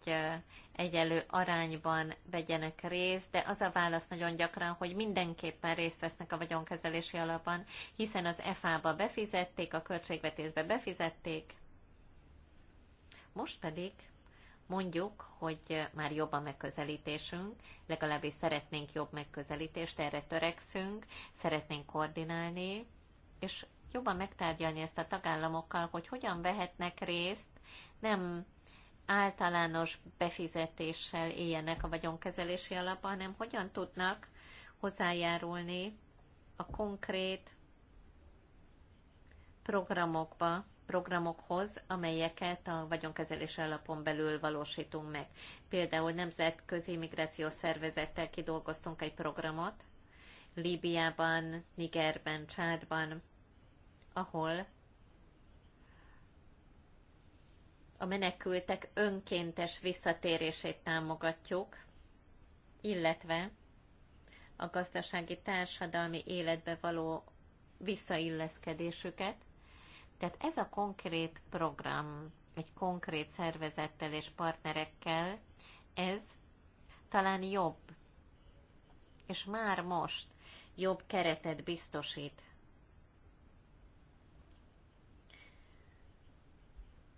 egyelő arányban vegyenek részt, de az a válasz nagyon gyakran, hogy mindenképpen részt vesznek a vagyonkezelési alapban, hiszen az FA-ba befizették, a költségvetésbe befizették, most pedig mondjuk, hogy már jobb a megközelítésünk, legalábbis szeretnénk jobb megközelítést, erre törekszünk, szeretnénk koordinálni, és jobban megtárgyalni ezt a tagállamokkal, hogy hogyan vehetnek részt, nem általános befizetéssel éljenek a vagyonkezelési alapba, hanem hogyan tudnak hozzájárulni a konkrét programokba, programokhoz, amelyeket a vagyonkezelési alapon belül valósítunk meg. Például nemzetközi migrációs szervezettel kidolgoztunk egy programot, Líbiában, Nigerben, Csádban, ahol a menekültek önkéntes visszatérését támogatjuk, illetve a gazdasági társadalmi életbe való visszailleszkedésüket. Tehát ez a konkrét program egy konkrét szervezettel és partnerekkel, ez talán jobb, és már most jobb keretet biztosít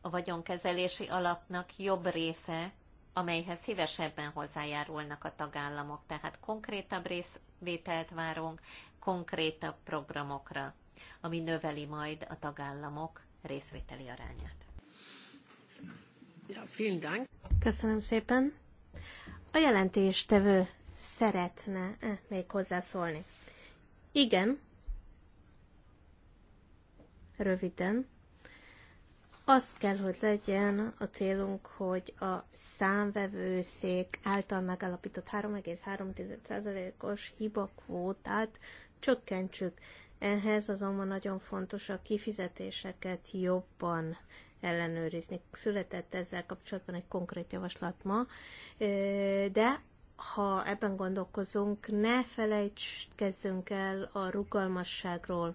a vagyonkezelési alapnak jobb része, amelyhez szívesebben hozzájárulnak a tagállamok, tehát konkrétabb részvételt várunk, konkrétabb programokra, ami növeli majd a tagállamok részvételi arányát. Ja, vielen Dank. Köszönöm szépen. A jelentéstevő szeretne -e még hozzászólni? Igen. Röviden az kell, hogy legyen a célunk, hogy a számvevőszék által megalapított 3,3%-os hibakvótát csökkentsük. Ehhez azonban nagyon fontos a kifizetéseket jobban ellenőrizni. Született ezzel kapcsolatban egy konkrét javaslat ma, de ha ebben gondolkozunk, ne felejtkezzünk el a rugalmasságról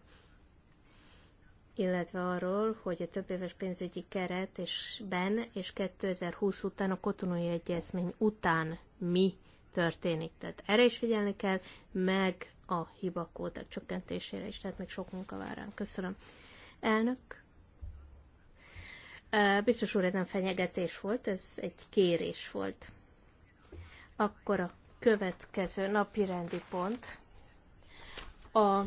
illetve arról, hogy a több éves pénzügyi keret és ben és 2020 után, a kotonói egyezmény után mi történik. Tehát erre is figyelni kell, meg a hibakóták csökkentésére is, tehát még sok munka vár ránk. Köszönöm. Elnök, biztos úr, ez nem fenyegetés volt, ez egy kérés volt. Akkor a következő napi rendi pont a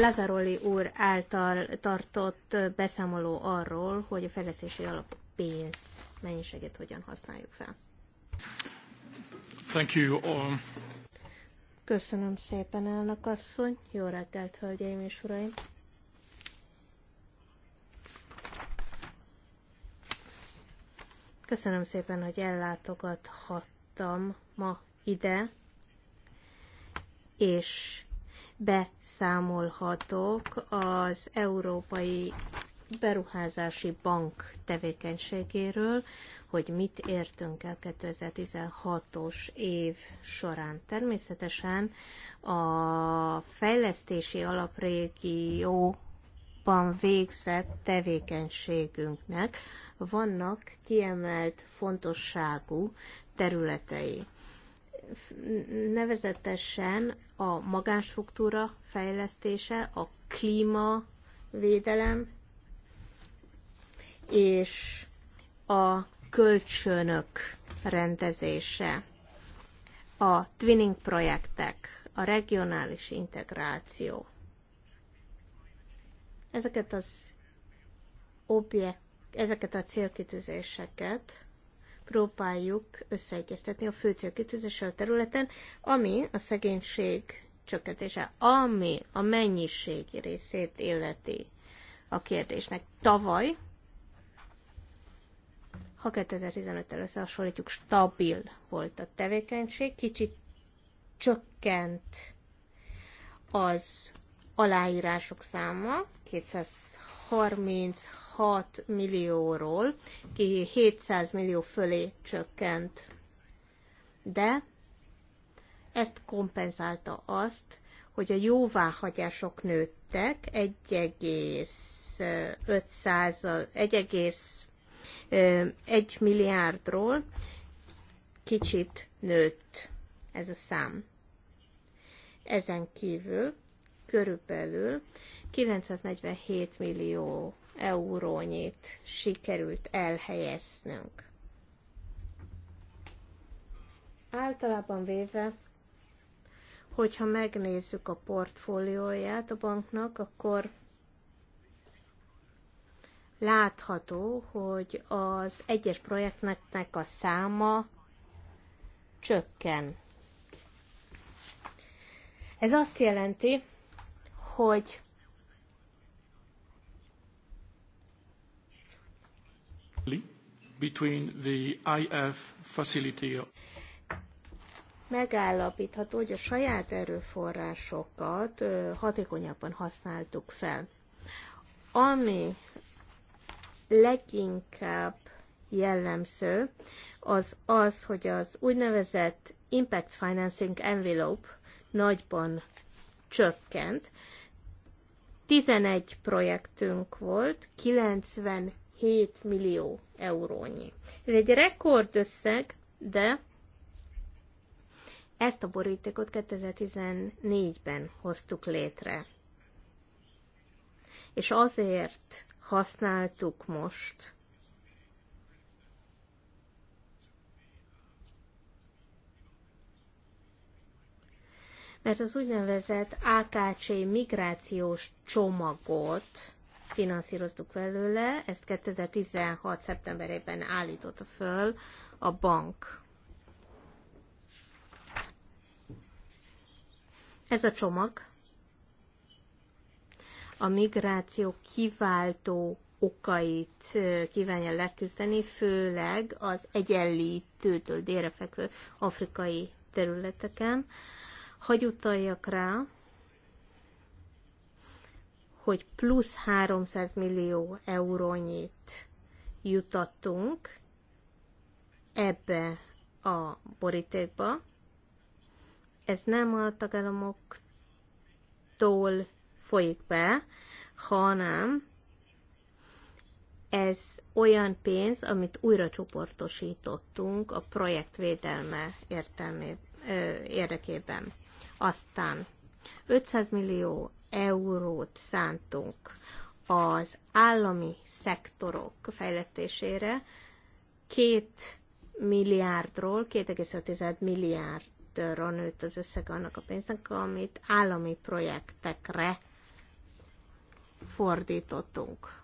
Lazaroli úr által tartott beszámoló arról, hogy a fejlesztési alap pénz mennyiséget hogyan használjuk fel. Thank you. all. Um, Köszönöm szépen, elnök asszony. Jó reggelt, hölgyeim és uraim. Köszönöm szépen, hogy ellátogathattam ma ide, és beszámolhatok az Európai Beruházási Bank tevékenységéről, hogy mit értünk el 2016-os év során. Természetesen a fejlesztési alaprégióban végzett tevékenységünknek vannak kiemelt fontosságú területei nevezetesen a magánstruktúra fejlesztése, a klímavédelem és a kölcsönök rendezése, a twinning projektek, a regionális integráció. Ezeket az objekt, ezeket a célkitűzéseket próbáljuk összeegyeztetni a fő célkitűzéssel a területen, ami a szegénység csökkentése, ami a mennyiségi részét illeti a kérdésnek. Tavaly, ha 2015-tel összehasonlítjuk, stabil volt a tevékenység, kicsit csökkent az aláírások száma, 236 6 millióról ki 700 millió fölé csökkent. De ezt kompenzálta azt, hogy a jóváhagyások nőttek 1,1 milliárdról kicsit nőtt ez a szám. Ezen kívül körülbelül 947 millió eurónyit sikerült elhelyeznünk. Általában véve, hogyha megnézzük a portfólióját a banknak, akkor látható, hogy az egyes projektnek a száma csökken. Ez azt jelenti, hogy between the IF facility megállapítható, hogy a saját erőforrásokat hatékonyabban használtuk fel. Ami leginkább jellemző, az az, hogy az úgynevezett Impact Financing Envelope nagyban csökkent. 11 projektünk volt, 90 7 millió eurónyi. Ez egy rekordösszeg, de ezt a borítékot 2014-ben hoztuk létre. És azért használtuk most, mert az úgynevezett AKC migrációs csomagot finanszíroztuk belőle, ezt 2016. szeptemberében állította föl a bank. Ez a csomag a migráció kiváltó okait kívánja leküzdeni, főleg az egyenlítőtől délre fekvő afrikai területeken. Hagy utaljak rá, hogy plusz 300 millió eurónyit jutattunk ebbe a borítékba. Ez nem a tagállamoktól folyik be, hanem ez olyan pénz, amit újra csoportosítottunk a projektvédelme értelmé, ö, érdekében. Aztán 500 millió eurót szántunk az állami szektorok fejlesztésére, két milliárdról 2,5 milliárdra nőtt az összeg annak a pénznek, amit állami projektekre fordítottunk.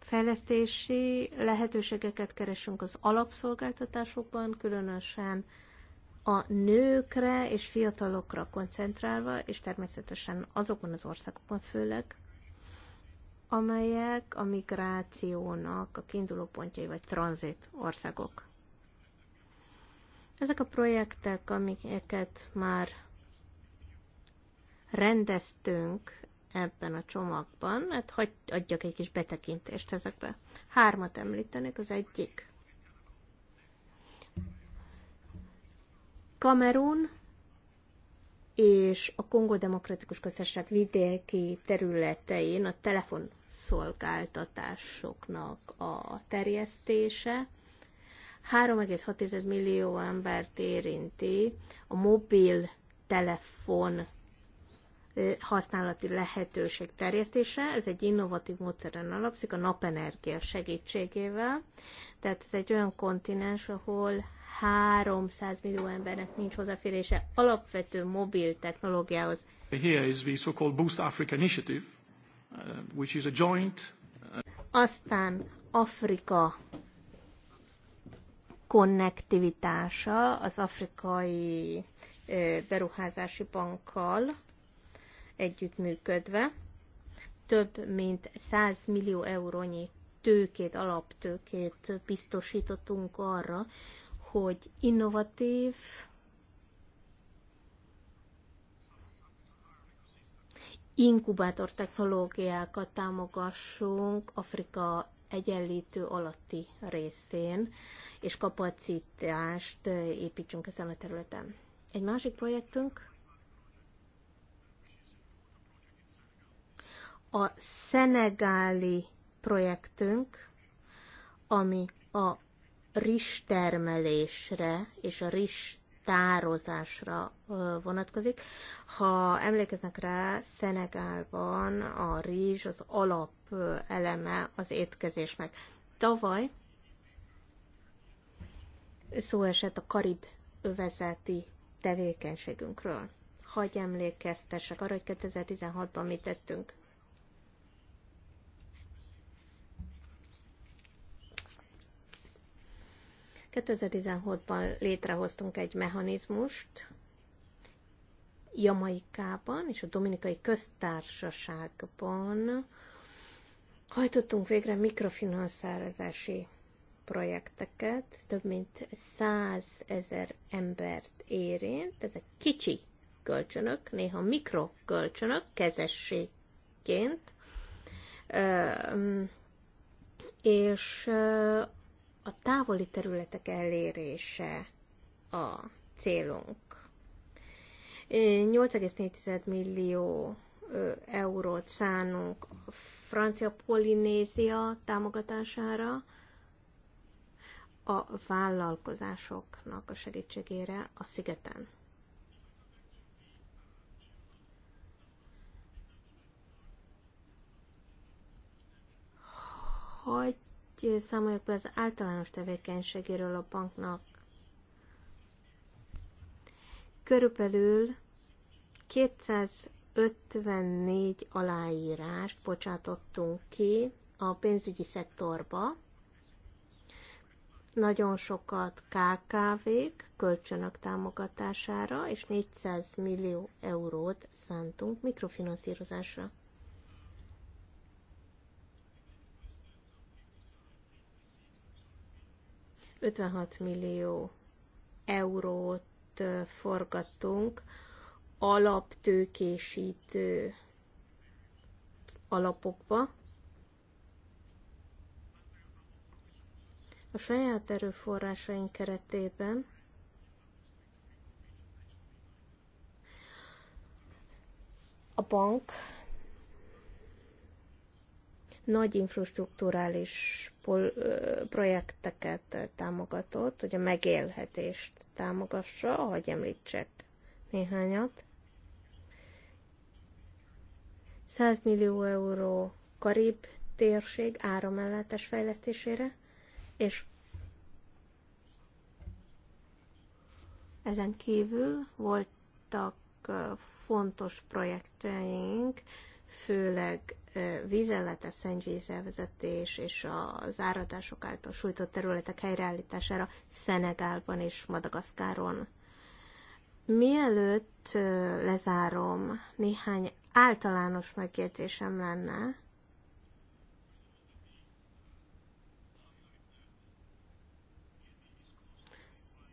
Fejlesztési lehetőségeket keresünk az alapszolgáltatásokban, különösen a nőkre és fiatalokra koncentrálva, és természetesen azokon az országokon főleg, amelyek a migrációnak a kiinduló pontjai vagy tranzit országok. Ezek a projektek, amiket már rendeztünk ebben a csomagban, hát hagyj, adjak egy kis betekintést ezekbe. Hármat említenek, az egyik Kamerun és a Kongo Demokratikus Köztársaság vidéki területein a telefonszolgáltatásoknak a terjesztése 3,6 millió embert érinti a mobil telefon használati lehetőség terjesztése. Ez egy innovatív módszeren alapszik a napenergia segítségével. Tehát ez egy olyan kontinens, ahol 300 millió embernek nincs hozzáférése alapvető mobil technológiához. Here is the so-called Boost Africa Initiative, uh, which is a joint... Uh, Aztán Afrika konnektivitása az afrikai beruházási bankkal együttműködve több mint 100 millió eurónyi tőkét, alaptőkét biztosítottunk arra, hogy innovatív, inkubátor technológiákat támogassunk Afrika egyenlítő alatti részén, és kapacitást építsünk ezen a területen. Egy másik projektünk a szenegáli projektünk, ami a rizstermelésre és a rizs tározásra vonatkozik. Ha emlékeznek rá, Szenegálban a rizs az alap eleme az étkezésnek. Tavaly szó esett a karib övezeti tevékenységünkről. Hagy emlékeztessek arra, hogy 2016-ban mit tettünk. 2016-ban létrehoztunk egy mechanizmust Jamaikában és a Dominikai Köztársaságban hajtottunk végre mikrofinanszározási projekteket, ez több mint 100 ezer embert érint, ezek kicsi kölcsönök, néha mikrokölcsönök, kezességként, mm, és a távoli területek elérése a célunk. 8,4 millió eurót szánunk a francia polinézia támogatására, a vállalkozásoknak a segítségére a szigeten. Hogy hogy számoljak be az általános tevékenységéről a banknak. Körülbelül 254 aláírást bocsátottunk ki a pénzügyi szektorba. Nagyon sokat KKV-k kölcsönök támogatására, és 400 millió eurót szántunk mikrofinanszírozásra. 56 millió eurót forgattunk alaptőkésítő alapokba. A saját erőforrásaink keretében a bank nagy infrastruktúrális projekteket támogatott, hogy a megélhetést támogassa, ahogy említsek néhányat. 100 millió euró Karib térség áramellátás fejlesztésére, és ezen kívül voltak fontos projekteink, főleg vízellátás, szennyvízelvezetés és az áradások által sújtott területek helyreállítására Szenegálban és Madagaszkáron. Mielőtt lezárom, néhány általános megjegyzésem lenne.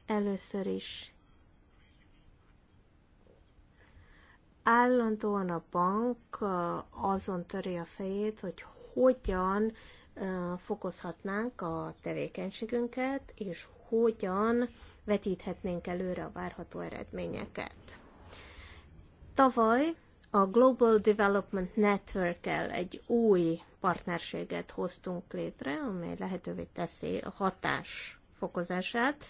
Először is Állandóan a bank uh, azon töri a fejét, hogy hogyan uh, fokozhatnánk a tevékenységünket, és hogyan vetíthetnénk előre a várható eredményeket. Tavaly a Global Development Network-el egy új partnerséget hoztunk létre, amely lehetővé teszi a hatás fokozását.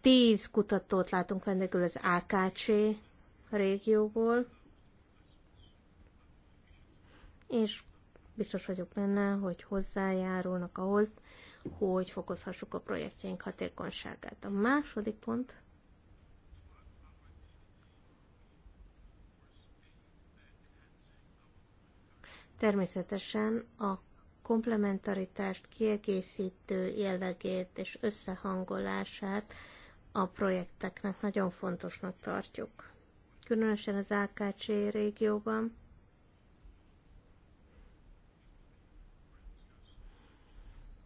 Tíz kutatót látunk vendégül az AKC régióból, és biztos vagyok benne, hogy hozzájárulnak ahhoz, hogy fokozhassuk a projektjeink hatékonyságát. A második pont, természetesen a komplementaritást, kiegészítő jellegét és összehangolását a projekteknek nagyon fontosnak tartjuk különösen az AKC régióban.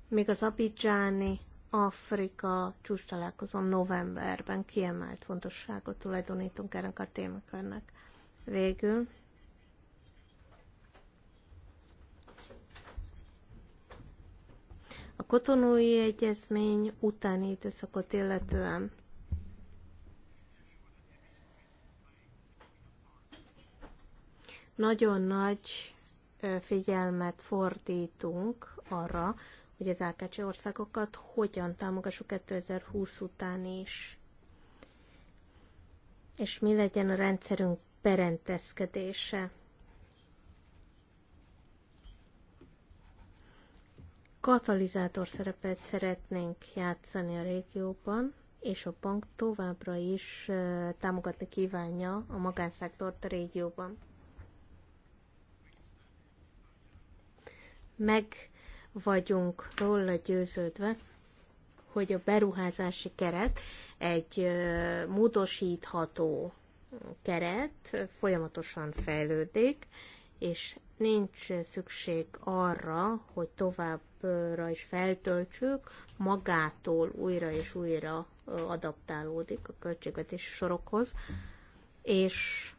Még az Abidzsáni Afrika csúcs novemberben kiemelt fontosságot tulajdonítunk ennek a témakörnek. Végül a kotonói egyezmény utáni időszakot illetően Nagyon nagy figyelmet fordítunk arra, hogy az Ákácsi országokat hogyan támogassuk 2020 után is. És mi legyen a rendszerünk berendezkedése. Katalizátor szerepet szeretnénk játszani a régióban, és a bank továbbra is támogatni kívánja a magánszektort a régióban. meg vagyunk róla győződve, hogy a beruházási keret egy módosítható keret folyamatosan fejlődik, és nincs szükség arra, hogy továbbra is feltöltsük, magától újra és újra adaptálódik a költségvetési sorokhoz, és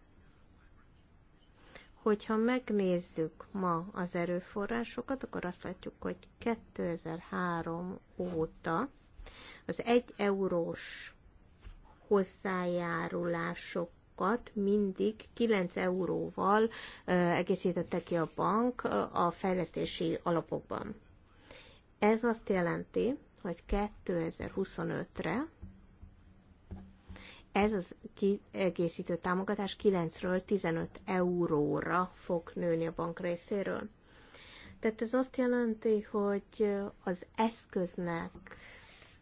Hogyha megnézzük ma az erőforrásokat, akkor azt látjuk, hogy 2003 óta az 1 eurós hozzájárulások mindig 9 euróval egészítette ki a bank a fejlesztési alapokban. Ez azt jelenti, hogy 2025-re ez az kiegészítő támogatás 9-ről 15 euróra fog nőni a bank részéről. Tehát ez azt jelenti, hogy az eszköznek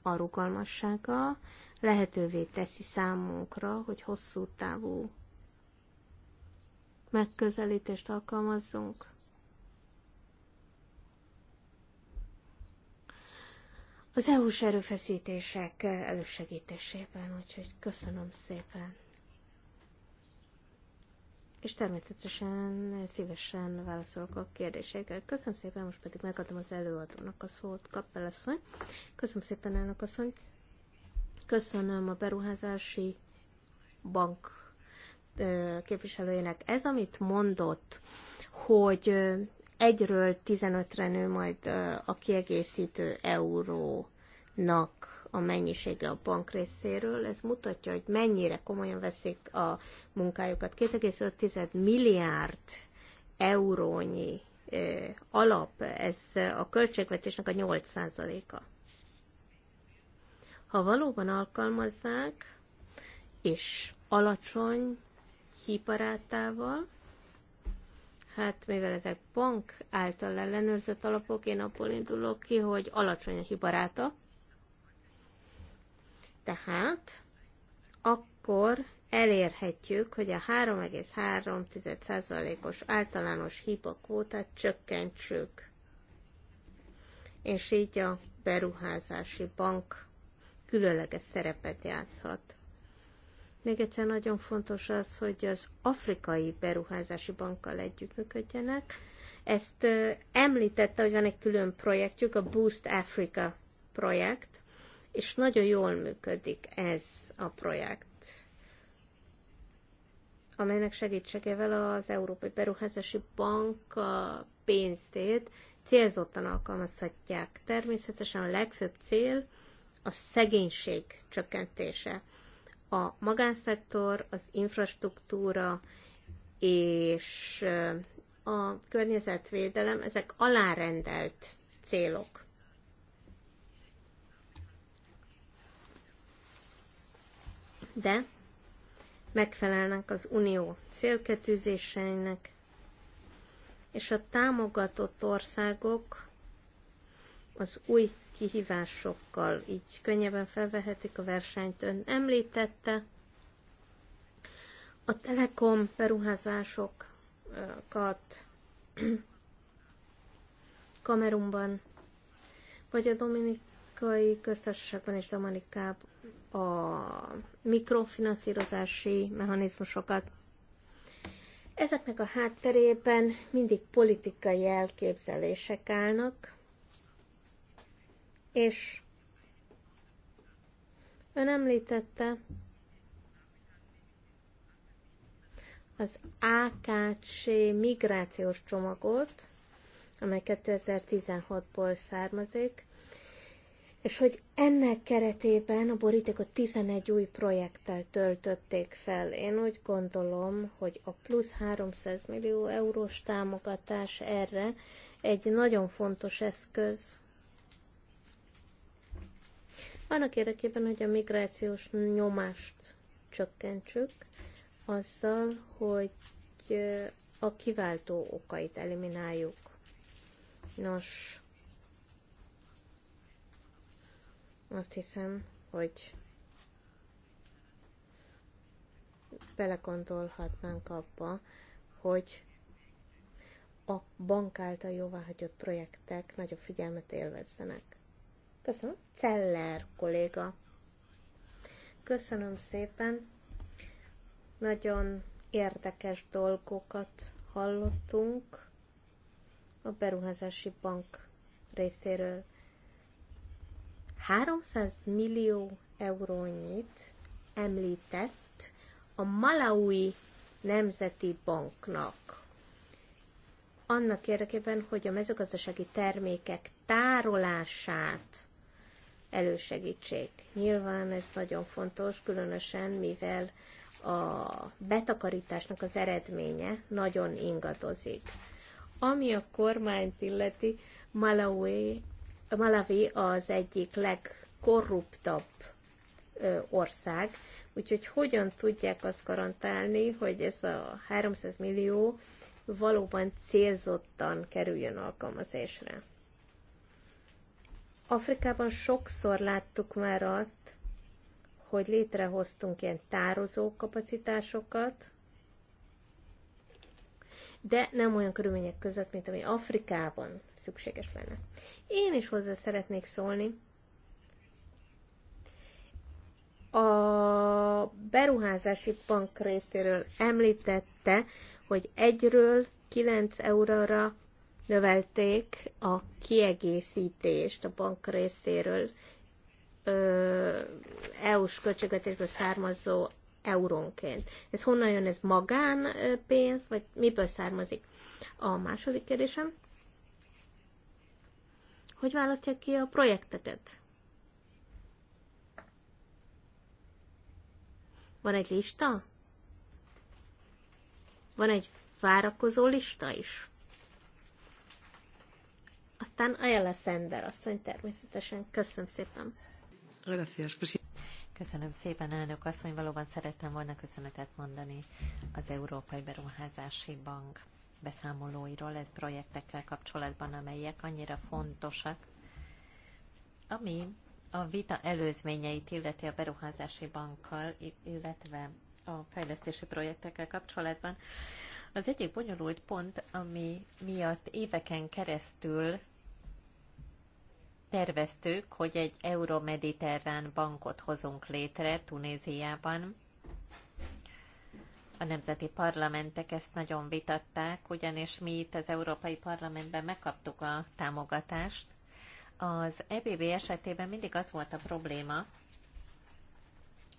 a rugalmassága lehetővé teszi számunkra, hogy hosszú távú megközelítést alkalmazzunk. az EU-s erőfeszítések elősegítésében, úgyhogy köszönöm szépen. És természetesen szívesen válaszolok a kérdésekre. Köszönöm szépen, most pedig megadom az előadónak a szót, kappelasszony. Köszönöm szépen, elnök asszony. Köszönöm a beruházási bank képviselőjének. Ez, amit mondott, hogy egyről 15-re nő majd a kiegészítő eurónak a mennyisége a bank részéről. Ez mutatja, hogy mennyire komolyan veszik a munkájukat. 2,5 milliárd eurónyi alap, ez a költségvetésnek a 8%-a. Ha valóban alkalmazzák, és alacsony hiparátával, Hát mivel ezek bank által ellenőrzött alapok, én abból indulok ki, hogy alacsony a hibaráta. Tehát akkor elérhetjük, hogy a 3,3%-os általános hiba kvótát csökkentsük. És így a beruházási bank különleges szerepet játszhat. Még egyszer nagyon fontos az, hogy az Afrikai Beruházási Bankkal együttműködjenek. Ezt említette, hogy van egy külön projektjük, a Boost Africa projekt, és nagyon jól működik ez a projekt amelynek segítségével az Európai Beruházási Bank a pénztét célzottan alkalmazhatják. Természetesen a legfőbb cél a szegénység csökkentése a magánszektor, az infrastruktúra és a környezetvédelem, ezek alárendelt célok. De megfelelnek az unió célkitűzéseinek, és a támogatott országok az új kihívásokkal, így könnyebben felvehetik a versenyt. Ön említette a telekom beruházásokat Kamerunban, vagy a Dominikai Köztársaságban és Dominikában a mikrofinanszírozási mechanizmusokat. Ezeknek a hátterében mindig politikai elképzelések állnak, és ön említette az AKC migrációs csomagot, amely 2016-ból származik, és hogy ennek keretében a borítékot 11 új projekttel töltötték fel. Én úgy gondolom, hogy a plusz 300 millió eurós támogatás erre egy nagyon fontos eszköz, annak érdekében, hogy a migrációs nyomást csökkentsük, azzal, hogy a kiváltó okait elimináljuk. Nos, azt hiszem, hogy belekontolhatnánk abba, hogy a bank által jóváhagyott projektek nagyobb figyelmet élvezzenek. Köszönöm. Celler kolléga. Köszönöm szépen. Nagyon érdekes dolgokat hallottunk a beruházási bank részéről. 300 millió eurónyit említett a Malawi Nemzeti Banknak. Annak érdekében, hogy a mezőgazdasági termékek tárolását elősegítsék. Nyilván ez nagyon fontos, különösen mivel a betakarításnak az eredménye nagyon ingadozik. Ami a kormányt illeti, Malawi, Malawi az egyik legkorruptabb ország, úgyhogy hogyan tudják azt garantálni, hogy ez a 300 millió valóban célzottan kerüljön alkalmazásra. Afrikában sokszor láttuk már azt, hogy létrehoztunk ilyen tározó kapacitásokat, de nem olyan körülmények között, mint ami Afrikában szükséges lenne. Én is hozzá szeretnék szólni. A beruházási bank részéről említette, hogy egyről 9 euróra növelték a kiegészítést a bank részéről EU-s költségvetésből származó eurónként. Ez honnan jön? Ez magánpénz, vagy miből származik? A második kérdésem, hogy választják ki a projekteket? Van egy lista? Van egy várakozó lista is? Aztán Ajala Szender asszony természetesen. Köszönöm szépen. Köszönöm szépen, elnök asszony. Valóban szerettem volna köszönetet mondani az Európai Beruházási Bank beszámolóiról, egy projektekkel kapcsolatban, amelyek annyira fontosak, ami a vita előzményeit illeti a beruházási bankkal, illetve a fejlesztési projektekkel kapcsolatban. Az egyik bonyolult pont, ami miatt éveken keresztül terveztük, hogy egy euromediterrán bankot hozunk létre Tunéziában. A nemzeti parlamentek ezt nagyon vitatták, ugyanis mi itt az Európai Parlamentben megkaptuk a támogatást. Az EBB esetében mindig az volt a probléma,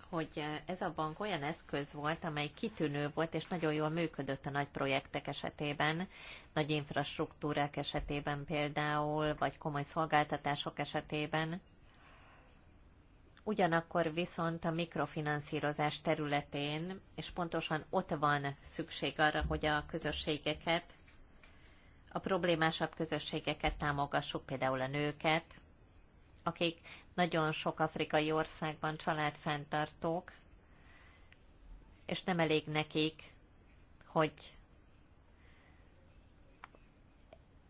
hogy ez a bank olyan eszköz volt, amely kitűnő volt, és nagyon jól működött a nagy projektek esetében, nagy infrastruktúrák esetében például, vagy komoly szolgáltatások esetében. Ugyanakkor viszont a mikrofinanszírozás területén, és pontosan ott van szükség arra, hogy a közösségeket, a problémásabb közösségeket támogassuk, például a nőket, akik nagyon sok afrikai országban családfenntartók, és nem elég nekik, hogy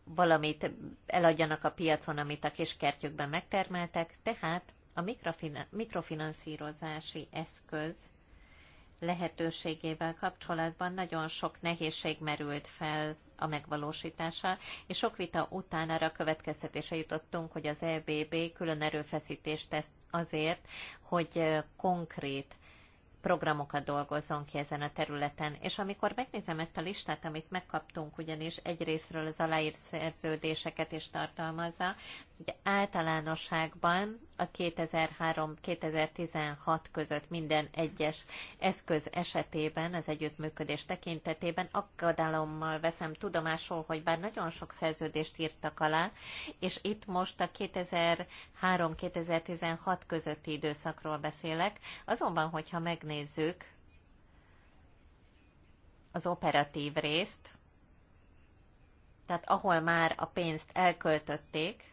valamit eladjanak a piacon, amit a kiskertjükben megtermeltek, tehát a mikrofinanszírozási eszköz lehetőségével kapcsolatban nagyon sok nehézség merült fel a megvalósítása, és sok vita után arra következtetése jutottunk, hogy az EBB külön erőfeszítést tesz azért, hogy konkrét programokat dolgozzon ki ezen a területen. És amikor megnézem ezt a listát, amit megkaptunk, ugyanis egyrésztről az aláír szerződéseket is tartalmazza, hogy általánosságban a 2003-2016 között minden egyes eszköz esetében, az együttműködés tekintetében aggodalommal veszem tudomásul, hogy bár nagyon sok szerződést írtak alá, és itt most a 2003-2016 közötti időszakról beszélek, azonban, hogyha megnézzük az operatív részt, tehát ahol már a pénzt elköltötték,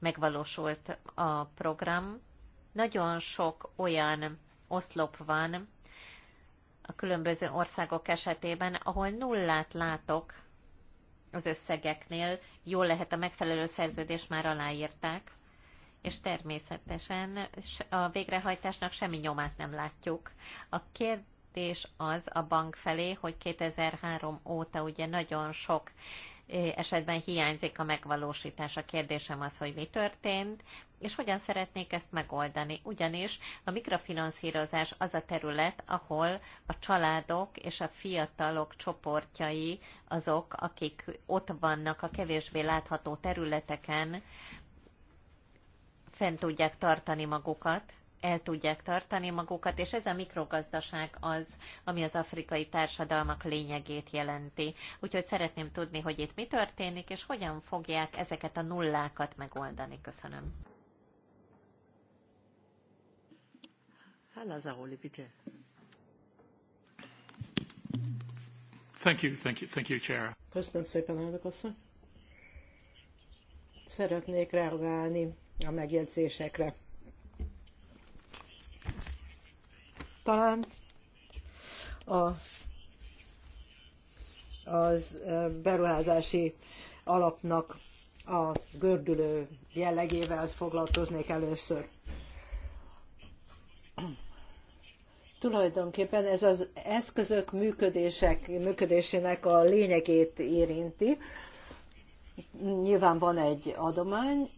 megvalósult a program. Nagyon sok olyan oszlop van a különböző országok esetében, ahol nullát látok az összegeknél, jól lehet a megfelelő szerződést már aláírták, és természetesen a végrehajtásnak semmi nyomát nem látjuk. A kérdés az a bank felé, hogy 2003 óta ugye nagyon sok esetben hiányzik a megvalósítás. A kérdésem az, hogy mi történt, és hogyan szeretnék ezt megoldani. Ugyanis a mikrofinanszírozás az a terület, ahol a családok és a fiatalok csoportjai azok, akik ott vannak a kevésbé látható területeken, fent tudják tartani magukat, el tudják tartani magukat, és ez a mikrogazdaság az, ami az afrikai társadalmak lényegét jelenti. Úgyhogy szeretném tudni, hogy itt mi történik, és hogyan fogják ezeket a nullákat megoldani. Köszönöm. Thank you, thank you, thank you, Chair. Köszönöm szépen, elnök asszony. Szeretnék reagálni a megjegyzésekre. talán a, az beruházási alapnak a gördülő jellegével foglalkoznék először. Tulajdonképpen ez az eszközök működések, működésének a lényegét érinti. Nyilván van egy adomány,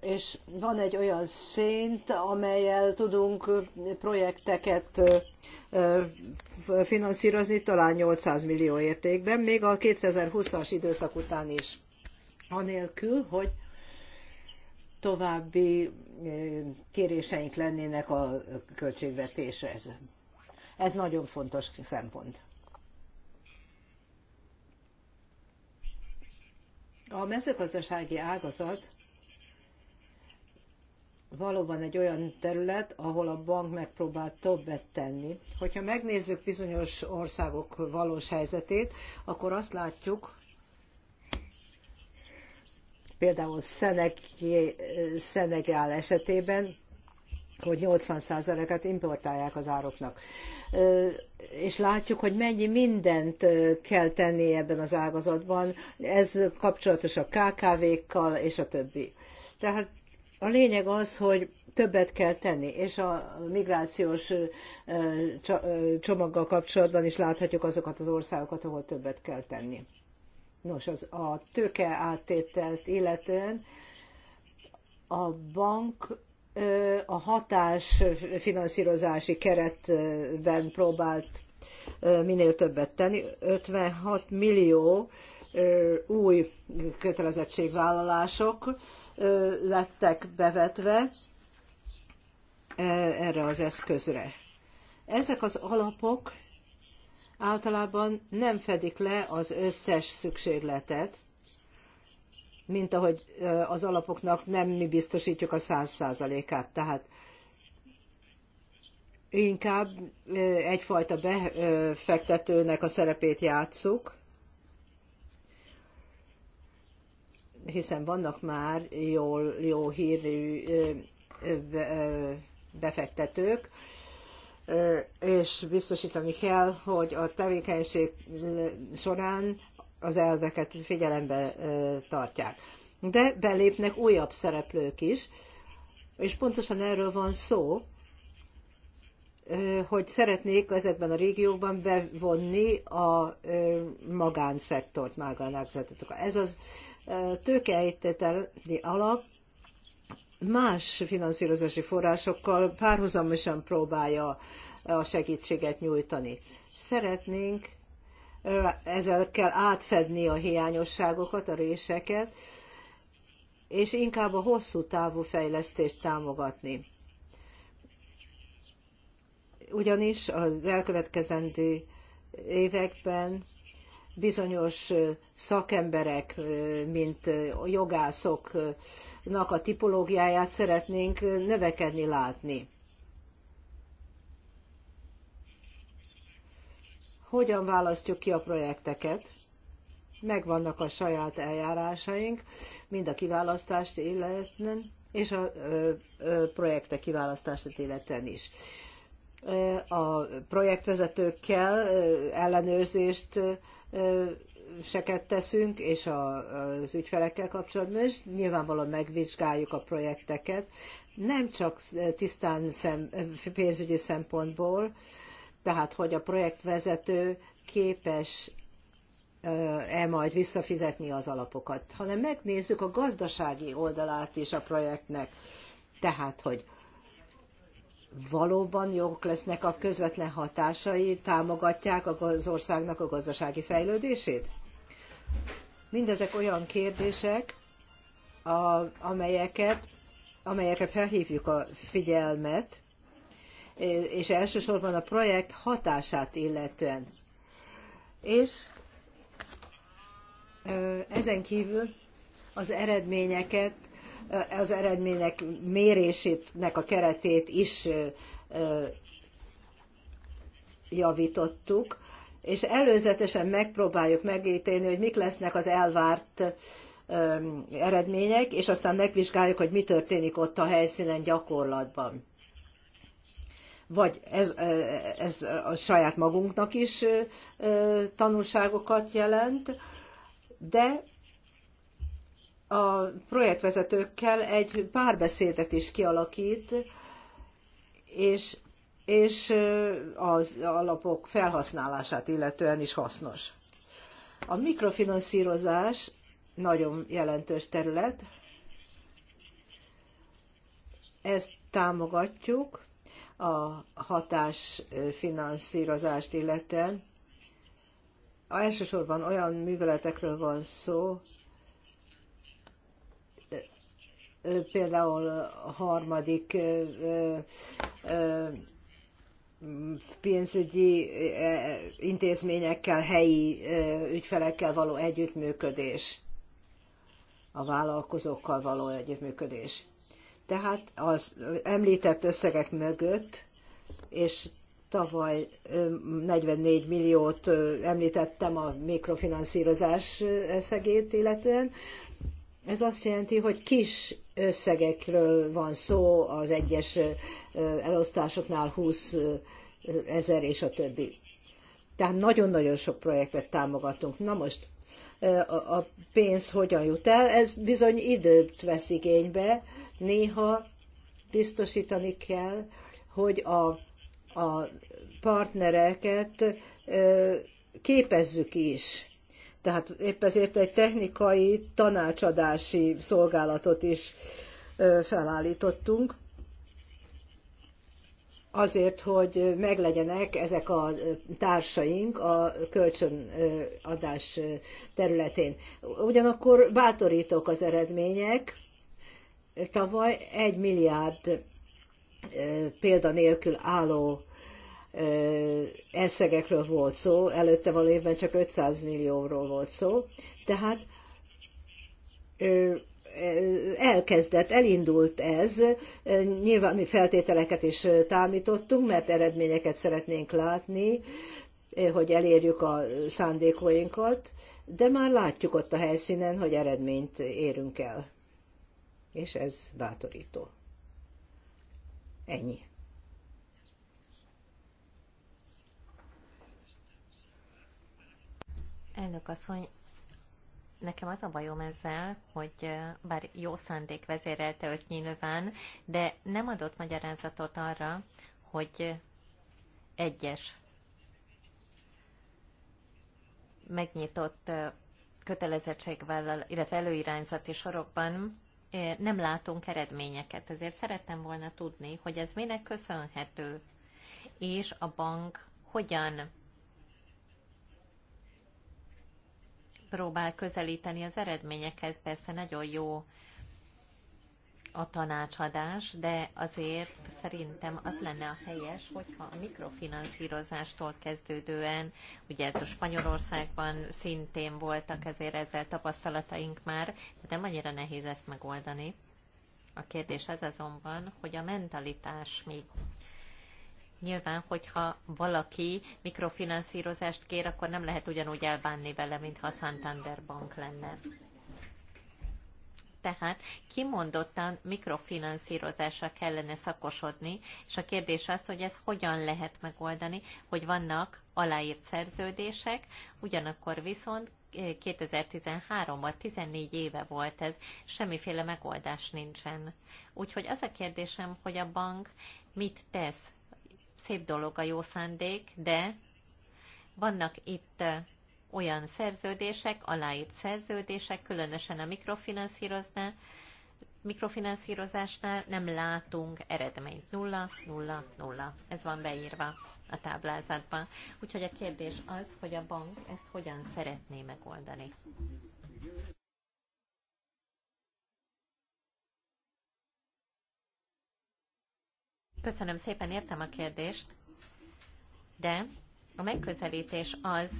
és van egy olyan szint, amelyel tudunk projekteket finanszírozni, talán 800 millió értékben, még a 2020-as időszak után is. Anélkül, hogy további kéréseink lennének a költségvetésre. Ez, ez nagyon fontos szempont. A mezőgazdasági ágazat valóban egy olyan terület, ahol a bank megpróbál többet tenni. Hogyha megnézzük bizonyos országok valós helyzetét, akkor azt látjuk, például Szenegál esetében, hogy 80%-át importálják az ároknak. És látjuk, hogy mennyi mindent kell tenni ebben az ágazatban, ez kapcsolatos a KKV-kkal és a többi. Tehát a lényeg az, hogy többet kell tenni, és a migrációs csomaggal kapcsolatban is láthatjuk azokat az országokat, ahol többet kell tenni. Nos, az, a tőke áttételt illetően a bank a hatás finanszírozási keretben próbált minél többet tenni. 56 millió új kötelezettségvállalások lettek bevetve erre az eszközre. Ezek az alapok általában nem fedik le az összes szükségletet, mint ahogy az alapoknak nem mi biztosítjuk a száz százalékát. Tehát inkább egyfajta befektetőnek a szerepét játszuk, hiszen vannak már jól, jó hírű befektetők, és biztosítani kell, hogy a tevékenység során az elveket figyelembe tartják. De belépnek újabb szereplők is, és pontosan erről van szó, hogy szeretnék ezekben a régiókban bevonni a magánszektort, magánágzatotokat. Ez az tőkeejtételi alap más finanszírozási forrásokkal párhuzamosan próbálja a segítséget nyújtani. Szeretnénk ezzel kell átfedni a hiányosságokat, a réseket, és inkább a hosszú távú fejlesztést támogatni. Ugyanis az elkövetkezendő években bizonyos szakemberek, mint jogászoknak a tipológiáját szeretnénk növekedni látni. Hogyan választjuk ki a projekteket? Megvannak a saját eljárásaink, mind a kiválasztást illetően, és a projektek kiválasztását illetően is a projektvezetőkkel ellenőrzést seket teszünk, és a, az ügyfelekkel kapcsolatban, is nyilvánvalóan megvizsgáljuk a projekteket, nem csak tisztán szem, pénzügyi szempontból, tehát hogy a projektvezető képes e majd visszafizetni az alapokat, hanem megnézzük a gazdasági oldalát is a projektnek. Tehát, hogy valóban jók lesznek a közvetlen hatásai, támogatják az országnak a gazdasági fejlődését? Mindezek olyan kérdések, a, amelyeket, amelyekre felhívjuk a figyelmet, és elsősorban a projekt hatását illetően. És ezen kívül az eredményeket az eredmények mérésének a keretét is javítottuk, és előzetesen megpróbáljuk megítélni, hogy mik lesznek az elvárt eredmények, és aztán megvizsgáljuk, hogy mi történik ott a helyszínen gyakorlatban. Vagy ez, ez a saját magunknak is tanulságokat jelent, de a projektvezetőkkel egy párbeszédet is kialakít, és, és az alapok felhasználását illetően is hasznos. A mikrofinanszírozás nagyon jelentős terület, ezt támogatjuk a hatásfinanszírozást illetően. Elsősorban olyan műveletekről van szó, például a harmadik pénzügyi intézményekkel, helyi ügyfelekkel való együttműködés, a vállalkozókkal való együttműködés. Tehát az említett összegek mögött, és tavaly 44 milliót említettem a mikrofinanszírozás összegét illetően, ez azt jelenti, hogy kis összegekről van szó az egyes elosztásoknál 20 ezer és a többi. Tehát nagyon-nagyon sok projektet támogatunk. Na most a pénz hogyan jut el? Ez bizony időt vesz igénybe. Néha biztosítani kell, hogy a, a partnereket képezzük is tehát épp ezért egy technikai tanácsadási szolgálatot is felállítottunk, azért, hogy meglegyenek ezek a társaink a kölcsönadás területén. Ugyanakkor bátorítok az eredmények. Tavaly egy milliárd példa nélkül álló összegekről e volt szó, előtte való évben csak 500 millióról volt szó, tehát elkezdett, elindult ez, nyilván mi feltételeket is támítottunk, mert eredményeket szeretnénk látni, hogy elérjük a szándékoinkat, de már látjuk ott a helyszínen, hogy eredményt érünk el. És ez bátorító. Ennyi. Elnök asszony, nekem az a bajom ezzel, hogy bár jó szándék vezérelte őt nyilván, de nem adott magyarázatot arra, hogy egyes megnyitott kötelezettségvállal, illetve előirányzati sorokban nem látunk eredményeket. Ezért szerettem volna tudni, hogy ez minek köszönhető, és a bank hogyan próbál közelíteni az eredményekhez. Persze nagyon jó a tanácsadás, de azért szerintem az lenne a helyes, hogyha a mikrofinanszírozástól kezdődően, ugye hát a Spanyolországban szintén voltak ezért ezzel tapasztalataink már, de nem annyira nehéz ezt megoldani. A kérdés az azonban, hogy a mentalitás mi. Nyilván, hogyha valaki mikrofinanszírozást kér, akkor nem lehet ugyanúgy elbánni vele, mintha a Santander Bank lenne. Tehát kimondottan mikrofinanszírozásra kellene szakosodni, és a kérdés az, hogy ez hogyan lehet megoldani, hogy vannak aláírt szerződések, ugyanakkor viszont 2013-ban, eh, 14 éve volt ez, semmiféle megoldás nincsen. Úgyhogy az a kérdésem, hogy a bank mit tesz szép dolog a jó szándék, de vannak itt olyan szerződések, aláírt szerződések, különösen a mikrofinanszíroznál, mikrofinanszírozásnál nem látunk eredményt. Nulla, nulla, nulla. Ez van beírva a táblázatban. Úgyhogy a kérdés az, hogy a bank ezt hogyan szeretné megoldani. Köszönöm szépen, értem a kérdést, de a megközelítés az,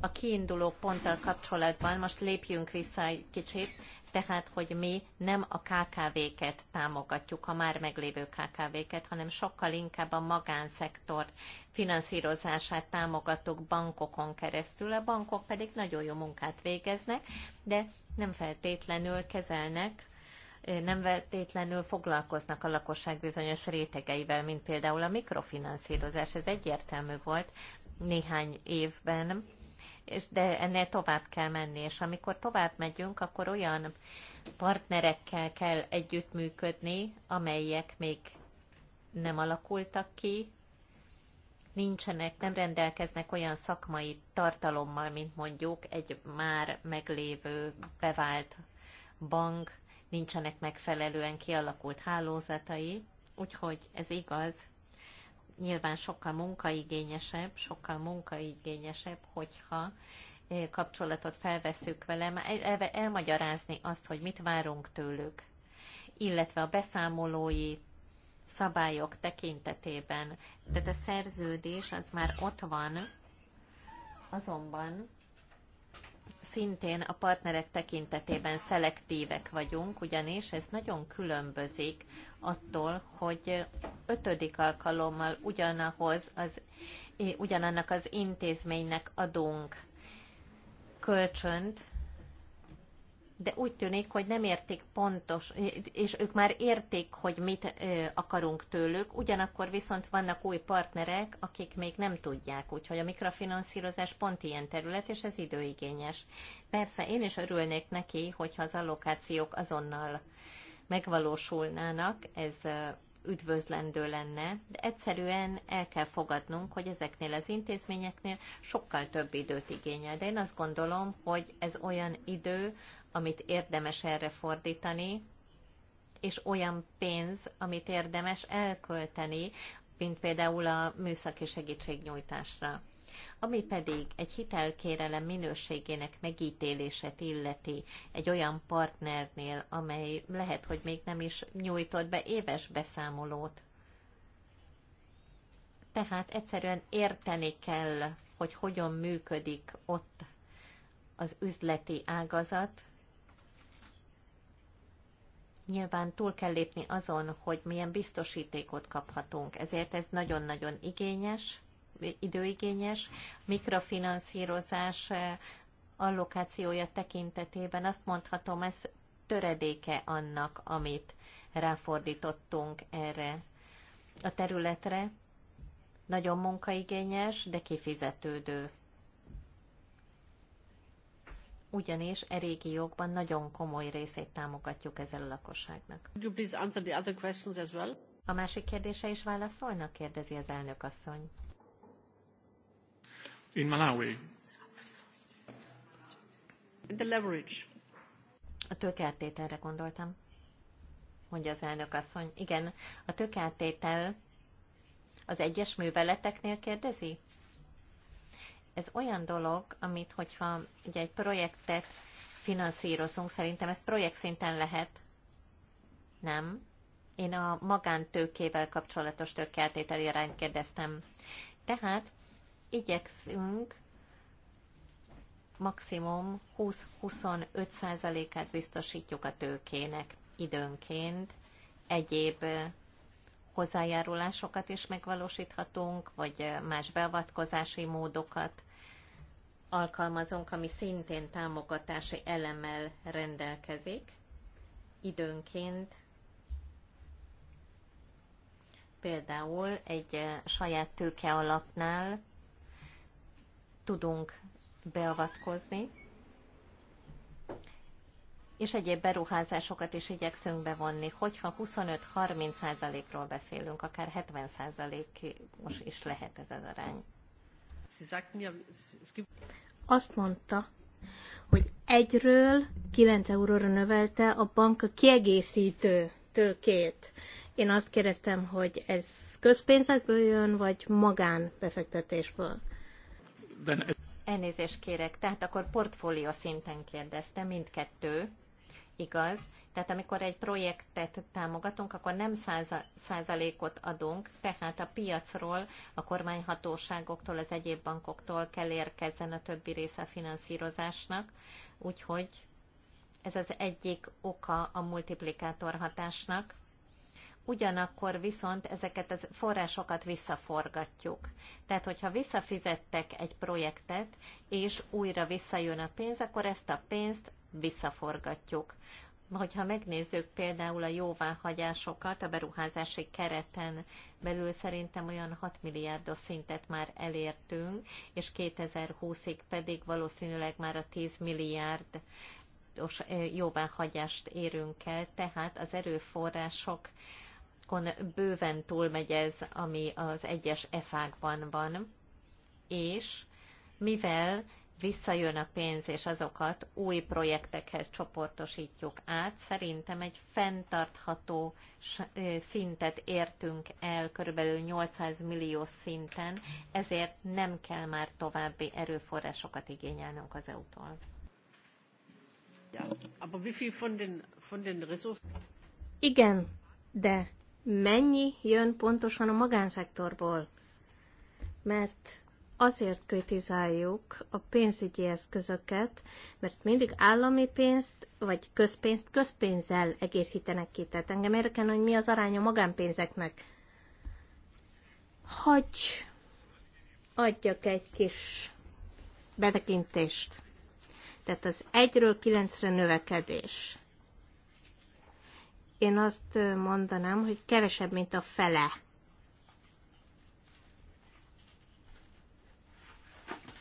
a kiinduló ponttal kapcsolatban most lépjünk vissza egy kicsit, tehát, hogy mi nem a KKV-ket támogatjuk, a már meglévő KKV-ket, hanem sokkal inkább a magánszektor finanszírozását támogatok bankokon keresztül. A bankok pedig nagyon jó munkát végeznek, de nem feltétlenül kezelnek nem vetétlenül foglalkoznak a lakosság bizonyos rétegeivel, mint például a mikrofinanszírozás. Ez egyértelmű volt néhány évben, és de ennél tovább kell menni, és amikor tovább megyünk, akkor olyan partnerekkel kell együttműködni, amelyek még nem alakultak ki, nincsenek, nem rendelkeznek olyan szakmai tartalommal, mint mondjuk egy már meglévő bevált bank, nincsenek megfelelően kialakult hálózatai, úgyhogy ez igaz, nyilván sokkal munkaigényesebb, sokkal munkaigényesebb, hogyha eh, kapcsolatot felveszünk vele, elmagyarázni azt, hogy mit várunk tőlük, illetve a beszámolói szabályok tekintetében. Tehát a szerződés az már ott van, azonban szintén a partnerek tekintetében szelektívek vagyunk, ugyanis ez nagyon különbözik attól, hogy ötödik alkalommal ugyanahoz az, ugyanannak az intézménynek adunk kölcsönt, de úgy tűnik, hogy nem értik pontos, és ők már értik, hogy mit akarunk tőlük, ugyanakkor viszont vannak új partnerek, akik még nem tudják, úgyhogy a mikrofinanszírozás pont ilyen terület, és ez időigényes. Persze én is örülnék neki, hogyha az allokációk azonnal megvalósulnának, ez üdvözlendő lenne, de egyszerűen el kell fogadnunk, hogy ezeknél az intézményeknél sokkal több időt igényel. De én azt gondolom, hogy ez olyan idő, amit érdemes erre fordítani, és olyan pénz, amit érdemes elkölteni, mint például a műszaki segítségnyújtásra. Ami pedig egy hitelkérelem minőségének megítélését illeti egy olyan partnernél, amely lehet, hogy még nem is nyújtott be éves beszámolót. Tehát egyszerűen érteni kell, hogy hogyan működik ott az üzleti ágazat, nyilván túl kell lépni azon, hogy milyen biztosítékot kaphatunk. Ezért ez nagyon-nagyon igényes, időigényes. Mikrofinanszírozás eh, allokációja tekintetében azt mondhatom, ez töredéke annak, amit ráfordítottunk erre a területre. Nagyon munkaigényes, de kifizetődő ugyanis e régiókban nagyon komoly részét támogatjuk ezzel a lakosságnak. A másik kérdése is válaszolnak, kérdezi az elnök asszony. In Malawi. The leverage. A tőkeáttételre gondoltam, mondja az elnök asszony. Igen, a tőkeáttétel az egyes műveleteknél kérdezi? ez olyan dolog, amit hogyha ugye egy projektet finanszírozunk, szerintem ez projekt szinten lehet. Nem. Én a magántőkével kapcsolatos tőkeltételi irányt kérdeztem. Tehát igyekszünk maximum 20-25%-át biztosítjuk a tőkének időnként. Egyéb hozzájárulásokat is megvalósíthatunk, vagy más beavatkozási módokat alkalmazunk, ami szintén támogatási elemmel rendelkezik. Időnként például egy eh, saját tőke alapnál tudunk beavatkozni, és egyéb beruházásokat is igyekszünk bevonni, hogyha 25-30%-ról beszélünk, akár 70%-os is lehet ez az arány. Azt mondta, hogy egyről 9 euróra növelte a bank a kiegészítő tőkét. Én azt kérdeztem, hogy ez közpénzekből jön, vagy magánbefektetésből? Elnézést kérek, tehát akkor portfólió szinten kérdezte, mindkettő, igaz, tehát amikor egy projektet támogatunk, akkor nem száza, százalékot adunk, tehát a piacról, a kormányhatóságoktól, az egyéb bankoktól kell érkezzen a többi része a finanszírozásnak, úgyhogy ez az egyik oka a multiplikátor hatásnak. Ugyanakkor viszont ezeket a forrásokat visszaforgatjuk. Tehát, hogyha visszafizettek egy projektet, és újra visszajön a pénz, akkor ezt a pénzt visszaforgatjuk hogyha megnézzük például a jóváhagyásokat a beruházási kereten belül, szerintem olyan 6 milliárdos szintet már elértünk, és 2020-ig pedig valószínűleg már a 10 milliárd jóváhagyást érünk el, tehát az erőforrások bőven túlmegy ez, ami az egyes efákban van, és mivel visszajön a pénz, és azokat új projektekhez csoportosítjuk át, szerintem egy fenntartható szintet értünk el, körülbelül 800 millió szinten, ezért nem kell már további erőforrásokat igényelnünk az EU-tól. Igen, de mennyi jön pontosan a magánszektorból? Mert azért kritizáljuk a pénzügyi eszközöket, mert mindig állami pénzt, vagy közpénzt közpénzzel egészítenek ki. Tehát engem érdekel, hogy mi az aránya magánpénzeknek. Hogy adjak egy kis betekintést. Tehát az egyről kilencre növekedés. Én azt mondanám, hogy kevesebb, mint a fele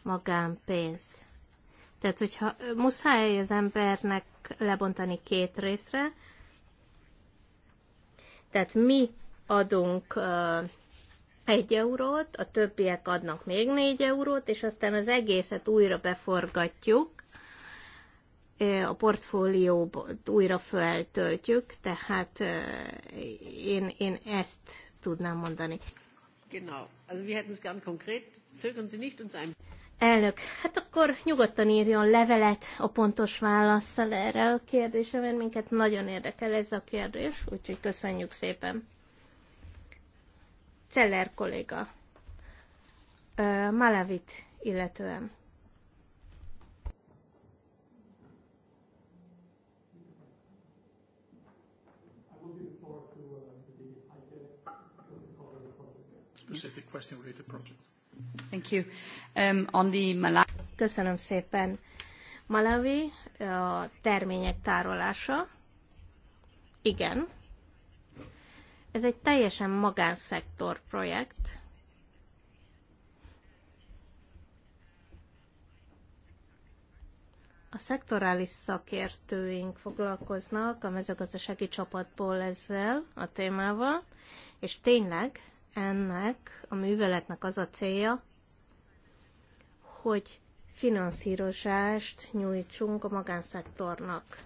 magánpénz. Tehát, hogyha muszáj az embernek lebontani két részre, tehát mi adunk egy eurót, a többiek adnak még négy eurót, és aztán az egészet újra beforgatjuk, a portfóliót újra feltöltjük, tehát én, én ezt tudnám mondani. Genau. Also wir hätten es gern konkret. Zögern Sie nicht uns ein. Elnök, hát akkor nyugodtan írjon levelet a pontos válaszsal erre a kérdésre, mert minket nagyon érdekel ez a kérdés, úgyhogy köszönjük szépen. Celler kolléga, Malavit illetően. Specific question related project. Um, Köszönöm szépen. Malawi a termények tárolása. Igen. Ez egy teljesen magánszektor projekt. A szektorális szakértőink foglalkoznak a mezőgazdasági csapatból ezzel a témával, és tényleg ennek a műveletnek az a célja, hogy finanszírozást nyújtsunk a magánszektornak.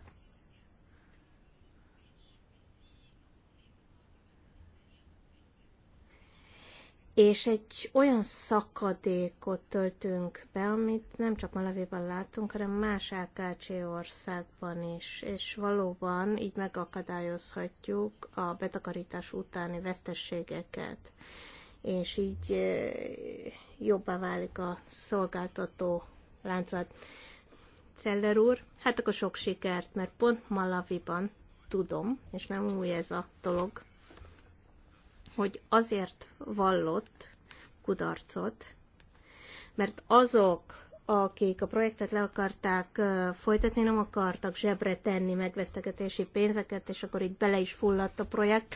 és egy olyan szakadékot töltünk be, amit nem csak Malavéban látunk, hanem más AKC országban is, és valóban így megakadályozhatjuk a betakarítás utáni vesztességeket, és így jobbá válik a szolgáltató láncot. Celler úr, hát akkor sok sikert, mert pont Malaviban tudom, és nem új ez a dolog, hogy azért vallott kudarcot, mert azok, akik a projektet le akarták folytatni, nem akartak zsebre tenni megvesztegetési pénzeket, és akkor itt bele is fulladt a projekt.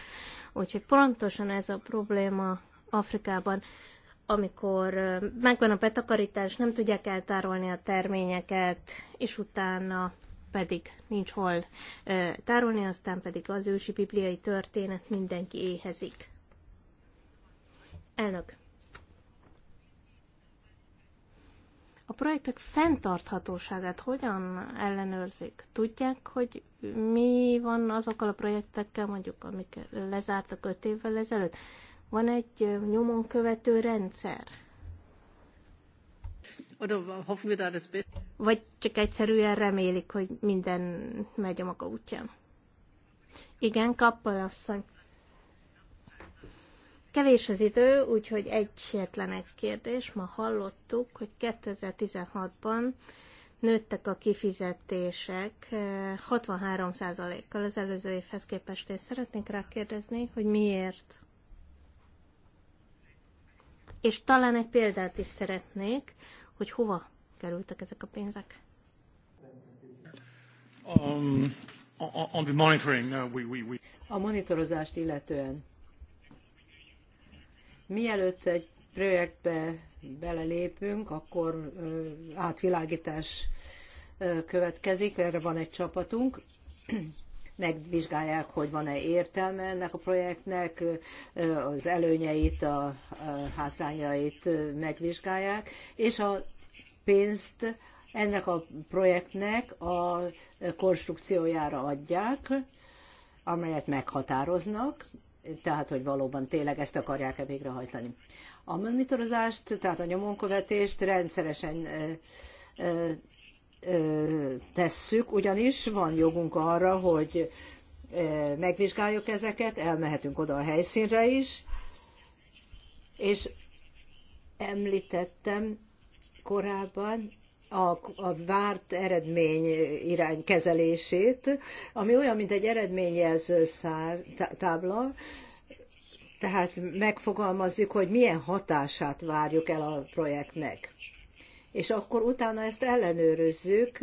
Úgyhogy pontosan ez a probléma Afrikában, amikor megvan a betakarítás, nem tudják eltárolni a terményeket, és utána pedig nincs hol tárolni, aztán pedig az ősi bibliai történet mindenki éhezik. Elnök. A projektek fenntarthatóságát hogyan ellenőrzik? Tudják, hogy mi van azokkal a projektekkel, mondjuk, amik lezártak öt évvel ezelőtt? Van egy nyomon követő rendszer? Vagy csak egyszerűen remélik, hogy minden megy a maga útján? Igen, Kappal asszony. Kevés az idő, úgyhogy egyetlen egy kérdés. Ma hallottuk, hogy 2016-ban nőttek a kifizetések 63%-kal az előző évhez képest. Én szeretnék rákérdezni, hogy miért? És talán egy példát is szeretnék, hogy hova kerültek ezek a pénzek. Um, on the monitoring, uh, we, we, we. A monitorozást illetően Mielőtt egy projektbe belelépünk, akkor átvilágítás következik, erre van egy csapatunk, megvizsgálják, hogy van-e értelme ennek a projektnek, az előnyeit, a hátrányait megvizsgálják, és a pénzt ennek a projektnek a konstrukciójára adják, amelyet meghatároznak, tehát hogy valóban tényleg ezt akarják-e végrehajtani. A monitorozást, tehát a nyomonkövetést rendszeresen tesszük, ugyanis van jogunk arra, hogy megvizsgáljuk ezeket, elmehetünk oda a helyszínre is, és említettem korábban, a, a várt eredmény irány kezelését, ami olyan, mint egy eredményjelző szár, tábla, tehát megfogalmazzuk, hogy milyen hatását várjuk el a projektnek. És akkor utána ezt ellenőrözzük,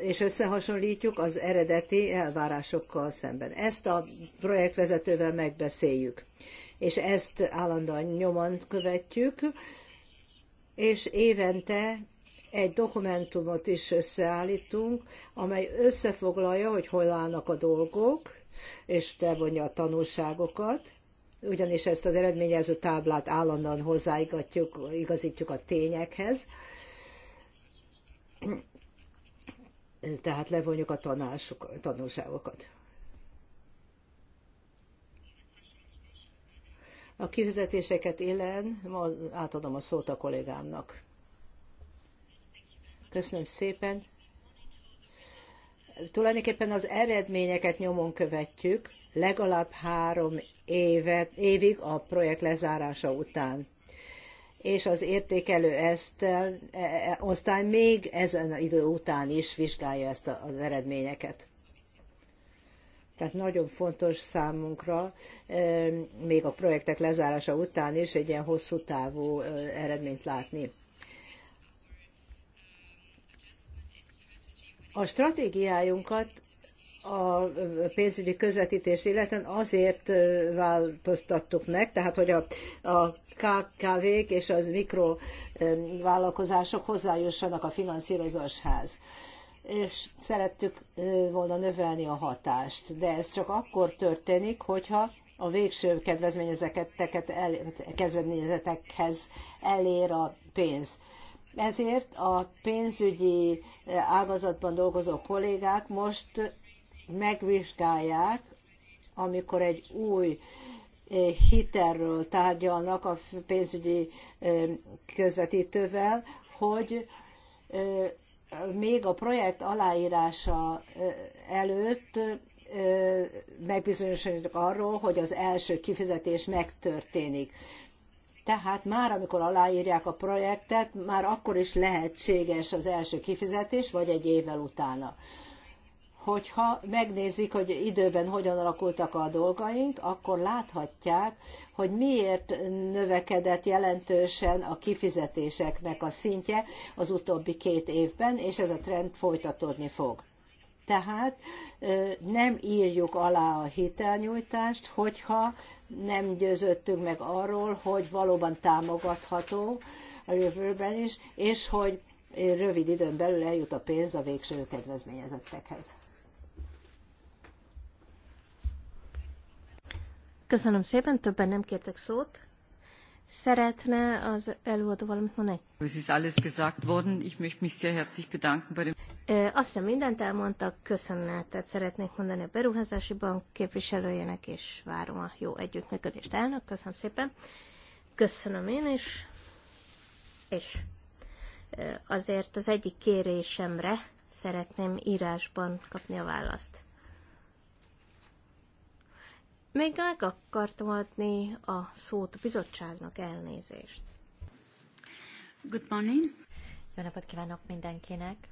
és összehasonlítjuk az eredeti elvárásokkal szemben. Ezt a projektvezetővel megbeszéljük, és ezt állandóan nyomon követjük, és évente egy dokumentumot is összeállítunk, amely összefoglalja, hogy hol állnak a dolgok, és levonja a tanulságokat, ugyanis ezt az eredményező táblát állandóan hozzáigatjuk, igazítjuk a tényekhez, tehát levonjuk a tanások, tanulságokat. A kifizetéseket illen, ma átadom a szót a kollégámnak. Köszönöm szépen. Tulajdonképpen az eredményeket nyomon követjük legalább három évet, évig a projekt lezárása után. És az értékelő ezt, aztán e, e, még ezen idő után is vizsgálja ezt a az eredményeket. Tehát nagyon fontos számunkra, e, még a projektek lezárása után is egy ilyen hosszú távú eredményt látni. A stratégiájunkat a pénzügyi közvetítés illetően azért változtattuk meg, tehát hogy a, a KKV-k és az mikrovállalkozások hozzájussanak a finanszírozáshoz és szerettük volna növelni a hatást, de ez csak akkor történik, hogyha a végső kedvezményezeteket el, kedvezményezetekhez elér a pénz. Ezért a pénzügyi eh, ágazatban dolgozó kollégák most megvizsgálják, amikor egy új eh, hitelről tárgyalnak a pénzügyi eh, közvetítővel, hogy még a projekt aláírása előtt megbizonyosodnak arról, hogy az első kifizetés megtörténik. Tehát már amikor aláírják a projektet, már akkor is lehetséges az első kifizetés, vagy egy évvel utána. Hogyha megnézik, hogy időben hogyan alakultak a dolgaink, akkor láthatják, hogy miért növekedett jelentősen a kifizetéseknek a szintje az utóbbi két évben, és ez a trend folytatódni fog. Tehát nem írjuk alá a hitelnyújtást, hogyha nem győződtünk meg arról, hogy valóban támogatható a jövőben is, és hogy rövid időn belül eljut a pénz a végső kedvezményezettekhez. Köszönöm szépen, többen nem kértek szót. Szeretne az előadó valamit mondani? Es ist alles gesagt worden. Ich möchte mich sehr herzlich bedanken bei dem azt hiszem mindent elmondtak, köszönetet szeretnék mondani a Beruházási Bank képviselőjének, és várom a jó együttműködést. Elnök, köszönöm szépen. Köszönöm én is. És azért az egyik kérésemre szeretném írásban kapni a választ. Még meg akartam adni a szót a bizottságnak elnézést. Good morning. Jó napot kívánok mindenkinek!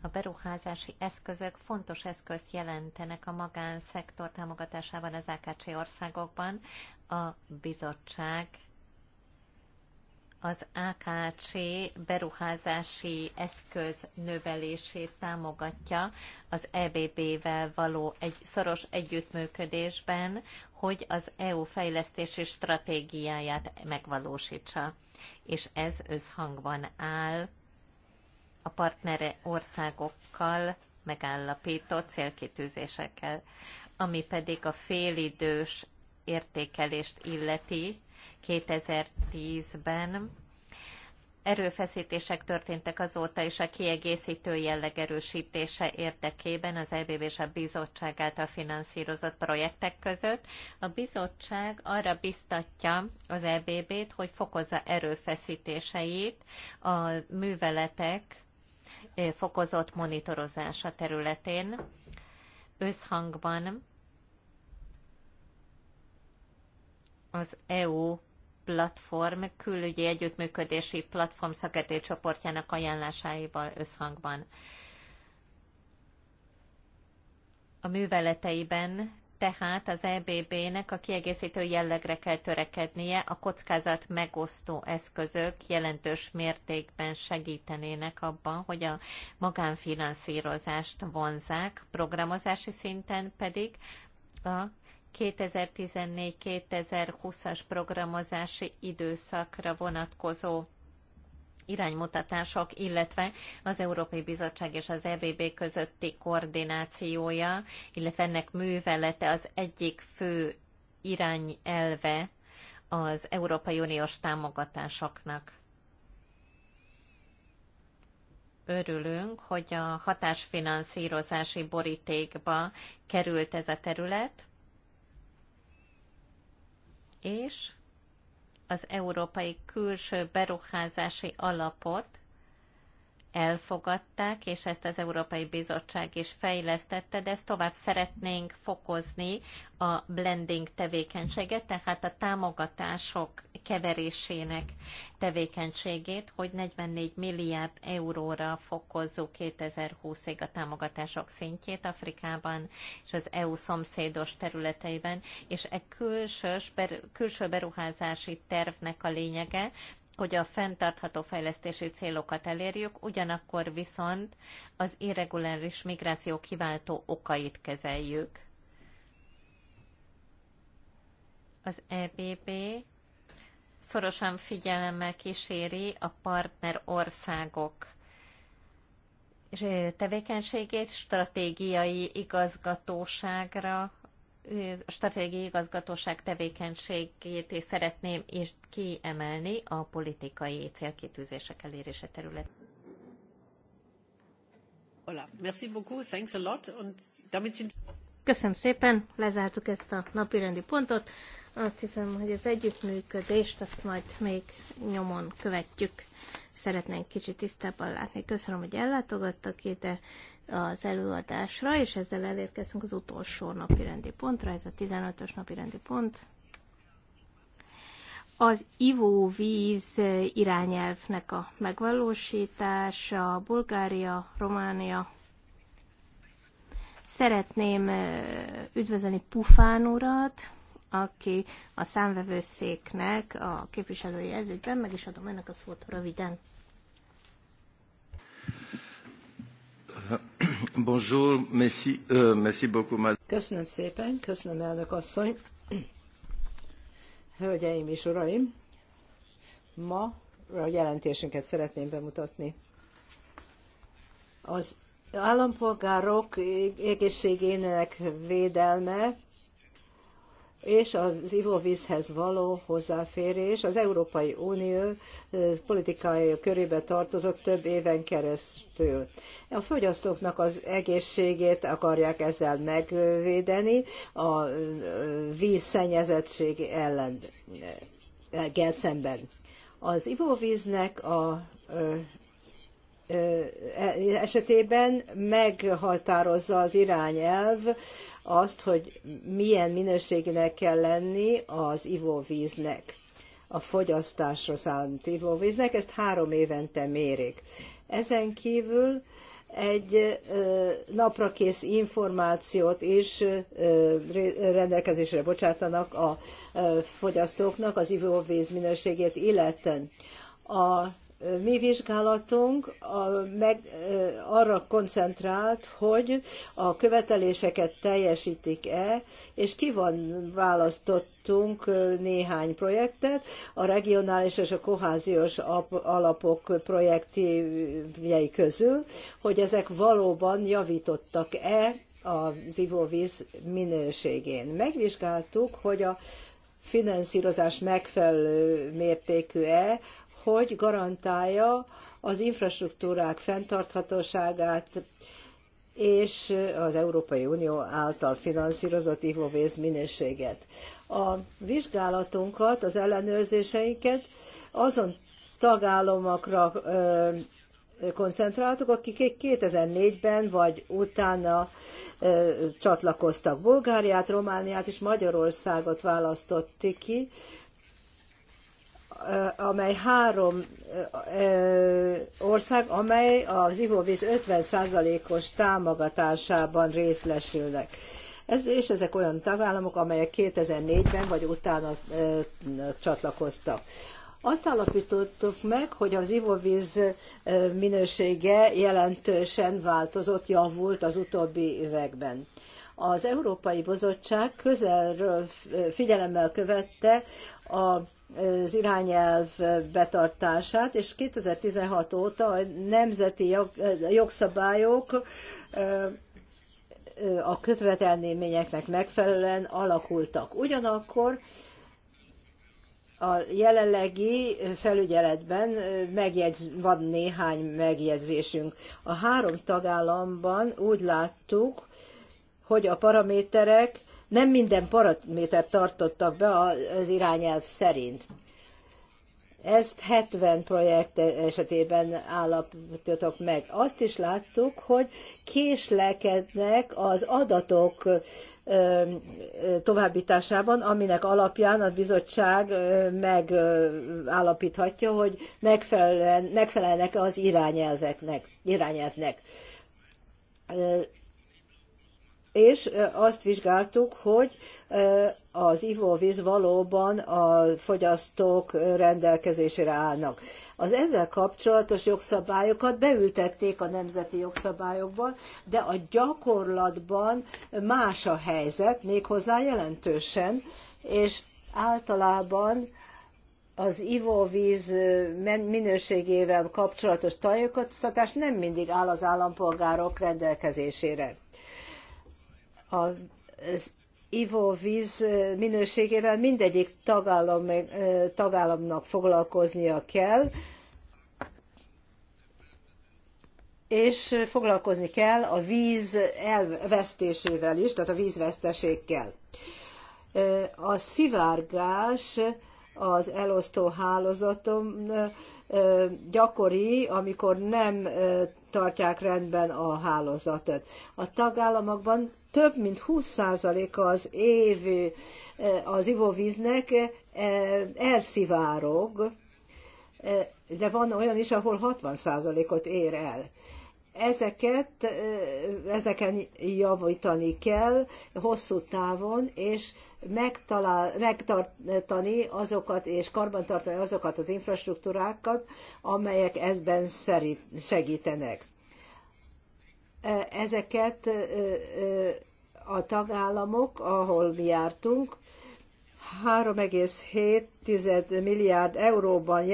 A beruházási eszközök fontos eszközt jelentenek a magánszektor támogatásában az AKC országokban. A bizottság az AKC beruházási eszköz növelését támogatja az EBB-vel való egy szoros együttműködésben, hogy az EU fejlesztési stratégiáját megvalósítsa. És ez összhangban áll a partnere országokkal megállapított célkitűzésekkel, ami pedig a félidős értékelést illeti 2010-ben. Erőfeszítések történtek azóta is a kiegészítő jelleg erősítése érdekében az EBB és a bizottság által finanszírozott projektek között. A bizottság arra biztatja az EBB-t, hogy fokozza erőfeszítéseit a műveletek eh, fokozott monitorozása területén összhangban az EU platform külügyi együttműködési platform szakértő csoportjának ajánlásáival összhangban. A műveleteiben tehát az EBB-nek a kiegészítő jellegre kell törekednie, a kockázat megosztó eszközök jelentős mértékben segítenének abban, hogy a magánfinanszírozást vonzák, programozási szinten pedig a 2014-2020-as programozási időszakra vonatkozó iránymutatások, illetve az Európai Bizottság és az EBB közötti koordinációja, illetve ennek művelete az egyik fő irányelve az Európai Uniós támogatásoknak. Örülünk, hogy a hatásfinanszírozási borítékba került ez a terület, és az Európai Külső Beruházási Alapot elfogadták, és ezt az Európai Bizottság is fejlesztette, de ezt tovább szeretnénk fokozni a blending tevékenységet, tehát a támogatások keverésének tevékenységét, hogy 44 milliárd euróra fokozzuk 2020-ig a támogatások szintjét Afrikában és az EU szomszédos területeiben, és e külsős, külső beruházási tervnek a lényege, hogy a fenntartható fejlesztési célokat elérjük, ugyanakkor viszont az irreguláris migráció kiváltó okait kezeljük. Az EBB szorosan figyelemmel kíséri a partner országok tevékenységét stratégiai igazgatóságra stratégiai igazgatóság tevékenységét is szeretném is kiemelni a politikai célkitűzések elérése területén. Köszönöm szépen, lezártuk ezt a napirendi pontot. Azt hiszem, hogy az együttműködést azt majd még nyomon követjük. Szeretnénk kicsit tisztában látni. Köszönöm, hogy ellátogattak ide, az előadásra, és ezzel elérkezünk az utolsó napi rendi pontra, ez a 15-ös napi rendi pont. Az ivóvíz irányelvnek a megvalósítása, Bulgária, Románia. Szeretném üdvözölni Pufán urat, aki a számvevőszéknek a képviselője ezügyben, meg is adom ennek a szót röviden. Bonjour, merci, euh, merci beaucoup, madame. Köszönöm szépen, köszönöm elnök asszony. Hölgyeim és uraim, ma a jelentésünket szeretném bemutatni. Az állampolgárok egészségének védelme és az ivóvízhez való hozzáférés az Európai Unió politikai körébe tartozott több éven keresztül. A fogyasztóknak az egészségét akarják ezzel megvédeni a vízszennyezettség ellen szemben. Az ivóvíznek a E, esetében meghatározza az irányelv azt, hogy milyen minőségűnek kell lenni az ivóvíznek, a fogyasztásra szánt ivóvíznek, ezt három évente mérik. Ezen kívül egy naprakész információt is rendelkezésre bocsátanak a fogyasztóknak az ivóvíz minőségét illetően. A mi vizsgálatunk a, meg, arra koncentrált, hogy a követeléseket teljesítik-e, és ki van választottunk néhány projektet, a regionális és a koháziós alapok projektjei közül, hogy ezek valóban javítottak-e az ivóvíz minőségén. Megvizsgáltuk, hogy a finanszírozás megfelelő mértékű-e hogy garantálja az infrastruktúrák fenntarthatóságát és az Európai Unió által finanszírozott ivóvíz minőséget. A vizsgálatunkat, az ellenőrzéseinket azon tagállamokra koncentráltuk, akik 2004-ben vagy utána csatlakoztak. Bulgáriát, Romániát és Magyarországot választottuk ki, amely három ország, amely az ivóvíz 50%-os támogatásában részlesülnek. Ez, és ezek olyan tagállamok, amelyek 2004-ben vagy utána csatlakoztak. Azt állapítottuk meg, hogy az ivóvíz minősége jelentősen változott, javult az utóbbi években az Európai Bizottság közelről figyelemmel követte a az irányelv betartását, és 2016 óta a nemzeti eh, jogszabályok eh, eh, a követelményeknek megfelelően alakultak. Ugyanakkor a jelenlegi felügyeletben megjegyz, van néhány megjegyzésünk. A három tagállamban úgy láttuk, hogy a paraméterek nem minden paramétert tartottak be az irányelv szerint. Ezt 70 projekt esetében állapítottak meg. Azt is láttuk, hogy késlekednek az adatok továbbításában, aminek alapján a bizottság megállapíthatja, hogy megfelelnek-e az irányelveknek, irányelvnek és azt vizsgáltuk, hogy az ivóvíz valóban a fogyasztók rendelkezésére állnak. Az ezzel kapcsolatos jogszabályokat beültették a nemzeti jogszabályokba, de a gyakorlatban más a helyzet, méghozzá jelentősen, és általában az ivóvíz minőségével kapcsolatos tájékoztatás nem mindig áll az állampolgárok rendelkezésére az ivóvíz minőségével mindegyik tagállam, eh, tagállamnak foglalkoznia kell, és foglalkozni kell a víz elvesztésével is, tehát a vízveszteséggel. Eh, a szivárgás az elosztó hálózaton eh, gyakori, amikor nem tartják rendben a hálózatot. A tagállamokban több mint 20%-a az év eh, az ivóvíznek eh, elszivárog, eh, de van olyan is, ahol 60%-ot ér el. Ezeket, ezeken javítani kell hosszú távon, és megtalál, megtartani azokat, és karbantartani azokat az infrastruktúrákat, amelyek ezben segítenek Ezeket a tagállamok, ahol mi jártunk, 3,7 milliárd euróban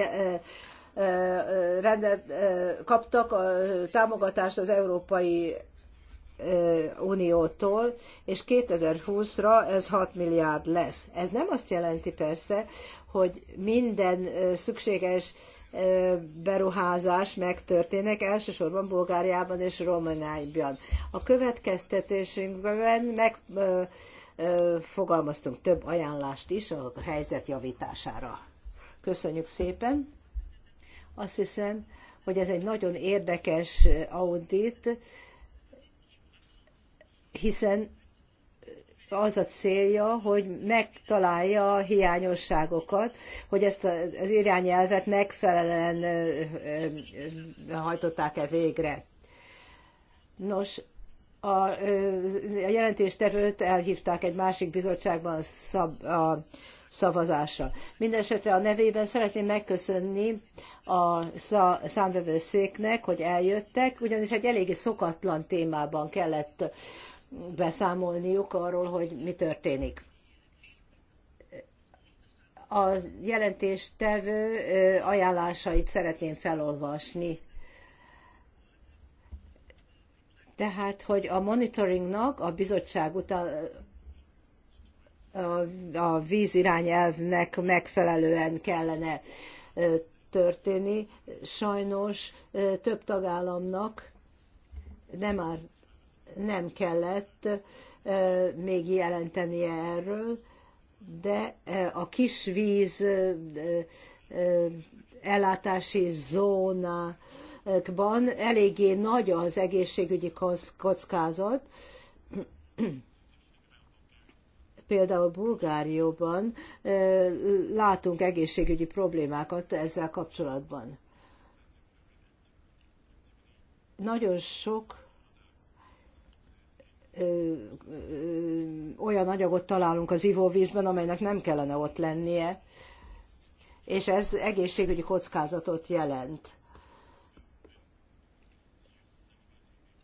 rendet, kaptak a támogatást az Európai Uniótól, és 2020-ra ez 6 milliárd lesz. Ez nem azt jelenti persze, hogy minden szükséges beruházás megtörténik elsősorban Bulgáriában és Romániában. A következtetésünkben meg fogalmaztunk több ajánlást is a helyzet javítására. Köszönjük szépen! Azt hiszem, hogy ez egy nagyon érdekes audit, hiszen az a célja, hogy megtalálja a hiányosságokat, hogy ezt az irányelvet megfelelően hajtották-e végre. Nos, a, a jelentéstevőt elhívták egy másik bizottságban a, szab, a szavazásra. Mindenesetre a nevében szeretném megköszönni a számvevőszéknek, hogy eljöttek, ugyanis egy eléggé szokatlan témában kellett beszámolniuk arról, hogy mi történik. A jelentéstevő ajánlásait szeretném felolvasni. Tehát, hogy a monitoringnak a bizottság után a vízirányelvnek megfelelően kellene történni. Sajnos több tagállamnak nem áll nem kellett még jelentenie erről, de a kisvíz ellátási zónákban eléggé nagy az egészségügyi kockázat. Például Bulgárióban látunk egészségügyi problémákat ezzel kapcsolatban. Nagyon sok olyan anyagot találunk az ivóvízben, amelynek nem kellene ott lennie, és ez egészségügyi kockázatot jelent.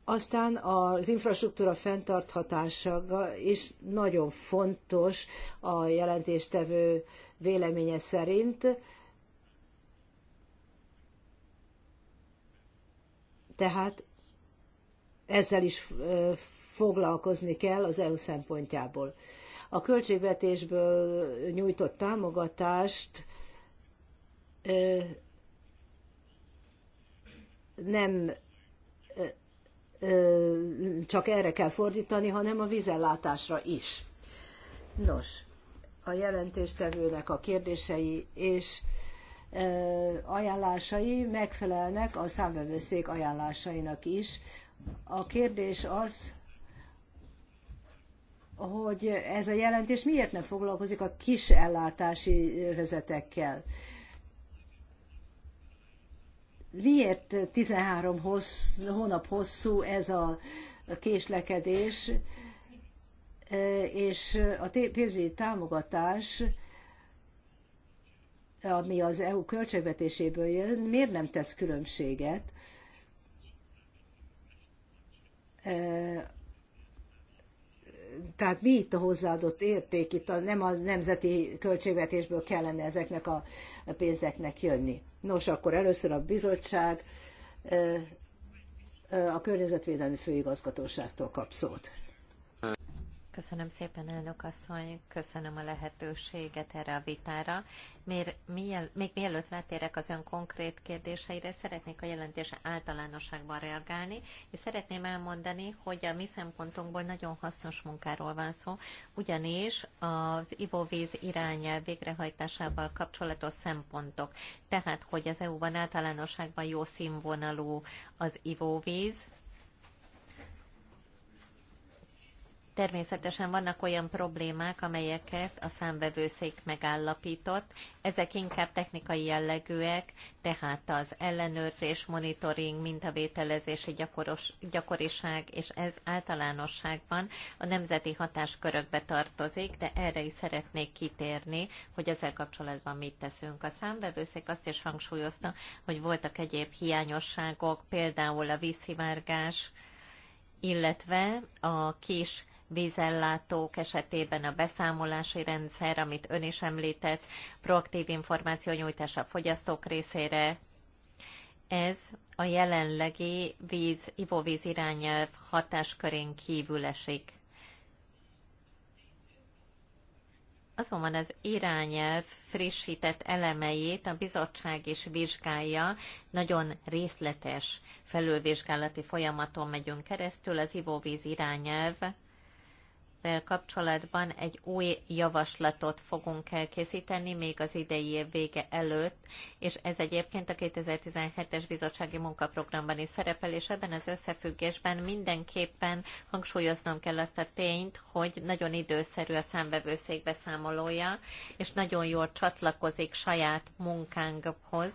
Aztán az infrastruktúra fenntarthatása is nagyon fontos a jelentéstevő véleménye szerint. Tehát ezzel is foglalkozni kell az EU szempontjából. A költségvetésből nyújtott támogatást nem csak erre kell fordítani, hanem a vízellátásra is. Nos, a jelentéstevőnek a kérdései és ajánlásai megfelelnek a számvevőszék ajánlásainak is. A kérdés az, hogy ez a jelentés miért nem foglalkozik a kis ellátási övezetekkel? Miért 13 hossz, hónap hosszú ez a késlekedés, és a pénzügyi támogatás ami az EU költségvetéséből jön, miért nem tesz különbséget tehát mi itt a hozzáadott érték, itt a, nem a nemzeti költségvetésből kellene ezeknek a pénzeknek jönni. Nos, akkor először a bizottság a Környezetvédelmi Főigazgatóságtól kap szót. Köszönöm szépen, elnök asszony, köszönöm a lehetőséget erre a vitára. Mér, miel, még mielőtt rátérek az ön konkrét kérdéseire, szeretnék a jelentés általánosságban reagálni, és szeretném elmondani, hogy a mi szempontunkból nagyon hasznos munkáról van szó, ugyanis az ivóvíz irányel végrehajtásával kapcsolatos szempontok, tehát hogy az EU-ban általánosságban jó színvonalú az ivóvíz, Természetesen vannak olyan problémák, amelyeket a számbevőszék megállapított. Ezek inkább technikai jellegűek, tehát az ellenőrzés, monitoring, mintavételezési gyakoros, gyakoriság, és ez általánosságban a nemzeti hatáskörökbe tartozik, de erre is szeretnék kitérni, hogy ezzel kapcsolatban mit teszünk. A számbevőszék azt is hangsúlyozta, hogy voltak egyéb hiányosságok, például a vízszivárgás, illetve a kis vízellátók esetében a beszámolási rendszer, amit ön is említett, proaktív nyújtás a fogyasztók részére, ez a jelenlegi víz, ivóvíz irányelv hatáskörén kívül esik. Azonban az irányelv frissített elemeit a bizottság is vizsgálja, nagyon részletes felülvizsgálati folyamaton megyünk keresztül, az ivóvíz irányelv vel kapcsolatban egy új javaslatot fogunk elkészíteni még az idei év vége előtt, és ez egyébként a 2017-es bizottsági munkaprogramban is szerepel, és ebben az összefüggésben mindenképpen hangsúlyoznom kell azt a tényt, hogy nagyon időszerű a számbevőszék beszámolója, és nagyon jól csatlakozik saját munkánkhoz,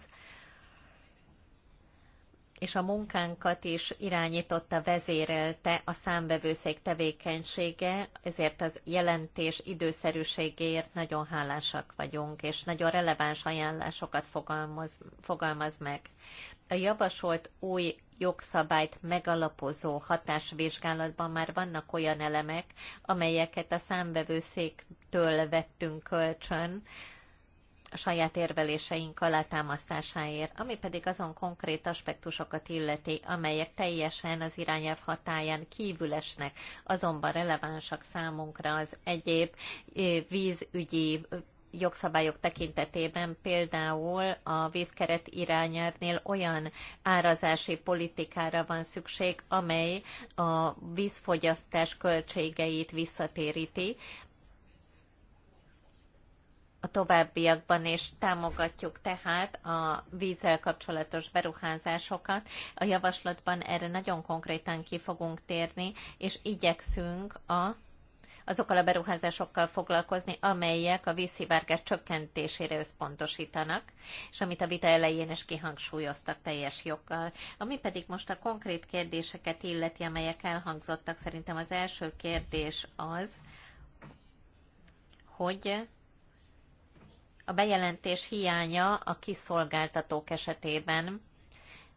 és a munkánkat is irányította, vezérelte a számbevőszék tevékenysége, ezért az jelentés időszerűségéért nagyon hálásak vagyunk, és nagyon releváns ajánlásokat fogalmaz, fogalmaz meg. A javasolt új jogszabályt megalapozó hatásvizsgálatban már vannak olyan elemek, amelyeket a számbevőszéktől vettünk kölcsön, a saját érveléseink alátámasztásáért, ami pedig azon konkrét aspektusokat illeti, amelyek teljesen az irányelv hatáján esnek, azonban relevánsak számunkra az egyéb vízügyi jogszabályok tekintetében például a vízkeret irányelvnél olyan árazási politikára van szükség, amely a vízfogyasztás költségeit visszatéríti, a továbbiakban is támogatjuk tehát a vízzel kapcsolatos beruházásokat. A javaslatban erre nagyon konkrétan ki fogunk térni, és igyekszünk a azokkal a beruházásokkal foglalkozni, amelyek a vízszivárgás csökkentésére összpontosítanak, és amit a vita elején is kihangsúlyoztak teljes joggal. Ami pedig most a konkrét kérdéseket illeti, amelyek elhangzottak, szerintem az első kérdés az, hogy a bejelentés hiánya a kiszolgáltatók esetében,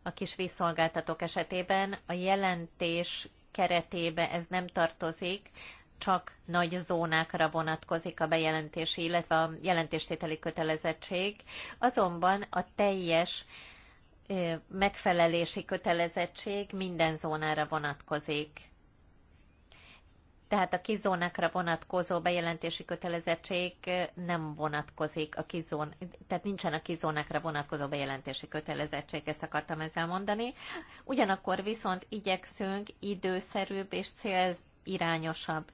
a kis vízszolgáltatók esetében a jelentés keretébe ez nem tartozik, csak nagy zónákra vonatkozik a bejelentési, illetve a jelentéstételi kötelezettség. Azonban a teljes megfelelési kötelezettség minden zónára vonatkozik tehát a kizónákra vonatkozó bejelentési kötelezettség nem vonatkozik a kizón, tehát nincsen a kizónákra vonatkozó bejelentési kötelezettség, ezt akartam ezzel mondani. Ugyanakkor viszont igyekszünk időszerűbb és célirányosabb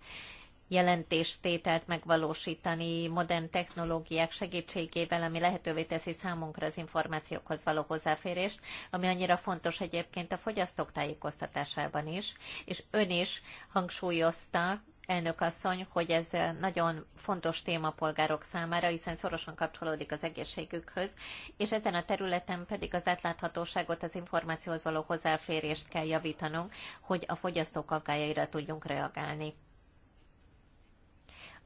jelentéstételt megvalósítani modern technológiák segítségével, ami lehetővé teszi számunkra az információkhoz való hozzáférést, ami annyira fontos egyébként a fogyasztók tájékoztatásában is, és ön is hangsúlyozta, elnök asszony, hogy ez nagyon fontos téma a polgárok számára, hiszen szorosan kapcsolódik az egészségükhöz, és ezen a területen pedig az átláthatóságot, az információhoz való hozzáférést kell javítanunk, hogy a fogyasztók aggájaira tudjunk reagálni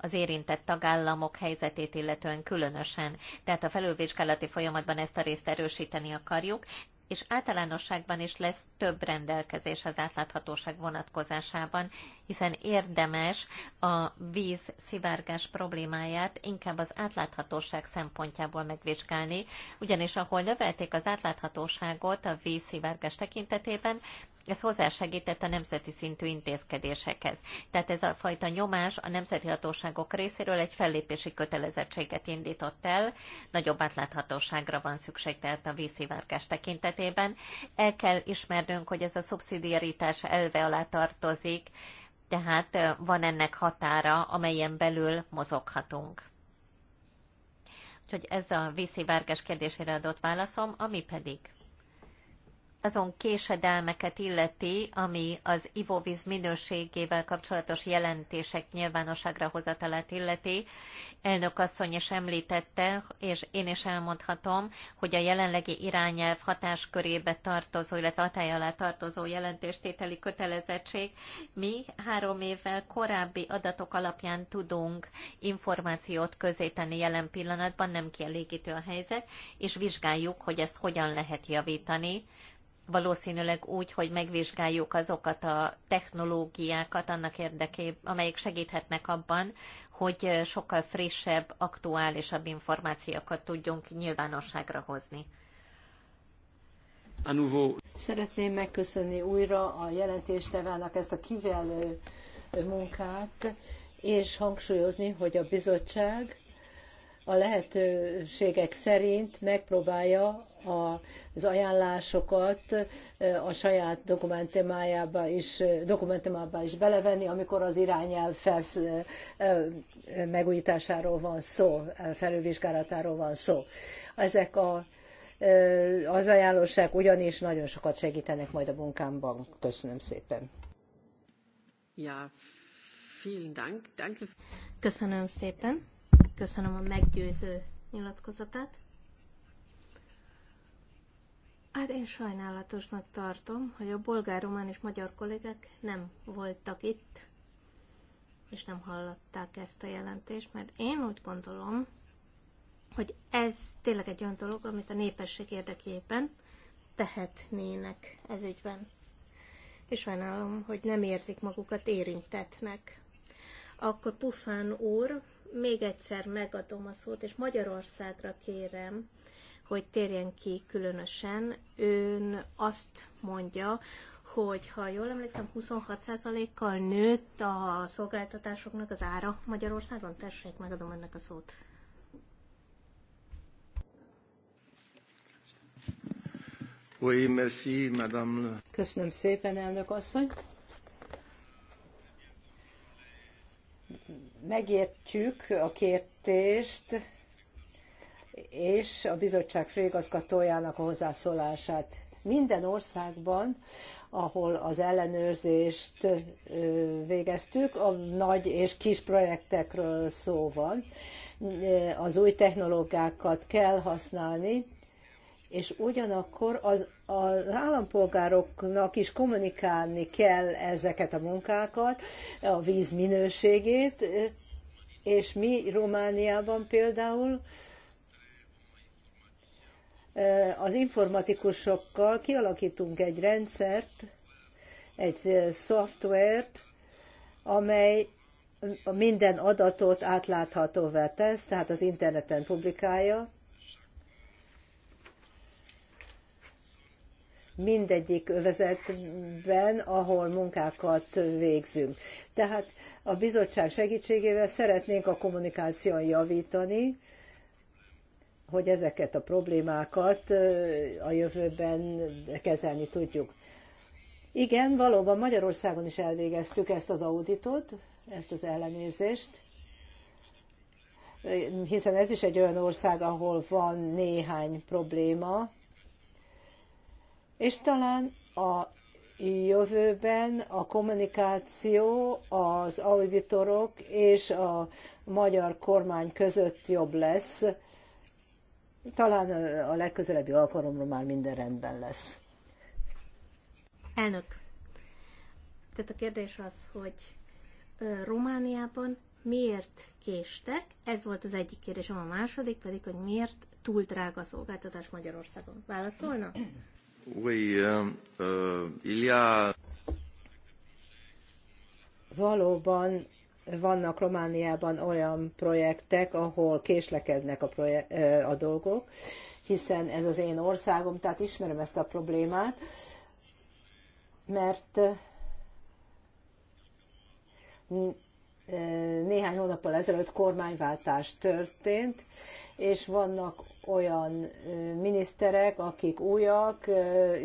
az érintett tagállamok helyzetét illetően különösen. Tehát a felülvizsgálati folyamatban ezt a részt erősíteni akarjuk, és általánosságban is lesz több rendelkezés az átláthatóság vonatkozásában, hiszen érdemes a víz szivárgás problémáját inkább az átláthatóság szempontjából megvizsgálni, ugyanis ahol növelték az átláthatóságot a víz szivárgás tekintetében, ez hozzásegített a nemzeti szintű intézkedésekhez. Tehát ez a fajta nyomás a nemzeti hatóságok részéről egy fellépési kötelezettséget indított el. Nagyobb átláthatóságra van szükség tehát a vízszivárgás tekintetében. El kell ismernünk, hogy ez a szubszidiaritás elve alá tartozik, tehát van ennek határa, amelyen belül mozoghatunk. Úgyhogy ez a vízszivárgás kérdésére adott válaszom, ami pedig azon késedelmeket illeti, ami az ivóvíz minőségével kapcsolatos jelentések nyilvánosságra hozatalát illeti. Elnök asszony is említette, és én is elmondhatom, hogy a jelenlegi irányelv hatáskörébe tartozó, illetve hatály alá tartozó jelentéstételi kötelezettség. Mi három évvel korábbi adatok alapján tudunk információt közéteni jelen pillanatban, nem kielégítő a helyzet, és vizsgáljuk, hogy ezt hogyan lehet javítani valószínűleg úgy, hogy megvizsgáljuk azokat a technológiákat annak érdekében, amelyek segíthetnek abban, hogy sokkal frissebb, aktuálisabb információkat tudjunk nyilvánosságra hozni. Szeretném megköszönni újra a jelentéstevának ezt a kiváló munkát, és hangsúlyozni, hogy a bizottság a lehetőségek szerint megpróbálja az ajánlásokat eh, a saját dokumentumába is, eh, dokumentumába is belevenni, amikor az irányelv felsz, eh, megújításáról van szó, felülvizsgálatáról van szó. Ezek a az ajánlóság ugyanis nagyon sokat segítenek majd a munkámban. Köszönöm szépen. Ja, vielen Dank. Danke. Köszönöm szépen. Köszönöm a meggyőző nyilatkozatát. Hát én sajnálatosnak tartom, hogy a bolgár, román és magyar kollégák nem voltak itt, és nem hallották ezt a jelentést, mert én úgy gondolom, hogy ez tényleg egy olyan dolog, amit a népesség érdekében tehetnének ez ügyben. És sajnálom, hogy nem érzik magukat érintetnek. Akkor Pufán úr még egyszer megadom a szót, és Magyarországra kérem, hogy térjen ki különösen. Ön azt mondja, hogy ha jól emlékszem, 26%-kal nőtt a szolgáltatásoknak az ára Magyarországon. Tessék, megadom ennek a szót. Köszönöm szépen, elnök asszony. Megértjük a kértést és a bizottság főigazgatójának a hozzászólását. Minden országban, ahol az ellenőrzést végeztük, a nagy és kis projektekről szó van. Az új technológiákat kell használni, és ugyanakkor az, az állampolgároknak is kommunikálni kell ezeket a munkákat, a víz minőségét, és mi Romániában például az informatikusokkal kialakítunk egy rendszert, egy szoftvert, amely minden adatot átláthatóvá tesz, tehát az interneten publikálja, mindegyik övezetben, ahol munkákat végzünk. Tehát a bizottság segítségével szeretnénk a kommunikáción javítani, hogy ezeket a problémákat a jövőben kezelni tudjuk. Igen, valóban Magyarországon is elvégeztük ezt az auditot, ezt az ellenőrzést, hiszen ez is egy olyan ország, ahol van néhány probléma, és talán a jövőben a kommunikáció az auditorok és a magyar kormány között jobb lesz. Talán a legközelebbi alkalomra már minden rendben lesz. Elnök, tehát a kérdés az, hogy Romániában miért késtek? Ez volt az egyik kérdésem, a második pedig, hogy miért túl drága a szolgáltatás Magyarországon. Válaszolna? Euh, euh, Valóban vannak Romániában olyan projektek, ahol késlekednek a, a dolgok, hiszen ez az én országom, tehát ismerem ezt a problémát, mert néhány hónappal ezelőtt kormányváltás történt, és vannak olyan miniszterek, akik újak,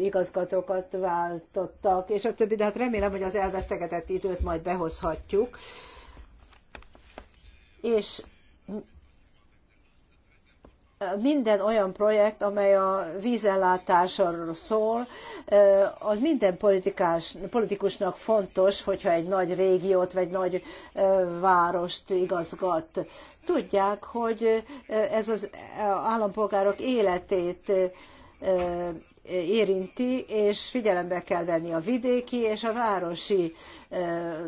igazgatókat váltottak, és a többi, de hát remélem, hogy az elvesztegetett időt majd behozhatjuk. És minden olyan projekt, amely a vízellátásról szól, az minden politikás, politikusnak fontos, hogyha egy nagy régiót vagy nagy várost igazgat. Tudják, hogy ez az állampolgárok életét érinti, és figyelembe kell venni a vidéki és a városi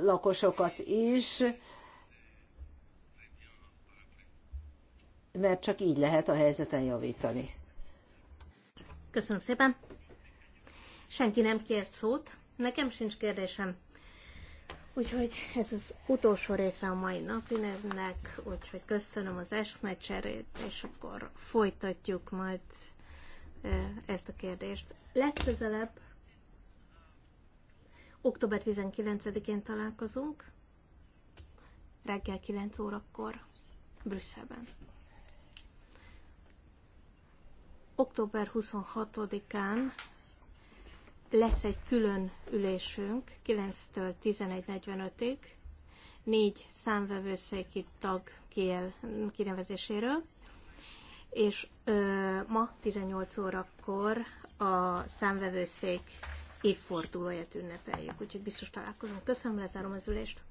lakosokat is, mert csak így lehet a helyzeten javítani. Köszönöm szépen. Senki nem kért szót, nekem sincs kérdésem. Úgyhogy ez az utolsó része a mai napinevnek, úgyhogy köszönöm az eszmecserét, és akkor folytatjuk majd e, ezt a kérdést. Legközelebb október 19-én találkozunk, reggel 9 órakor Brüsszelben. október 26-án lesz egy külön ülésünk 9-től 11.45-ig, négy számvevőszéki tag kiel, kinevezéséről, és ö, ma 18 órakor a számvevőszék évfordulóját ünnepeljük, úgyhogy biztos találkozunk. Köszönöm, lezárom az ülést.